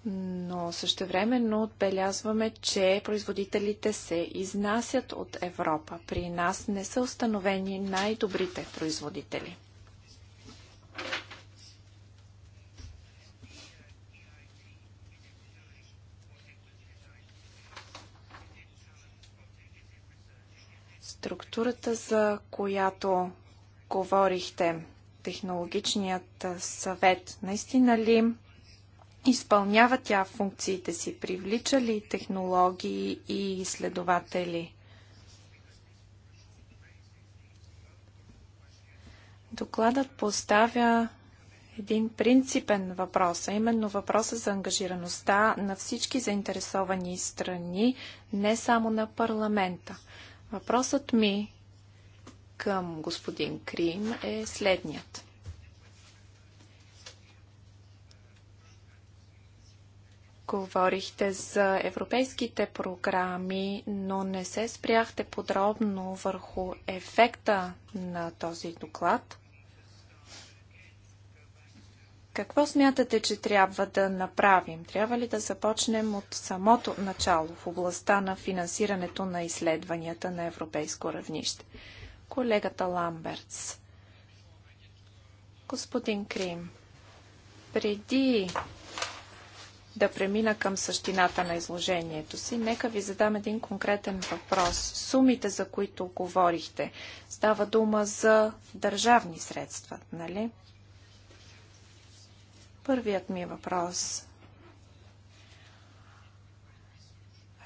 но също същевременно отбелязваме, че производителите се изнасят от Европа. При нас не са установени най-добрите производители. Структурата, за която говорихте, технологичният съвет, наистина ли изпълнява тя функциите си? Привлича ли технологии и изследователи? Докладът поставя един принципен въпрос, а именно въпроса за ангажираността на всички заинтересовани страни, не само на парламента. Въпросът ми към господин Крим е следният. Говорихте за европейските програми, но не се спряхте подробно върху ефекта на този доклад. Какво смятате, че трябва да направим? Трябва ли да започнем от самото начало в областта на финансирането на изследванията на европейско равнище? Колегата Ламбертс. Господин Крим, преди да премина към същината на изложението си, нека ви задам един конкретен въпрос. Сумите, за които говорихте, става дума за държавни средства, нали? Първият ми въпрос.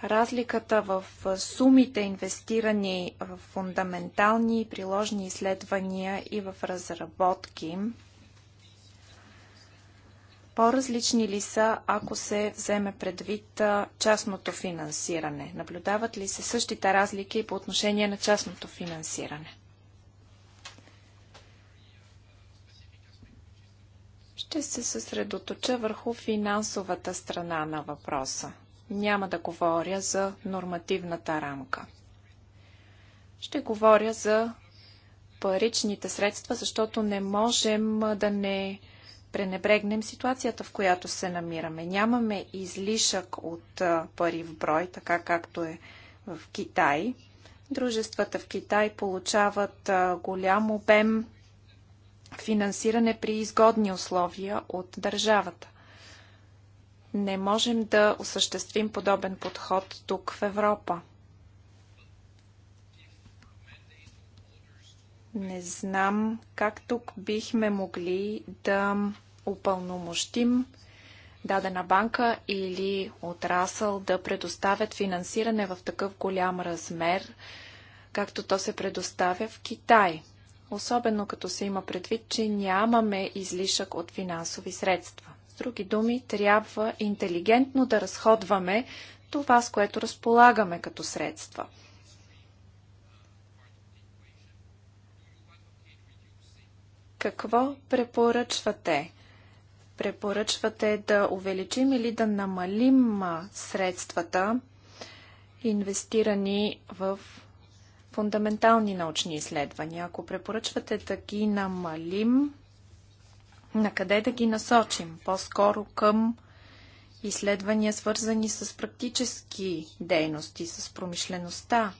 Разликата в сумите, инвестирани в фундаментални и приложни изследвания и в разработки, по-различни ли са, ако се вземе предвид частното финансиране? Наблюдават ли се същите разлики по отношение на частното финансиране? Ще се съсредоточа върху финансовата страна на въпроса. Няма да говоря за нормативната рамка. Ще говоря за паричните средства, защото не можем да не пренебрегнем ситуацията, в която се намираме. Нямаме излишък от пари в брой, така както е в Китай. Дружествата в Китай получават голям обем финансиране при изгодни условия от държавата. Не можем да осъществим подобен подход тук в Европа. Не знам как тук бихме могли да упълномощим дадена банка или отрасъл да предоставят финансиране в такъв голям размер, както то се предоставя в Китай. Особено като се има предвид, че нямаме излишък от финансови средства. С други думи, трябва интелигентно да разходваме това, с което разполагаме като средства. Какво препоръчвате? препоръчвате да увеличим или да намалим средствата, инвестирани в фундаментални научни изследвания. Ако препоръчвате да ги намалим, на къде да ги насочим? По-скоро към изследвания, свързани с практически дейности, с промишлеността.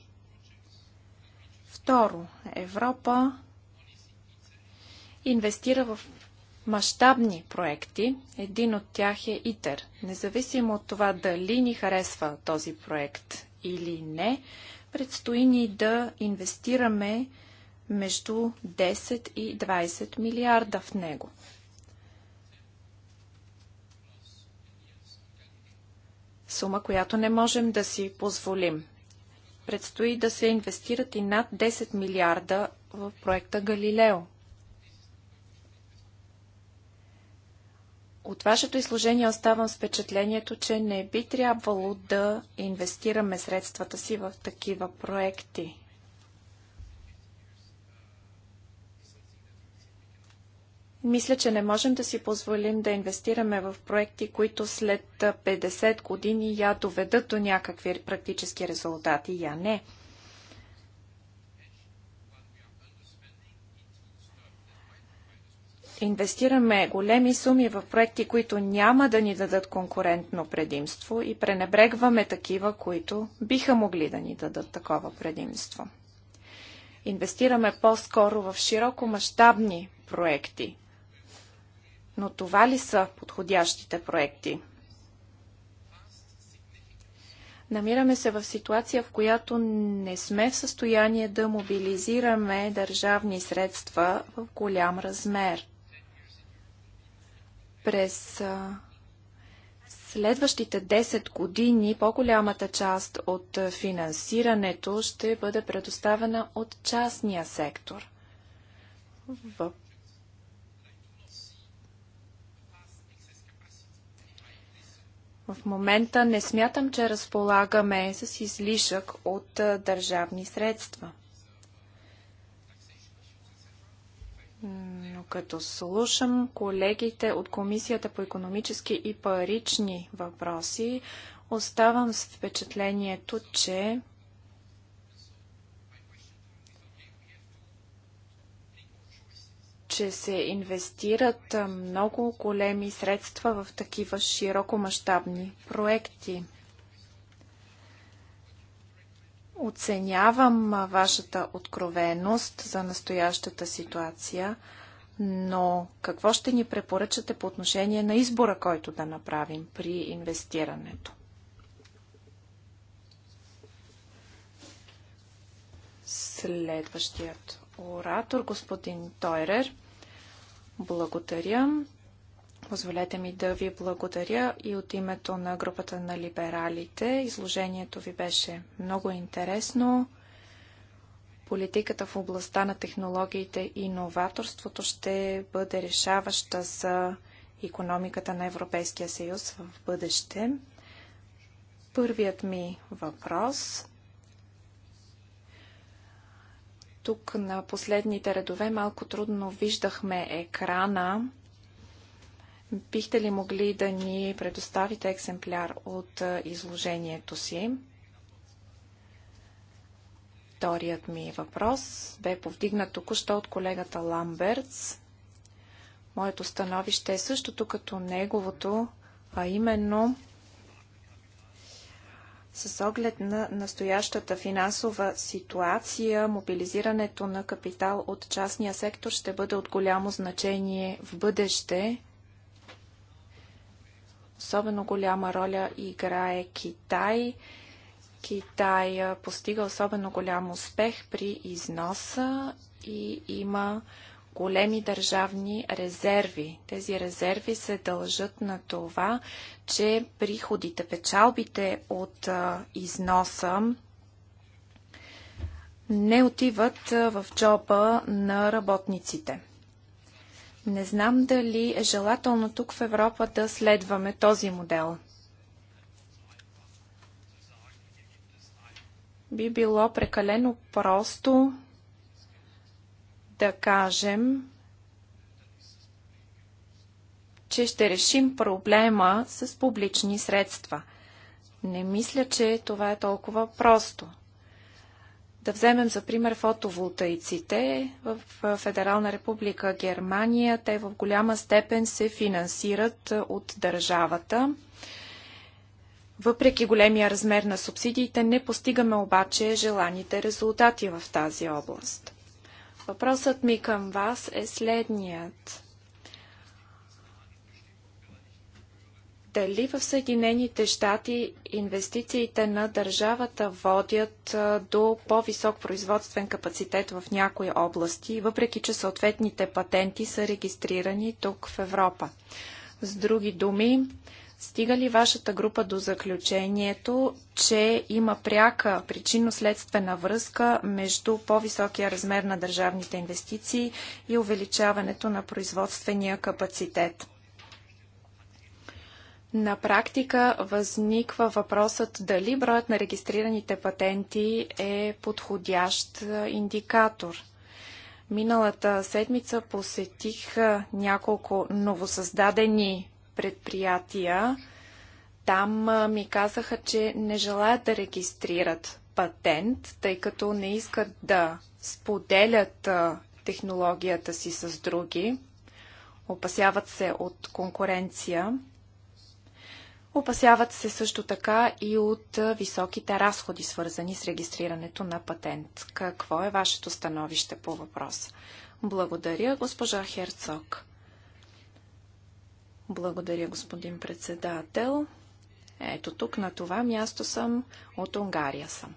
Второ, Европа инвестира в мащабни проекти. Един от тях е ИТЕР. Независимо от това дали ни харесва този проект или не, предстои ни да инвестираме между 10 и 20 милиарда в него. Сума, която не можем да си позволим. Предстои да се инвестират и над 10 милиарда в проекта Галилео, От вашето изложение оставам с впечатлението, че не би трябвало да инвестираме средствата си в такива проекти. Мисля, че не можем да си позволим да инвестираме в проекти, които след 50 години я доведат до някакви практически резултати, я не. инвестираме големи суми в проекти, които няма да ни дадат конкурентно предимство и пренебрегваме такива, които биха могли да ни дадат такова предимство. Инвестираме по-скоро в широко мащабни проекти. Но това ли са подходящите проекти? Намираме се в ситуация, в която не сме в състояние да мобилизираме държавни средства в голям размер. През следващите 10 години по-голямата част от финансирането ще бъде предоставена от частния сектор. В... В момента не смятам, че разполагаме с излишък от държавни средства. Но като слушам колегите от Комисията по економически и парични въпроси, оставам с впечатлението, че че се инвестират много големи средства в такива широкомащабни проекти. Оценявам вашата откровеност за настоящата ситуация, но какво ще ни препоръчате по отношение на избора, който да направим при инвестирането? Следващият оратор, господин Тойрер. Благодаря. Позволете ми да ви благодаря и от името на групата на либералите. Изложението ви беше много интересно. Политиката в областта на технологиите и новаторството ще бъде решаваща за економиката на Европейския съюз в бъдеще. Първият ми въпрос тук на последните редове малко трудно виждахме екрана. Бихте ли могли да ни предоставите екземпляр от изложението си? Вторият ми въпрос бе повдигнат току-що от колегата Ламбертс. Моето становище е същото като неговото, а именно с оглед на настоящата финансова ситуация, мобилизирането на капитал от частния сектор ще бъде от голямо значение в бъдеще. Особено голяма роля играе Китай. Китай постига особено голям успех при износа и има големи държавни резерви. Тези резерви се дължат на това, че приходите, печалбите от износа не отиват в джоба на работниците. Не знам дали е желателно тук в Европа да следваме този модел. Би било прекалено просто да кажем, че ще решим проблема с публични средства. Не мисля, че това е толкова просто. Да вземем за пример фотоволтаиците в Федерална република Германия. Те в голяма степен се финансират от държавата. Въпреки големия размер на субсидиите, не постигаме обаче желаните резултати в тази област. Въпросът ми към вас е следният. дали в Съединените щати инвестициите на държавата водят до по-висок производствен капацитет в някои области, въпреки че съответните патенти са регистрирани тук в Европа. С други думи, стига ли вашата група до заключението, че има пряка причинно-следствена връзка между по-високия размер на държавните инвестиции и увеличаването на производствения капацитет? На практика възниква въпросът дали броят на регистрираните патенти е подходящ е, индикатор. Миналата седмица посетих е, няколко новосъздадени предприятия. Там е, ми казаха, че не желаят да регистрират патент, тъй като не искат да споделят технологията си с други. Опасяват се от конкуренция. Опасяват се също така и от високите разходи, свързани с регистрирането на патент. Какво е вашето становище по въпрос? Благодаря, госпожа Херцог. Благодаря, господин председател. Ето тук, на това място съм, от Унгария съм.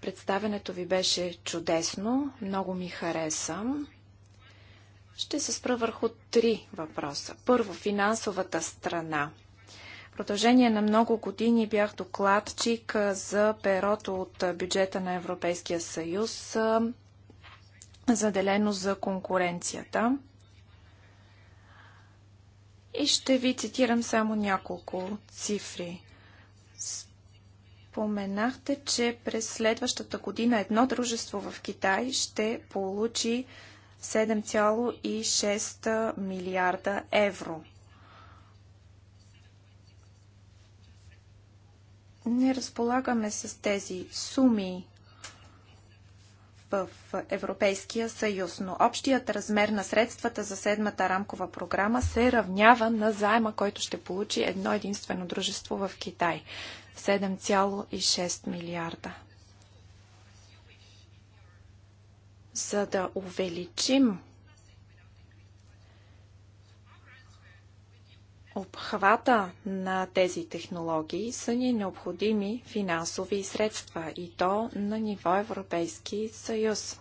Представенето ви беше чудесно, много ми хареса. Ще се спра върху три въпроса. Първо, финансовата страна продължение на много години бях докладчик за перото от бюджета на Европейския съюз, заделено за конкуренцията. И ще ви цитирам само няколко цифри. Споменахте, че през следващата година едно дружество в Китай ще получи 7,6 милиарда евро. не разполагаме с тези суми в Европейския съюз, но общият размер на средствата за седмата рамкова програма се равнява на заема, който ще получи едно единствено дружество в Китай. 7,6 милиарда. За да увеличим обхвата на тези технологии са ни необходими финансови средства и то на ниво Европейски съюз.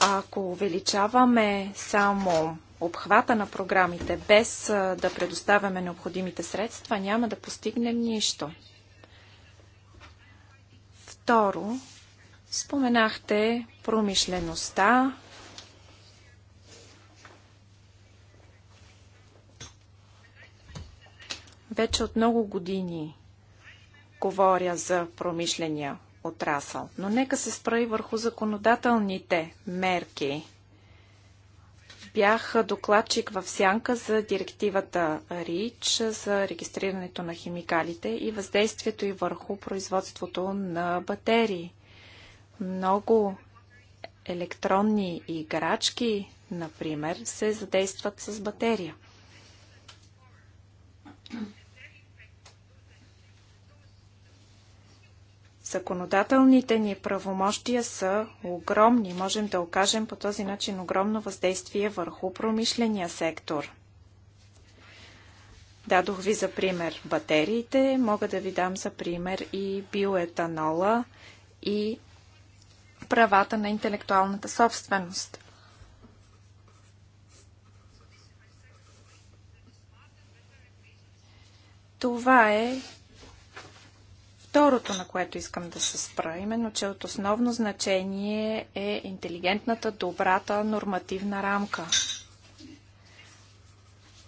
Ако увеличаваме само обхвата на програмите без да предоставяме необходимите средства, няма да постигнем нищо. Второ, споменахте промишлеността, Вече от много години говоря за промишления отрасъл, но нека се спра и върху законодателните мерки. Бях докладчик в сянка за директивата РИЧ за регистрирането на химикалите и въздействието и върху производството на батерии. Много електронни играчки, например, се задействат с батерия. Законодателните ни правомощия са огромни. Можем да окажем по този начин огромно въздействие върху промишления сектор. Дадох ви за пример батериите, мога да ви дам за пример и биоетанола и правата на интелектуалната собственост. Това е Второто, на което искам да се спра, именно, че от основно значение е интелигентната, добрата нормативна рамка.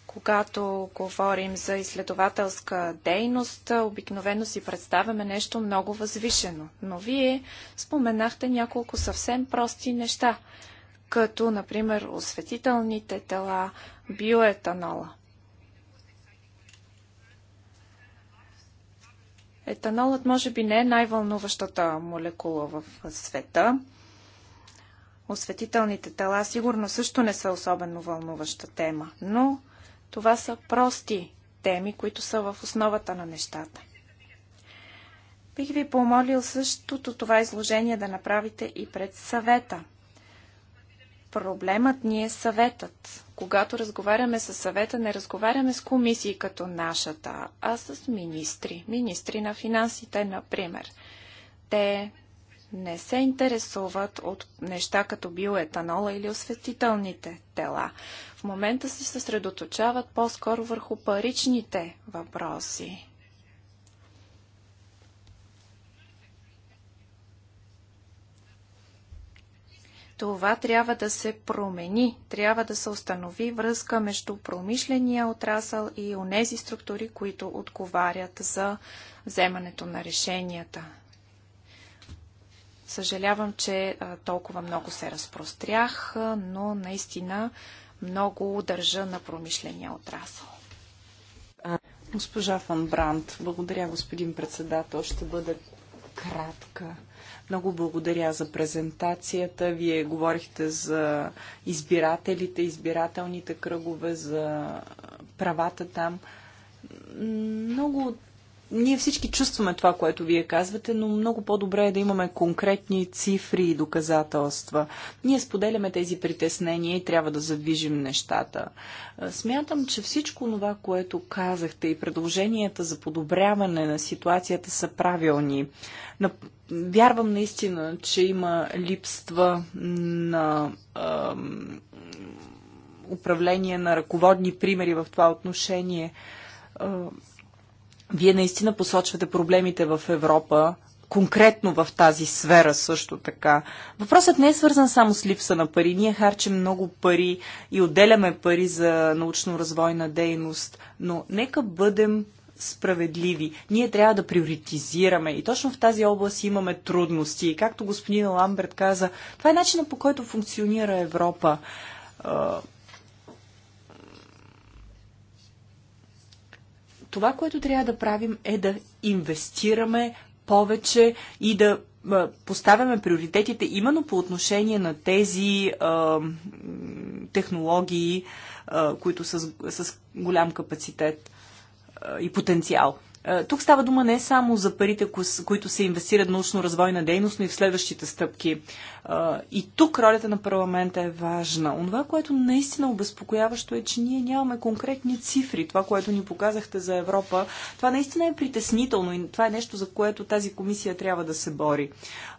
Когато говорим за изследователска дейност, обикновено си представяме нещо много възвишено. Но вие споменахте няколко съвсем прости неща, като, например, осветителните тела, биоетанола – Етанолът може би не е най-вълнуващата молекула в света. Осветителните тела сигурно също не са особено вълнуваща тема, но това са прости теми, които са в основата на нещата. Бих ви помолил същото това изложение да направите и пред съвета – Проблемът ни е съветът. Когато разговаряме с съвета, не разговаряме с комисии като нашата, а с министри. Министри на финансите, например. Те не се интересуват от неща като биоетанола или осветителните тела. В момента се съсредоточават по-скоро върху паричните въпроси. Това трябва да се промени. Трябва да се установи връзка между промишления отрасъл и онези структури, които отговарят за вземането на решенията. Съжалявам, че толкова много се разпрострях, но наистина много държа на промишления отрасъл. Госпожа Фан Бранд, благодаря господин председател, ще бъда кратка. Много благодаря за презентацията. Вие говорихте за избирателите, избирателните кръгове, за правата там. Много от ние всички чувстваме това, което вие казвате, но много по-добре е да имаме конкретни цифри и доказателства. Ние споделяме тези притеснения и трябва да задвижим нещата. Смятам, че всичко това, което казахте и предложенията за подобряване на ситуацията са правилни. Вярвам наистина, че има липства на управление на ръководни примери в това отношение вие наистина посочвате проблемите в Европа, конкретно в тази сфера също така. Въпросът не е свързан само с липса на пари. Ние харчим много пари и отделяме пари за научно-развойна дейност, но нека бъдем справедливи. Ние трябва да приоритизираме и точно в тази област имаме трудности. И както господин Ламберт каза, това е начинът по който функционира Европа Това, което трябва да правим е да инвестираме повече и да поставяме приоритетите именно по отношение на тези а, технологии, а, които са с, с голям капацитет а, и потенциал. Е, тук става дума не само за парите, които се инвестират в научно-развойна дейност, но и в следващите стъпки. Е, и тук ролята на парламента е важна. Онова, което наистина обезпокояващо е, че ние нямаме конкретни цифри. Това, което ни показахте за Европа, това наистина е притеснително и това е нещо, за което тази комисия трябва да се бори.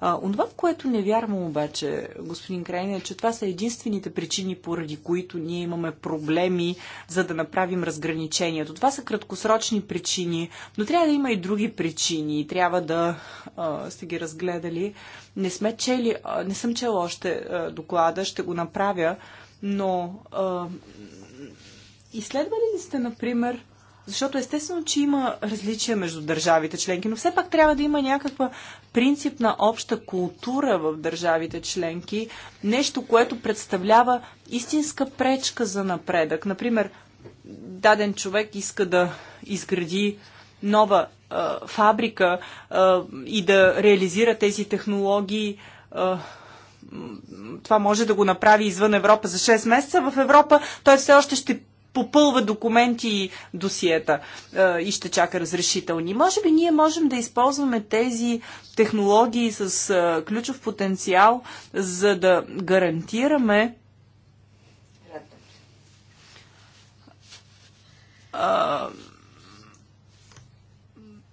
Е, онова, в което не вярвам обаче, господин Крайне, е, че това са единствените причини, поради които ние имаме проблеми, за да направим разграничението. Това са краткосрочни причини, но трябва да има и други причини. Трябва да а, сте ги разгледали. Не, сме чели, а, не съм чела още а, доклада, ще го направя, но а, изследвали ли сте, например, защото естествено, че има различия между държавите членки, но все пак трябва да има някаква принципна обща култура в държавите членки, нещо, което представлява истинска пречка за напредък. Например, даден човек иска да изгради нова а, фабрика а, и да реализира тези технологии. А, това може да го направи извън Европа за 6 месеца. В Европа той все още ще попълва документи и досиета а, и ще чака разрешителни. Може би ние можем да използваме тези технологии с а, ключов потенциал, за да гарантираме Uh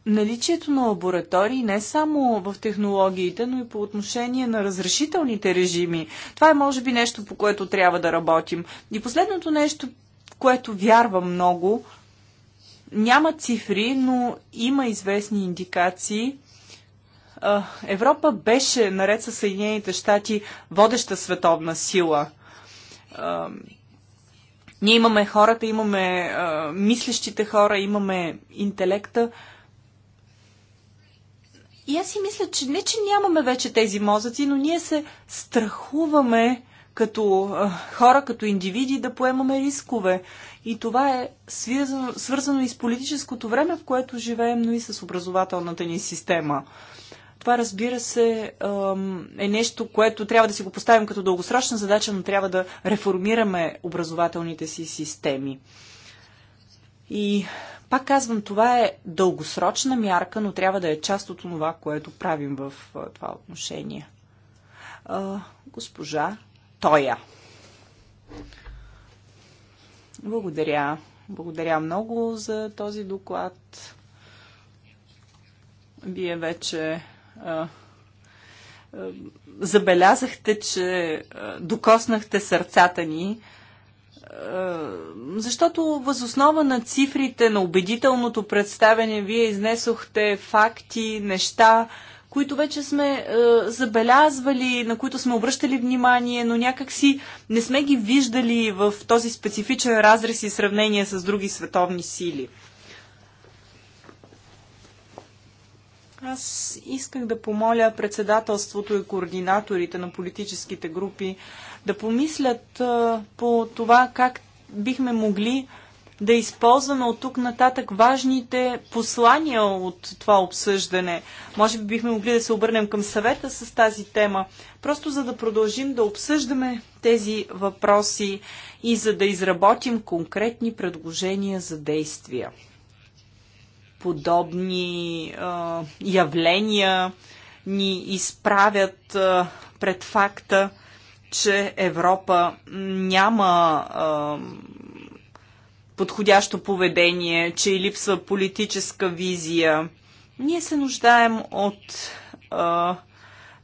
наличието на лаборатории не само в технологиите, но и по отношение на разрешителните режими. Това е може би нещо, по което трябва да работим. И последното нещо, в което вярвам много, няма цифри, но има известни индикации. Европа беше, наред с Съединените щати, водеща световна сила. Ние имаме хората, имаме мислещите хора, имаме интелекта. И аз си мисля, че не, че нямаме вече тези мозъци, но ние се страхуваме като а, хора, като индивиди да поемаме рискове. И това е свързано, свързано и с политическото време, в което живеем, но и с образователната ни система. Това, разбира се, е нещо, което трябва да си го поставим като дългосрочна задача, но трябва да реформираме образователните си системи. И пак казвам, това е дългосрочна мярка, но трябва да е част от това, което правим в това отношение. А, госпожа Тоя. Благодаря. Благодаря много за този доклад. Вие вече а, а, забелязахте, че а, докоснахте сърцата ни. Е, защото възоснова на цифрите, на убедителното представяне, вие изнесохте факти, неща, които вече сме е, забелязвали, на които сме обръщали внимание, но някакси не сме ги виждали в този специфичен разрез и сравнение с други световни сили. Аз исках да помоля председателството и координаторите на политическите групи да помислят по това как бихме могли да използваме от тук нататък важните послания от това обсъждане. Може би бихме могли да се обърнем към съвета с тази тема, просто за да продължим да обсъждаме тези въпроси и за да изработим конкретни предложения за действия подобни а, явления ни изправят а, пред факта, че Европа няма а, подходящо поведение, че и липсва политическа визия. Ние се нуждаем от а,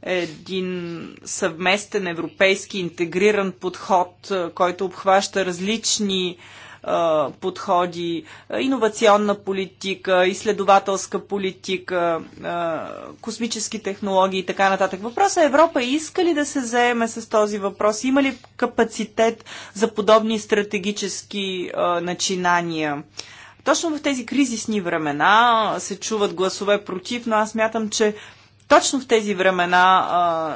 един съвместен европейски интегриран подход, който обхваща различни а, подходи, иновационна политика, изследователска политика, космически технологии и така нататък. Въпросът е Европа иска ли да се заеме с този въпрос? Има ли капацитет за подобни стратегически начинания? Точно в тези кризисни времена се чуват гласове против, но аз мятам, че точно в тези времена а,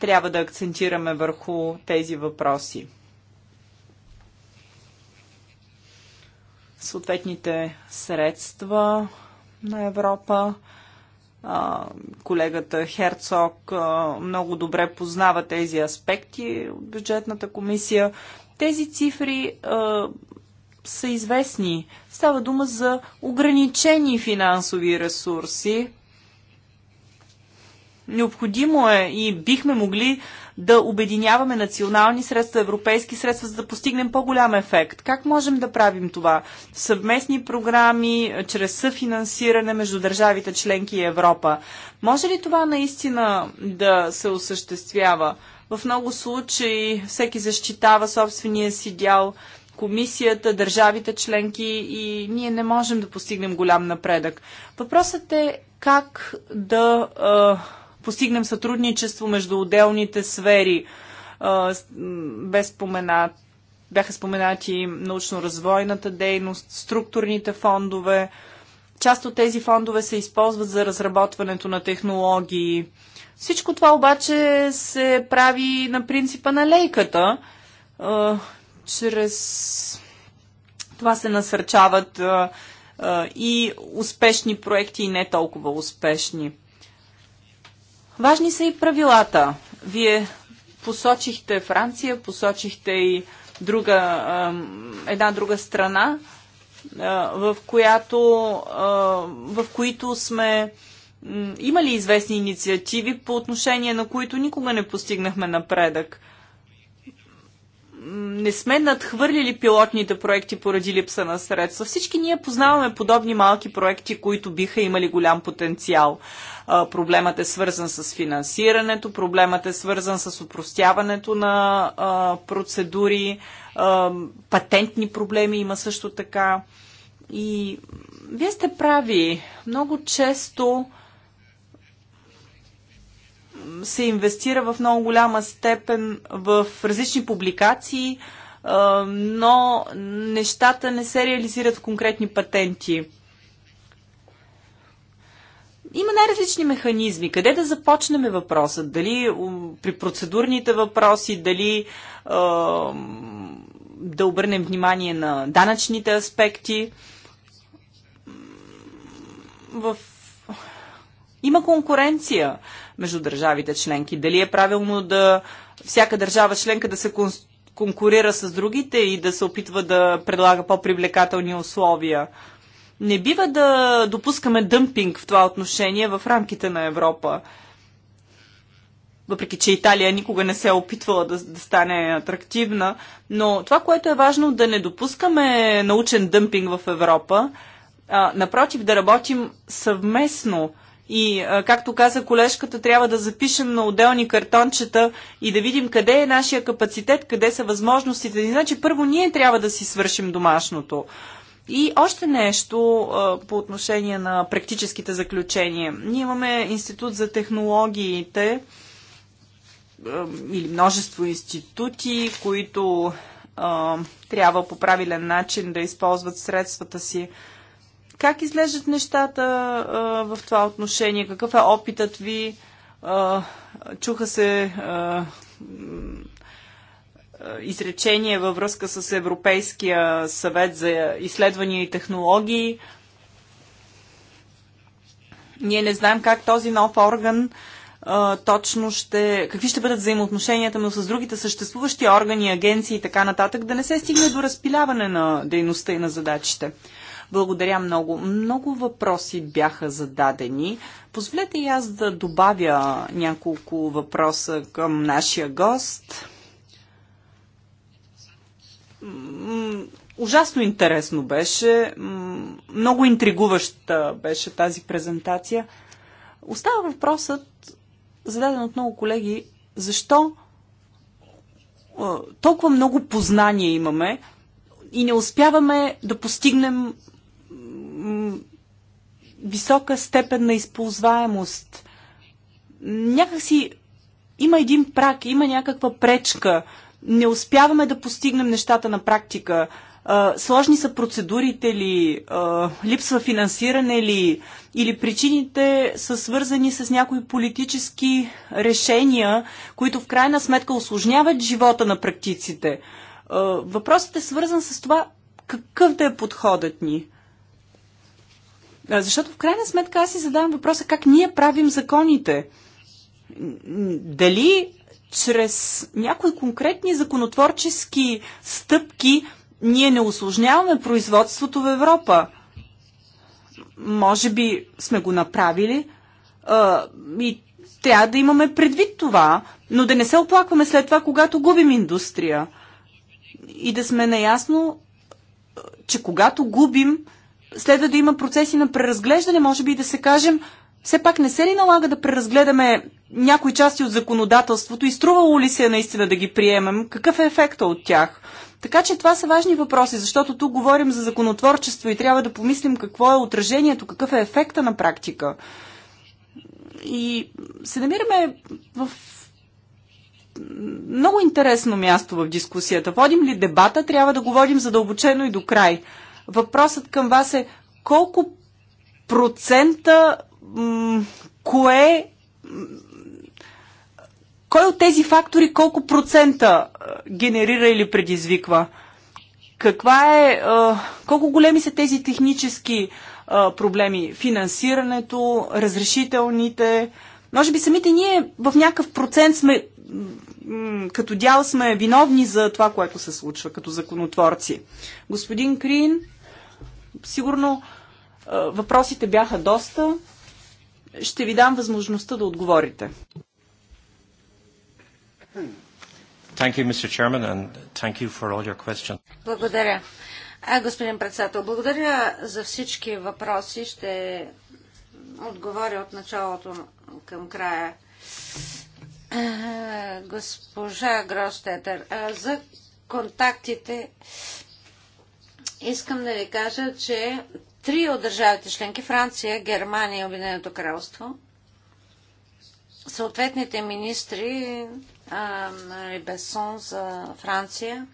трябва да акцентираме върху тези въпроси. съответните средства на Европа. Колегата Херцог много добре познава тези аспекти от бюджетната комисия. Тези цифри са известни. Става дума за ограничени финансови ресурси. Необходимо е и бихме могли да обединяваме национални средства, европейски средства, за да постигнем по-голям ефект. Как можем да правим това? Съвместни програми, е, чрез съфинансиране между държавите членки и Европа. Може ли това наистина да се осъществява? В много случаи всеки защитава собствения си дял комисията, държавите членки и ние не можем да постигнем голям напредък. Въпросът е как да а, е, постигнем сътрудничество между отделните сфери. Без споменат, бяха споменати научно-развойната дейност, структурните фондове. Част от тези фондове се използват за разработването на технологии. Всичко това обаче се прави на принципа на лейката. Чрез това се насърчават и успешни проекти, и не толкова успешни. Важни са и правилата. Вие посочихте Франция, посочихте и друга, една друга страна, в, която, в които сме имали известни инициативи, по отношение на които никога не постигнахме напредък не сме надхвърлили пилотните проекти поради липса на средства. Всички ние познаваме подобни малки проекти, които биха имали голям потенциал. Проблемът е свързан с финансирането, проблемът е свързан с упростяването на процедури, патентни проблеми има също така. И вие сте прави. Много често се инвестира в много голяма степен в различни публикации, но нещата не се реализират в конкретни патенти. Има най-различни механизми. Къде да започнем въпроса? Е въпросът? Дали при процедурните въпроси, дали е, да обърнем внимание на данъчните аспекти. В има конкуренция между държавите членки. Дали е правилно да всяка държава членка да се конкурира с другите и да се опитва да предлага по-привлекателни условия? Не бива да допускаме дъмпинг в това отношение в рамките на Европа. Въпреки, че Италия никога не се е опитвала да, да стане атрактивна, но това, което е важно да не допускаме научен дъмпинг в Европа, а, напротив, да работим съвместно и, както каза колежката, трябва да запишем на отделни картончета и да видим къде е нашия капацитет, къде са възможностите. Значи, първо ние трябва да си свършим домашното. И още нещо а, по отношение на практическите заключения. Ние имаме Институт за технологиите а, или множество институти, които а, трябва по правилен начин да използват средствата си как изглеждат нещата а, в това отношение? Какъв е опитът ви? А, чуха се а, изречение във връзка с Европейския съвет за изследвания и технологии. Ние не знаем как този нов орган а, точно ще... Какви ще бъдат взаимоотношенията му с другите съществуващи органи, агенции и така нататък, да не се стигне до разпиляване на дейността и на задачите. Благодаря много. Много въпроси бяха зададени. Позволете и аз да добавя няколко въпроса към нашия гост. Ужасно интересно беше. Много интригуваща беше тази презентация. Остава въпросът, зададен от много колеги, защо толкова много познания имаме и не успяваме да постигнем висока степен на използваемост. Някакси има един прак, има някаква пречка. Не успяваме да постигнем нещата на практика. сложни са процедурите ли, липсва финансиране ли, или причините са свързани с някои политически решения, които в крайна сметка осложняват живота на практиците. въпросът е свързан с това какъв да е подходът ни. Защото в крайна сметка аз си задавам въпроса как ние правим законите. Дали чрез някои конкретни законотворчески стъпки ние не осложняваме производството в Европа. Може би сме го направили а, и трябва да имаме предвид това, но да не се оплакваме след това, когато губим индустрия. И да сме наясно, че когато губим следва да има процеси на преразглеждане, може би да се кажем, все пак не се ли налага да преразгледаме някои части от законодателството и струвало ли се наистина да ги приемем? Какъв е ефекта от тях? Така че това са важни въпроси, защото тук говорим за законотворчество и трябва да помислим какво е отражението, какъв е ефекта на практика. И се намираме в много интересно място в дискусията. Водим ли дебата, трябва да говорим задълбочено и до край. Въпросът към вас е колко процента, кое, кой от тези фактори колко процента генерира или предизвиква? Каква е, колко големи са тези технически проблеми? Финансирането, разрешителните, може би самите ние в някакъв процент сме, като дял сме виновни за това, което се случва като законотворци. Господин Крин, Сигурно въпросите бяха доста. Ще ви дам възможността да отговорите. Благодаря. А, господин председател, благодаря за всички въпроси. Ще отговоря от началото към края. Госпожа Гростетер, за контактите искам да ви кажа, че три от държавите членки Франция, Германия и Обединеното кралство съответните министри нали, Бесон за Франция,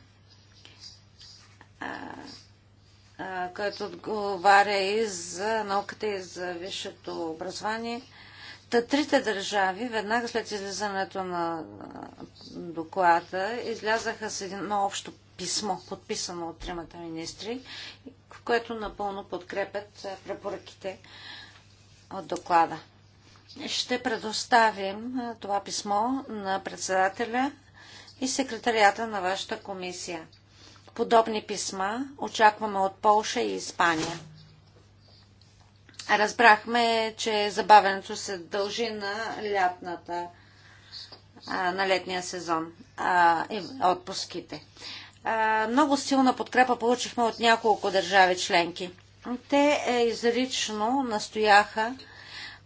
който отговаря и за науката и за висшето образование. Та трите държави, веднага след излизането на доклада, излязаха с едно общо писмо, подписано от тримата министри, в което напълно подкрепят е, препоръките от доклада. Ще предоставим е, това писмо на председателя и секретарията на вашата комисия. Подобни писма очакваме от Полша и Испания. Разбрахме, че забавенето се дължи на лятната, на летния сезон, а, и отпуските много силна подкрепа получихме от няколко държави членки. Те е, изрично настояха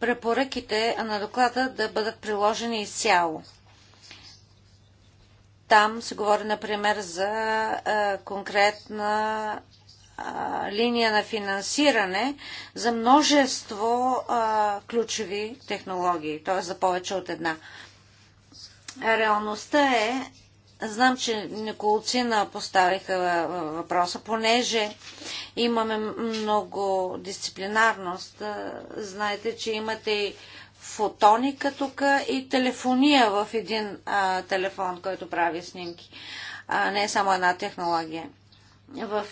препоръките на доклада да бъдат приложени изцяло. Там се говори, например, за е, конкретна линия на финансиране за множество ключови технологии, т.е. за повече от една. Реалността е, Знам, че Николцина поставиха въпроса, понеже имаме много дисциплинарност. Знаете, че имате и фотоника тук и телефония в един а, телефон, който прави снимки, а не е само една технология. В,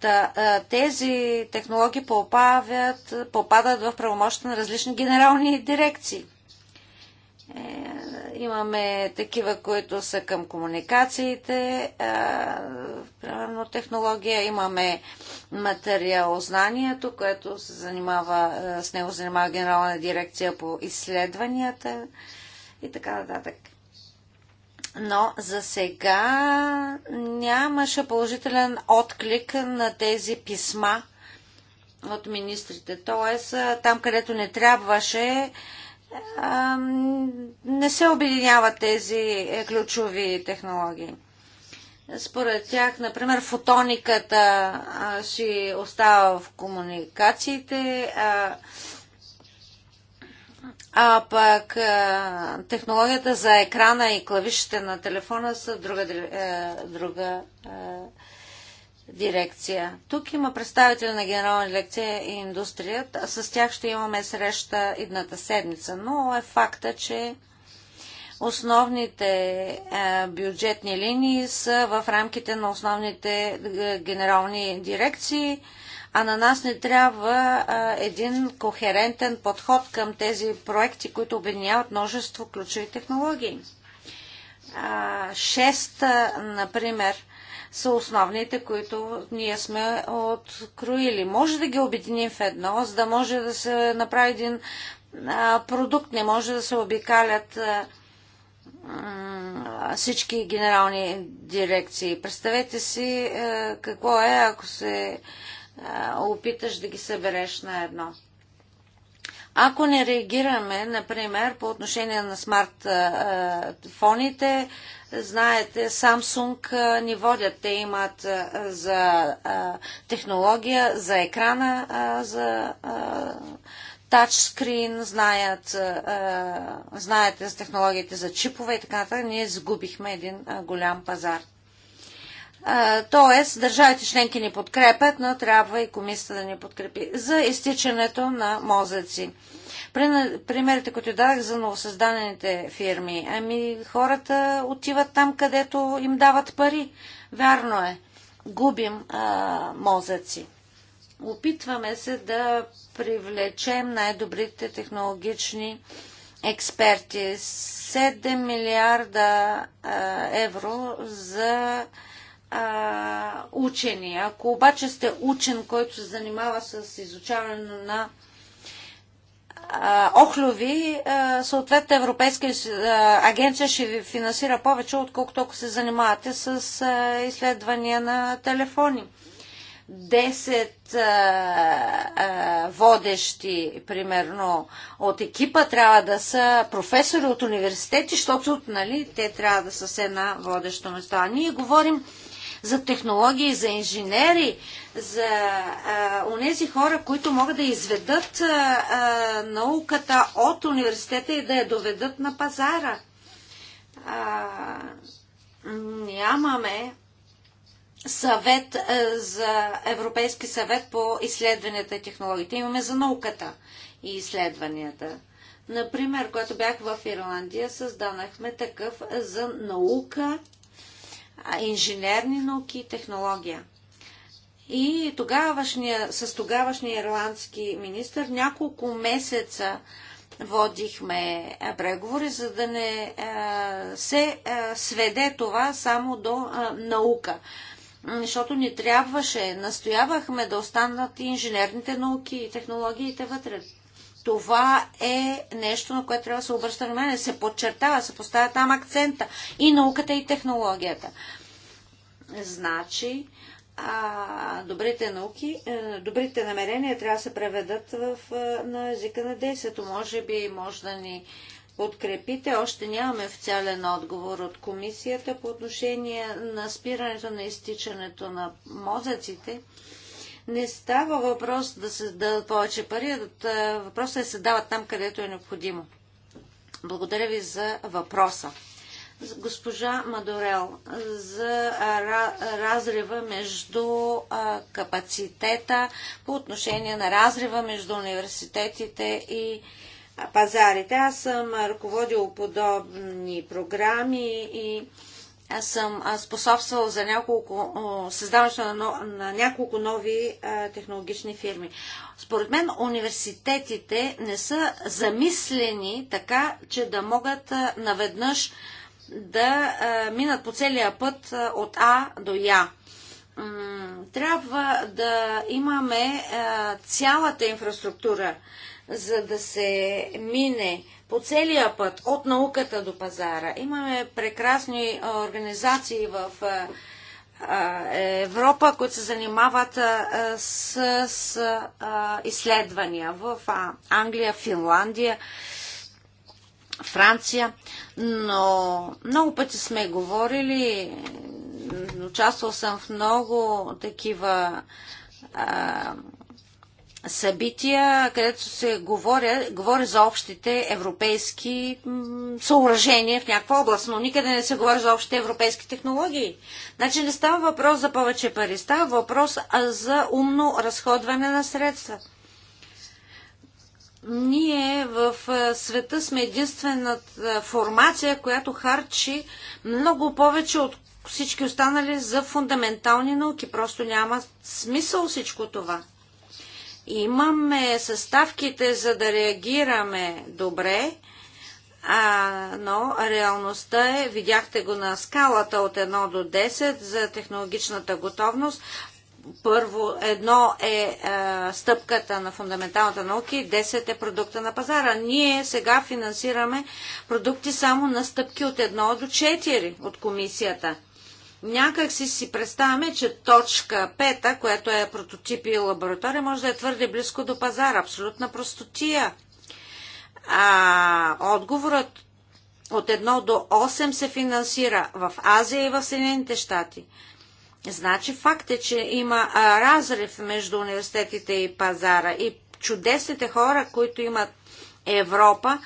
та, тези технологии попавят, попадат в правомощите на различни генерални дирекции – е, имаме такива, които са към комуникациите, е, примерно технология. Имаме материал знанието, което се занимава, е, с него занимава Генерална дирекция по изследванията и така нататък. Но за сега нямаше положителен отклик на тези писма от министрите. Тоест, там където не трябваше, не се объединяват тези е, ключови технологии. Според тях, например, фотониката си остава в комуникациите, а, пък технологията за екрана и клавишите на телефона са друга, е, друга е, дирекция. Тук има представители на Генерална дирекция и индустрията. С тях ще имаме среща идната седмица. Но е факта, че основните е, бюджетни линии са в рамките на основните е, генерални дирекции, а на нас не трябва е, един кохерентен подход към тези проекти, които обединяват множество ключови технологии. Шест, например, са основните, които ние сме откроили. Може да ги обединим в едно, за да може да се направи един а, продукт, не може да се обикалят а, всички генерални дирекции. Представете си а, какво е, ако се опиташ да ги събереш на едно. Ако не реагираме, например, по отношение на смартфоните, знаете, Samsung ни водят. Те имат за технология, за екрана, за тачскрин, знаят, знаете за технологиите за чипове и така нататък. Ние сгубихме един голям пазар. Тоест, държавите членки ни подкрепят, но трябва и комисията да ни подкрепи за изтичането на мозъци. Примерите, които дадах за новосъздадените фирми, ами хората отиват там, където им дават пари. Вярно е, губим а, мозъци. Опитваме се да привлечем най-добрите технологични експерти. 7 милиарда а, евро за а, а, учени. Ако обаче сте учен, който се занимава с изучаване на а, охлюви, а, съответно Европейска агенция ще ви финансира повече, отколкото ако се занимавате с а, изследвания на телефони. 10 а, а, водещи, примерно, от екипа трябва да са професори от университети, защото нали, те трябва да са с една водеща места. А ние говорим за технологии, за инженери, за онези хора, които могат да изведат а, а, науката от университета и да я доведат на пазара. А, нямаме съвет за Европейски съвет по изследванията и технологиите. Имаме за науката и изследванията. Например, когато бях в Ирландия, създанахме такъв за наука инженерни науки и технология. И тогавашния, с тогавашния ирландски министр няколко месеца водихме преговори, за да не се сведе това само до наука. Защото ни трябваше, настоявахме да останат инженерните науки и технологиите вътре. Това е нещо, на което трябва да се обръща внимание, се подчертава, се поставя там акцента и науката и технологията. Значи, а, добрите науки, е, добрите намерения трябва да се преведат в, е, на езика на действието. Може би може да ни подкрепите. Още нямаме официален отговор от комисията по отношение на спирането на изтичането на мозъците. Не става въпрос да се дадат повече пари, въпросът е да се дават там, където е необходимо. Благодаря ви за въпроса. Госпожа Мадорел, за разрива между капацитета по отношение на разрива между университетите и пазарите. Аз съм ръководил подобни програми и аз съм способствал за няколко, създаването на, на няколко нови а, е, технологични фирми. Според мен университетите не са замислени така, че да могат а, е, наведнъж да а, е, минат по целия път а, от А до Я. М трябва да имаме а, цялата инфраструктура, за да се мине по целия път, от науката до пазара. Имаме прекрасни организации в Европа, които се занимават с, с изследвания в Англия, Финландия, Франция, но много пъти сме говорили, участвал съм в много такива събития, където се говоря, говори за общите европейски съоръжения в някаква област, но никъде не се говори за общите европейски технологии. Значи не става въпрос за повече пари, става въпрос за умно разходване на средства. Ние в света сме единствената формация, която харчи много повече от всички останали за фундаментални науки. Просто няма смисъл всичко това. Имаме съставките за да реагираме добре, а, но реалността е, видяхте го на скалата от 1 до 10 за технологичната готовност. Първо, едно е а, е, стъпката на фундаменталната наука и 10 е продукта на пазара. Ние сега финансираме продукти само на стъпки от 1 до 4 от комисията. Някак си си представяме, че точка Пета, която е прототип и лаборатория, може да е твърде близко до пазара. Абсолютна простотия. А, отговорът от 1 до 8 се финансира в Азия и в Съединените щати. Значи факт е, че има разрив между университетите и пазара и чудесните хора, които имат Европа,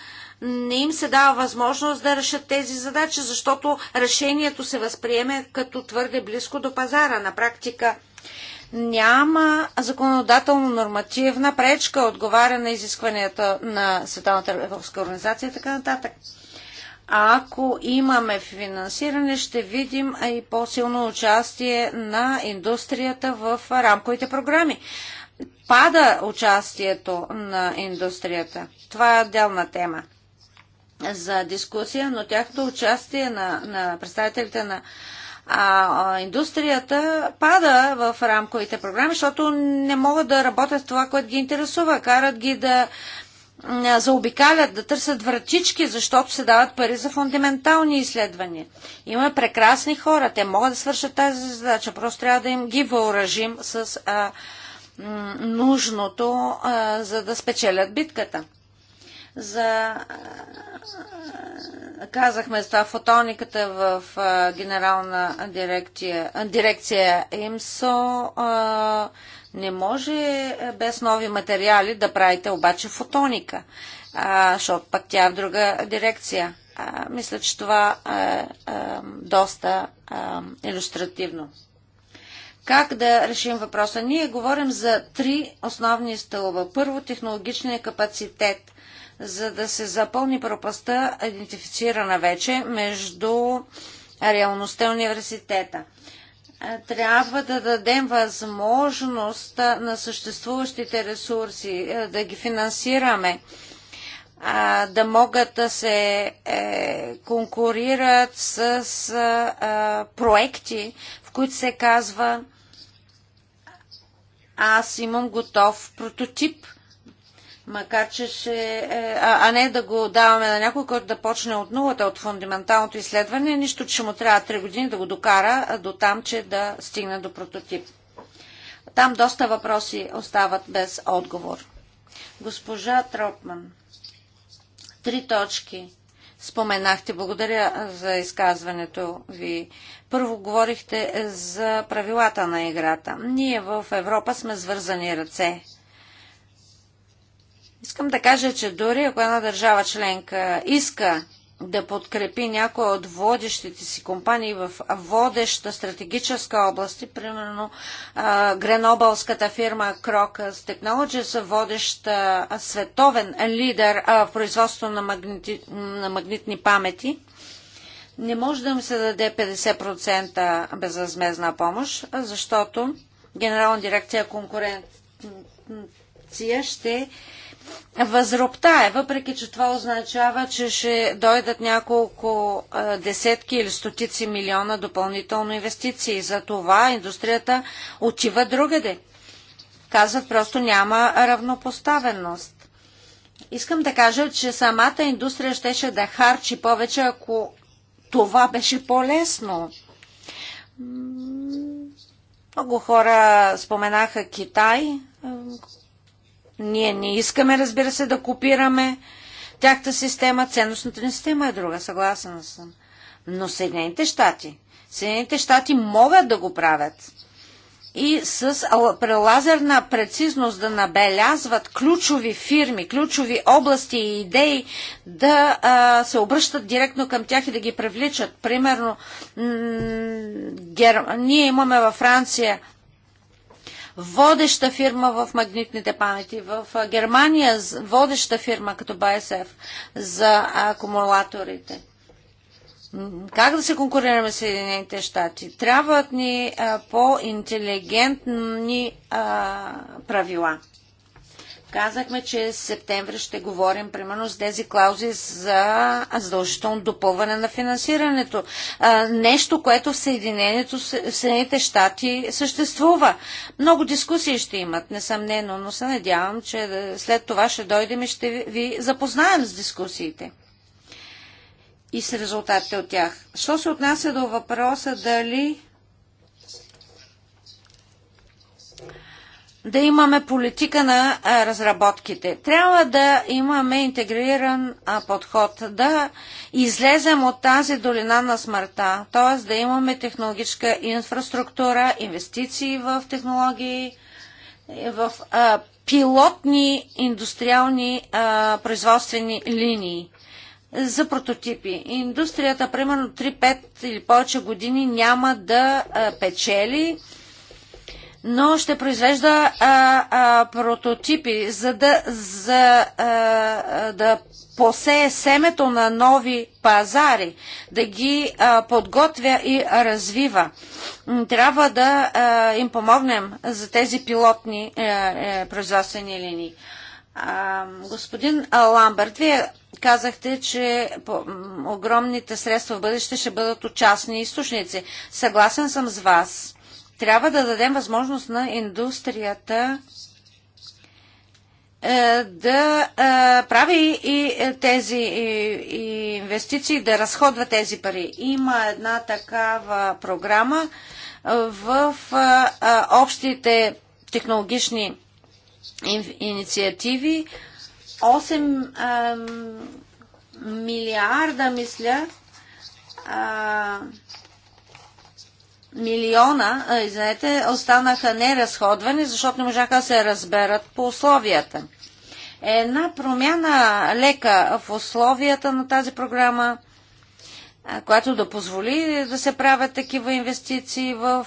не им се дава възможност да решат тези задачи, защото решението се възприеме като твърде близко до пазара. На практика няма законодателно-нормативна пречка, отговаря на изискванията на Световната търговска организация и така нататък. А ако имаме финансиране, ще видим и по-силно участие на индустрията в рамковите програми. Пада участието на индустрията. Това е отделна тема за дискусия, но тяхното участие на, на представителите на а, индустрията пада в рамковите програми, защото не могат да работят с това, което ги интересува. Карат ги да заобикалят, да търсят вратички, защото се дават пари за фундаментални изследвания. Има прекрасни хора, те могат да свършат тази задача, просто трябва да им ги въоръжим с а, нужното, а, за да спечелят битката. За казахме с това фотониката в генерална дирекция, дирекция ЕМСО не може без нови материали да правите обаче фотоника, защото пък тя е в друга дирекция. мисля, че това е, е доста иллюстративно. Как да решим въпроса? Ние говорим за три основни стълба. Първо, технологичния капацитет за да се запълни пропаста, идентифицирана вече между реалността и университета. Трябва да дадем възможност на съществуващите ресурси да ги финансираме, да могат да се е, конкурират с проекти, в които се казва аз имам готов прототип Макар че ще... Е, а, а не да го даваме на някой, който да почне от нулата, от фундаменталното изследване, нищо, че му трябва 3 години да го докара до там, че да стигне до прототип. Там доста въпроси остават без отговор. Госпожа Тропман, три точки споменахте. Благодаря за изказването ви. Първо говорихте за правилата на играта. Ние в Европа сме свързани ръце. Искам да кажа, че дори ако една държава членка иска да подкрепи някоя от водещите си компании в водеща стратегическа област, примерно Гренобалската гренобълската фирма Crocus Technologies, е водеща световен лидер в производство на, магнити, на магнитни памети. Не може да им се даде 50% безвъзмезна помощ, защото Генерална дирекция конкуренция ще възроптае, въпреки че това означава, че ще дойдат няколко десетки или стотици милиона допълнително инвестиции. За това индустрията отива другаде. Казват, просто няма равнопоставеност. Искам да кажа, че самата индустрия щеше да харчи повече, ако това беше по-лесно. Много хора споменаха Китай, ние не искаме, разбира се, да копираме тяхта система, ценностната ни система е друга, съгласен съм. Но Съединените щати, Съединените щати могат да го правят. И с прелазерна прецизност да набелязват ключови фирми, ключови области и идеи, да а, се обръщат директно към тях и да ги привличат. Примерно, гер... ние имаме във Франция водеща фирма в магнитните памети. В Германия водеща фирма като BASF за акумулаторите. Как да се конкурираме с Съединените щати? Трябват ни по-интелигентни правила. Казахме, че в септември ще говорим примерно с тези клаузи за задължително допълване на финансирането. А, нещо, което в Съединението, в Съединените щати съществува. Много дискусии ще имат, несъмнено, но се надявам, че след това ще дойдем и ще ви запознаем с дискусиите и с резултатите от тях. Що се отнася до въпроса дали да имаме политика на разработките. Трябва да имаме интегриран подход, да излезем от тази долина на смъртта, т.е. да имаме технологическа инфраструктура, инвестиции в технологии, в а, пилотни индустриални а, производствени линии за прототипи. Индустрията, примерно 3-5 или повече години няма да а, печели но ще произвежда а, а, прототипи, за да, за, а, да посее семето на нови пазари, да ги а, подготвя и развива. Трябва да а, им помогнем за тези пилотни а, е, а, е, производствени линии. А, господин Ламберт, вие казахте, че огромните средства в бъдеще ще бъдат от частни източници. Съгласен съм с вас трябва да дадем възможност на индустрията е, да е, прави и е, тези инвестиции, да разходва тези пари. Има една такава програма в общите технологични инициативи. 8 милиарда, мисля, милиона, извинете, останаха неразходвани, защото не можаха да се разберат по условията. Една промяна лека в условията на тази програма, която да позволи да се правят такива инвестиции в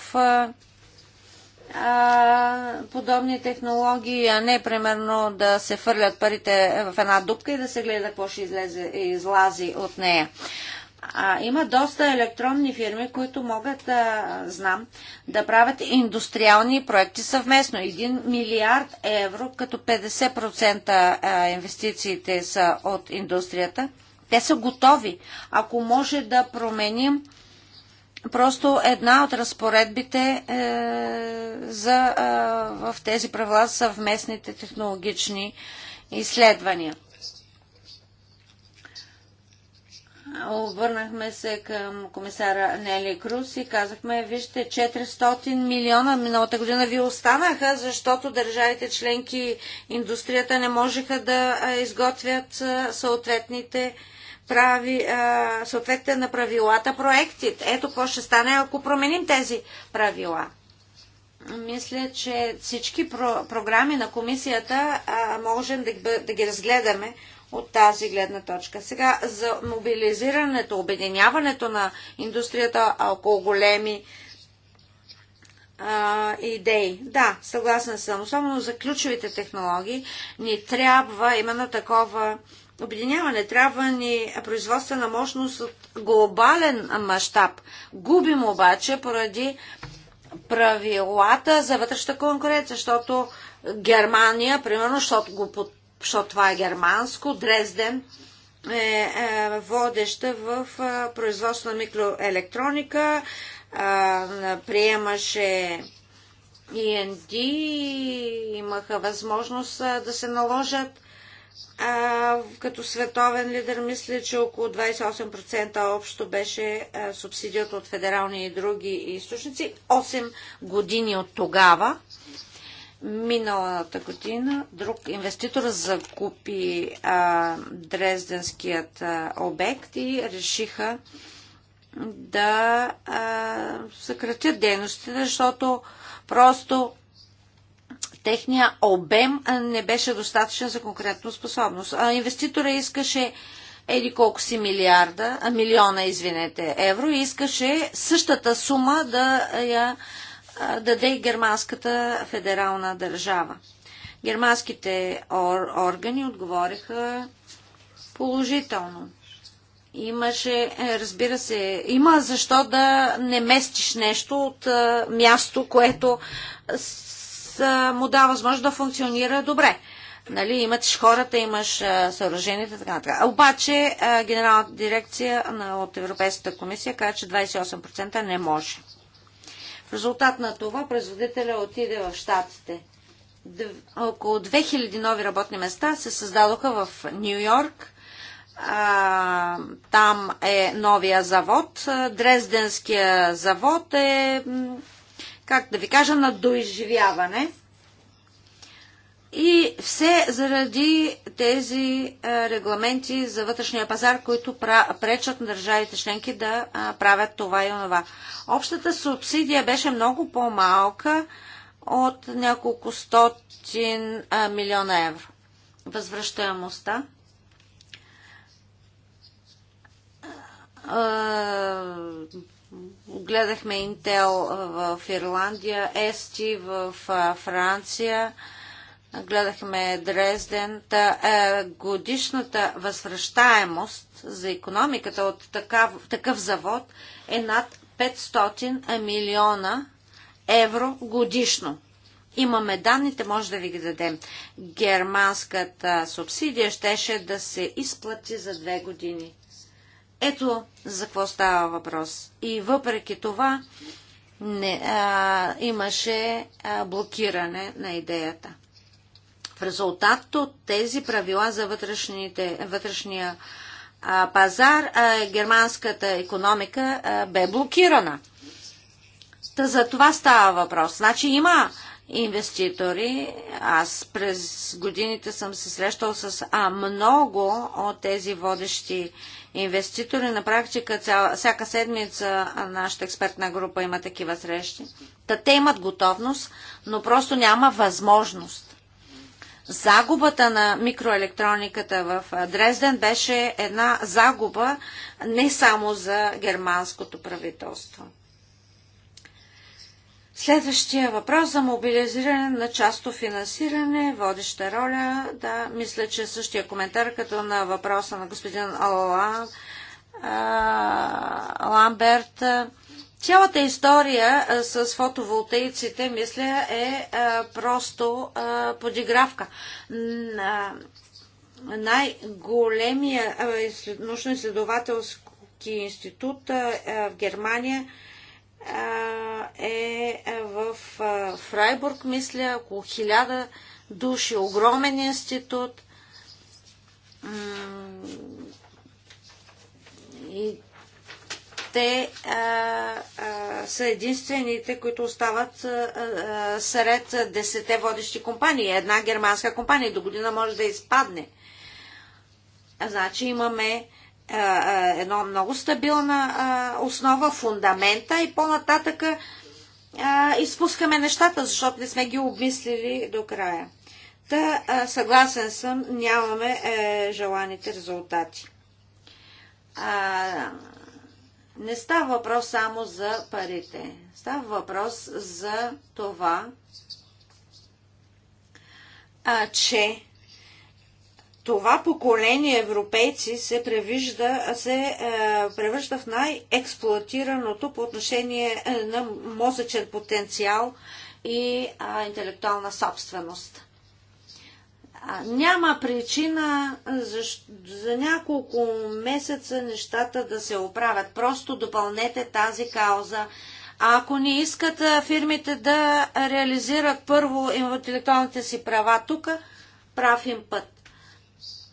а, подобни технологии, а не примерно да се фърлят парите в една дупка и да се гледа какво ще излезе, излази от нея. А, има доста електронни фирми, които могат, а, знам, да правят индустриални проекти съвместно. Един милиард евро, като 50% инвестициите са от индустрията. Те са готови. Ако може да променим просто една от разпоредбите е, за, е, в тези правила съвместните технологични изследвания. Обърнахме се към комисара Нели Крус и казахме, вижте, 400 милиона миналата година ви останаха, защото държавите членки, индустрията не можеха да изготвят съответните прави, съответните на правилата проекти. Ето какво ще стане, ако променим тези правила. Мисля, че всички програми на комисията можем да ги разгледаме от тази гледна точка. Сега за мобилизирането, обединяването на индустрията около големи а, идеи. Да, съгласна съм. Особено за ключовите технологии ни трябва именно такова обединяване. Трябва ни производствена мощност от глобален мащаб. Губим обаче поради правилата за вътрешна конкуренция, защото Германия, примерно, защото го защото това е германско. Дрезден е, е водеща в е, производство на микроелектроника, е, приемаше ИНД, имаха възможност е, да се наложат е, като световен лидер мисля, че около 28% общо беше е, субсидията от федерални и други източници. 8 години от тогава Миналата година друг инвеститор закупи а, Дрезденският а, обект и решиха да а, съкратят дейностите, защото просто техния обем не беше достатъчен за конкретна способност. А инвеститора искаше еди колко си милиарда, а милиона, извинете, евро и искаше същата сума да я даде и германската федерална държава. Германските ор- органи отговориха положително. Имаше, е, разбира се, има защо да не местиш нещо от а, е, място, което с, а, е, му дава възможност да функционира добре. Нали, имаш хората, имаш а, съоръженията, така така. Обаче, а, генералната дирекция на, от Европейската комисия каза, че 28% не може. В резултат на това производителя отиде в Штатите. Около 2000 нови работни места се създадоха в Нью Йорк. А, там е новия завод. Дрезденския завод е, как да ви кажа, на доизживяване. И все заради тези регламенти за вътрешния пазар, които пречат на държавите членки да правят това и онова. Общата субсидия беше много по-малка от няколко стотин милиона евро. Възвръщаемостта. Гледахме Интел в Ирландия, Ести в Франция гледахме Дрезден, та, е, годишната възвръщаемост за економиката от такав, такъв завод е над 500 милиона евро годишно. Имаме данните, може да ви ги дадем. Германската субсидия щеше да се изплати за две години. Ето за какво става въпрос. И въпреки това не, а, имаше а, блокиране на идеята. В резултат от тези правила за вътрешния пазар германската економика бе блокирана. Та за това става въпрос. Значи има инвеститори. Аз през годините съм се срещал с а, много от тези водещи инвеститори. На практика цяла, всяка седмица нашата експертна група има такива срещи. Та те имат готовност, но просто няма възможност загубата на микроелектрониката в Дрезден беше една загуба не само за германското правителство. Следващия въпрос за мобилизиране на часто финансиране, водеща роля, да, мисля, че същия коментар като на въпроса на господин а, Ламберт. Цялата история с фотоволтейците, мисля, е просто подигравка. най-големия научно-изследователски институт в Германия е в Фрайбург, мисля, около хиляда души. Огромен институт. и те а, а, са единствените, които остават а, а, сред десете водещи компании. Една германска компания до година може да изпадне. А, значи имаме а, а, едно много стабилна а, основа, фундамента и по-нататъка изпускаме нещата, защото не сме ги обмислили до края. Та, а, съгласен съм, нямаме е, желаните резултати. А, не става въпрос само за парите. Става въпрос за това, а, че това поколение европейци се, превижда, се е, превръща в най-експлуатираното по отношение е, на мозъчен потенциал и а, интелектуална собственост. Няма причина за, за няколко месеца нещата да се оправят. Просто допълнете тази кауза. А ако не искат фирмите да реализират първо интелектуалните си права тук, прав им път.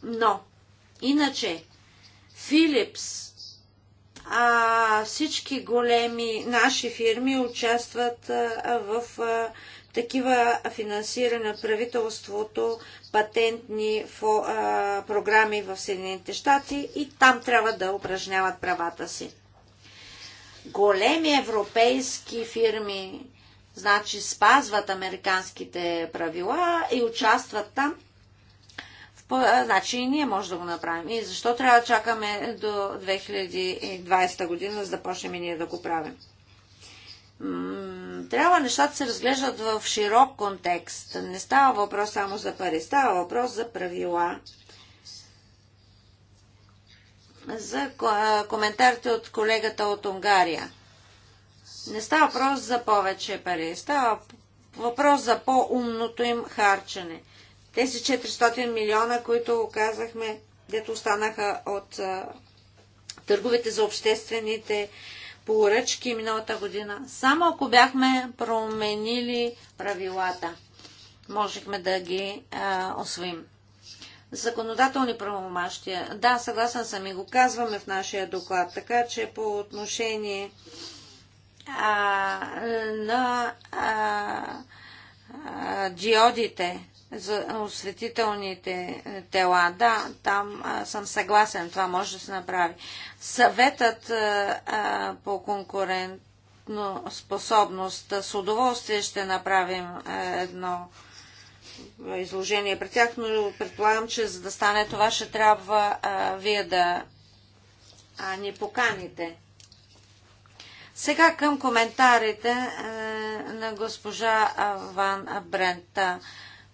Но, иначе, Филипс, а, всички големи наши фирми участват а, в а, такива финансиране от правителството патентни фо, а, програми в Съединените щати и там трябва да упражняват правата си. Големи европейски фирми, значи спазват американските правила и участват там, значи и ние може да го направим. И защо трябва да чакаме до 2020 година, за да почнем и ние да го правим? Трябва нещата се разглеждат в широк контекст. Не става въпрос само за пари, става въпрос за правила. За коментарите от колегата от Унгария. Не става въпрос за повече пари, става въпрос за по-умното им харчене. Тези 400 милиона, които казахме, дето останаха от търговете за обществените поръчки миналата година. Само ако бяхме променили правилата, можехме да ги а, освоим. Законодателни правомащия. Да, съгласен съм и го казваме в нашия доклад. Така че по отношение а, на а, а, диодите, за осветителните е, тела. Да, там а, съм съгласен, това може да се направи. Съветът а, е, е, по конкурентно способност с удоволствие ще направим едно изложение при тях, но предполагам, че за да стане това ще трябва а, вие да а, ни поканите. Сега към коментарите а, на госпожа Ван Брента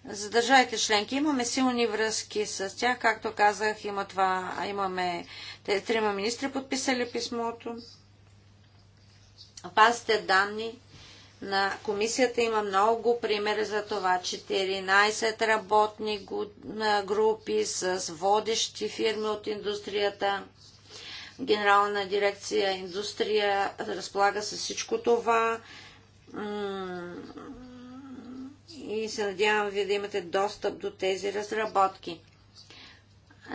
за държавите членки. Имаме силни връзки с тях. Както казах, има това, имаме те трима министри подписали писмото. Пазите данни на комисията има много примери за това. 14 работни групи с водещи фирми от индустрията. Генерална дирекция индустрия разполага с всичко това и се надявам вие да имате достъп до тези разработки.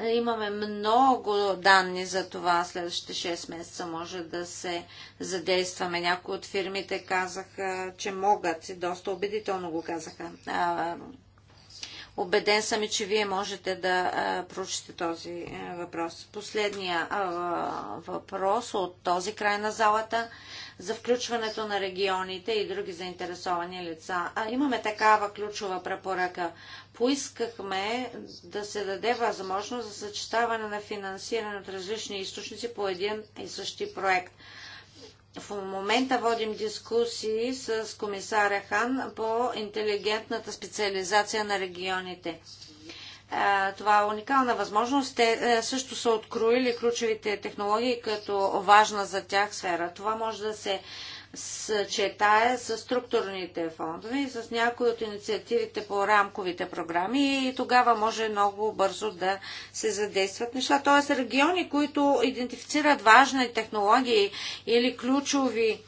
Имаме много данни за това. Следващите 6 месеца може да се задействаме. Някои от фирмите казаха, че могат. И доста убедително го казаха. Обеден съм и, че вие можете да проучите този въпрос. Последния въпрос от този край на залата – за включването на регионите и други заинтересовани лица. А имаме такава ключова препоръка. Поискахме да се даде възможност за съчетаване на финансиране от различни източници по един и същи проект. В момента водим дискусии с комисаря Хан по интелигентната специализация на регионите. Това е уникална възможност. Те е, също са откроили ключовите технологии като важна за тях сфера. Това може да се съчетае с структурните фондове и с някои от инициативите по рамковите програми и тогава може много бързо да се задействат неща. Тоест региони, които идентифицират важни технологии или ключови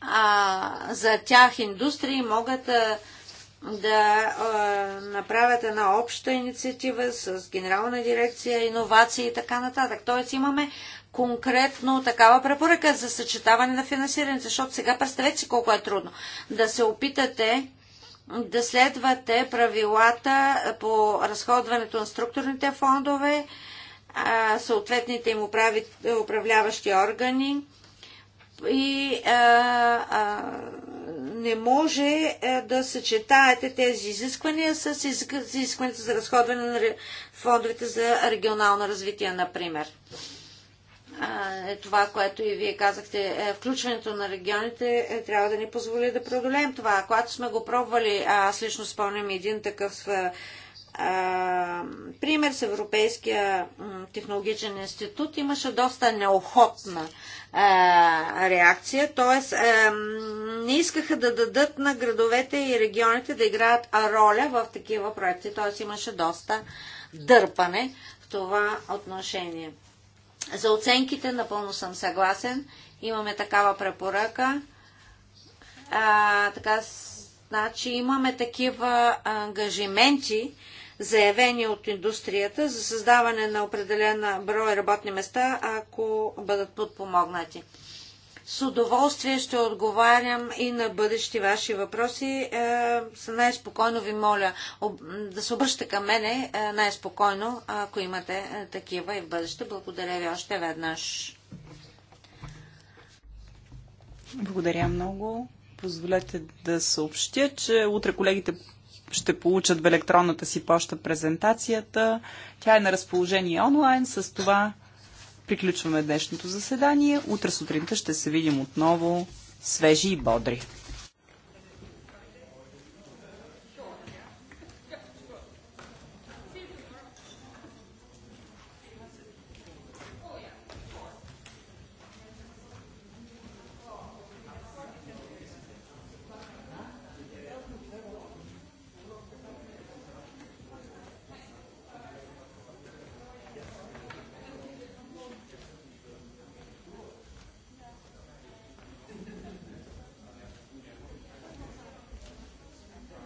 а, за тях индустрии, могат а, да направят една обща инициатива с генерална дирекция, иновации и така нататък. Тоест имаме конкретно такава препоръка за съчетаване на финансиране, защото сега представете си колко е трудно да се опитате да следвате правилата по разходването на структурните фондове, съответните им управляващи органи и не може е, да съчетаете тези изисквания с изискването за разходване на фондовете за регионално развитие, например. Е това, което и вие казахте, е, включването на регионите е, трябва да ни позволи да преодолеем това. Когато сме го пробвали, аз лично спомням един такъв пример с Европейския технологичен институт, имаше доста неохотна реакция, т.е. не искаха да дадат на градовете и регионите да играят роля в такива проекти, т.е. имаше доста дърпане в това отношение. За оценките напълно съм съгласен. Имаме такава препоръка. А, така, значи имаме такива ангажименти заявени от индустрията за създаване на определена брой работни места, ако бъдат подпомогнати. С удоволствие ще отговарям и на бъдещи ваши въпроси. Е, най-спокойно ви моля да се обръщате към мене е, най-спокойно, ако имате е, такива и в бъдеще. Благодаря ви още веднъж. Благодаря много. Позволете да съобщя, че утре колегите ще получат в електронната си поща презентацията. Тя е на разположение онлайн. С това приключваме днешното заседание. Утре сутринта ще се видим отново свежи и бодри.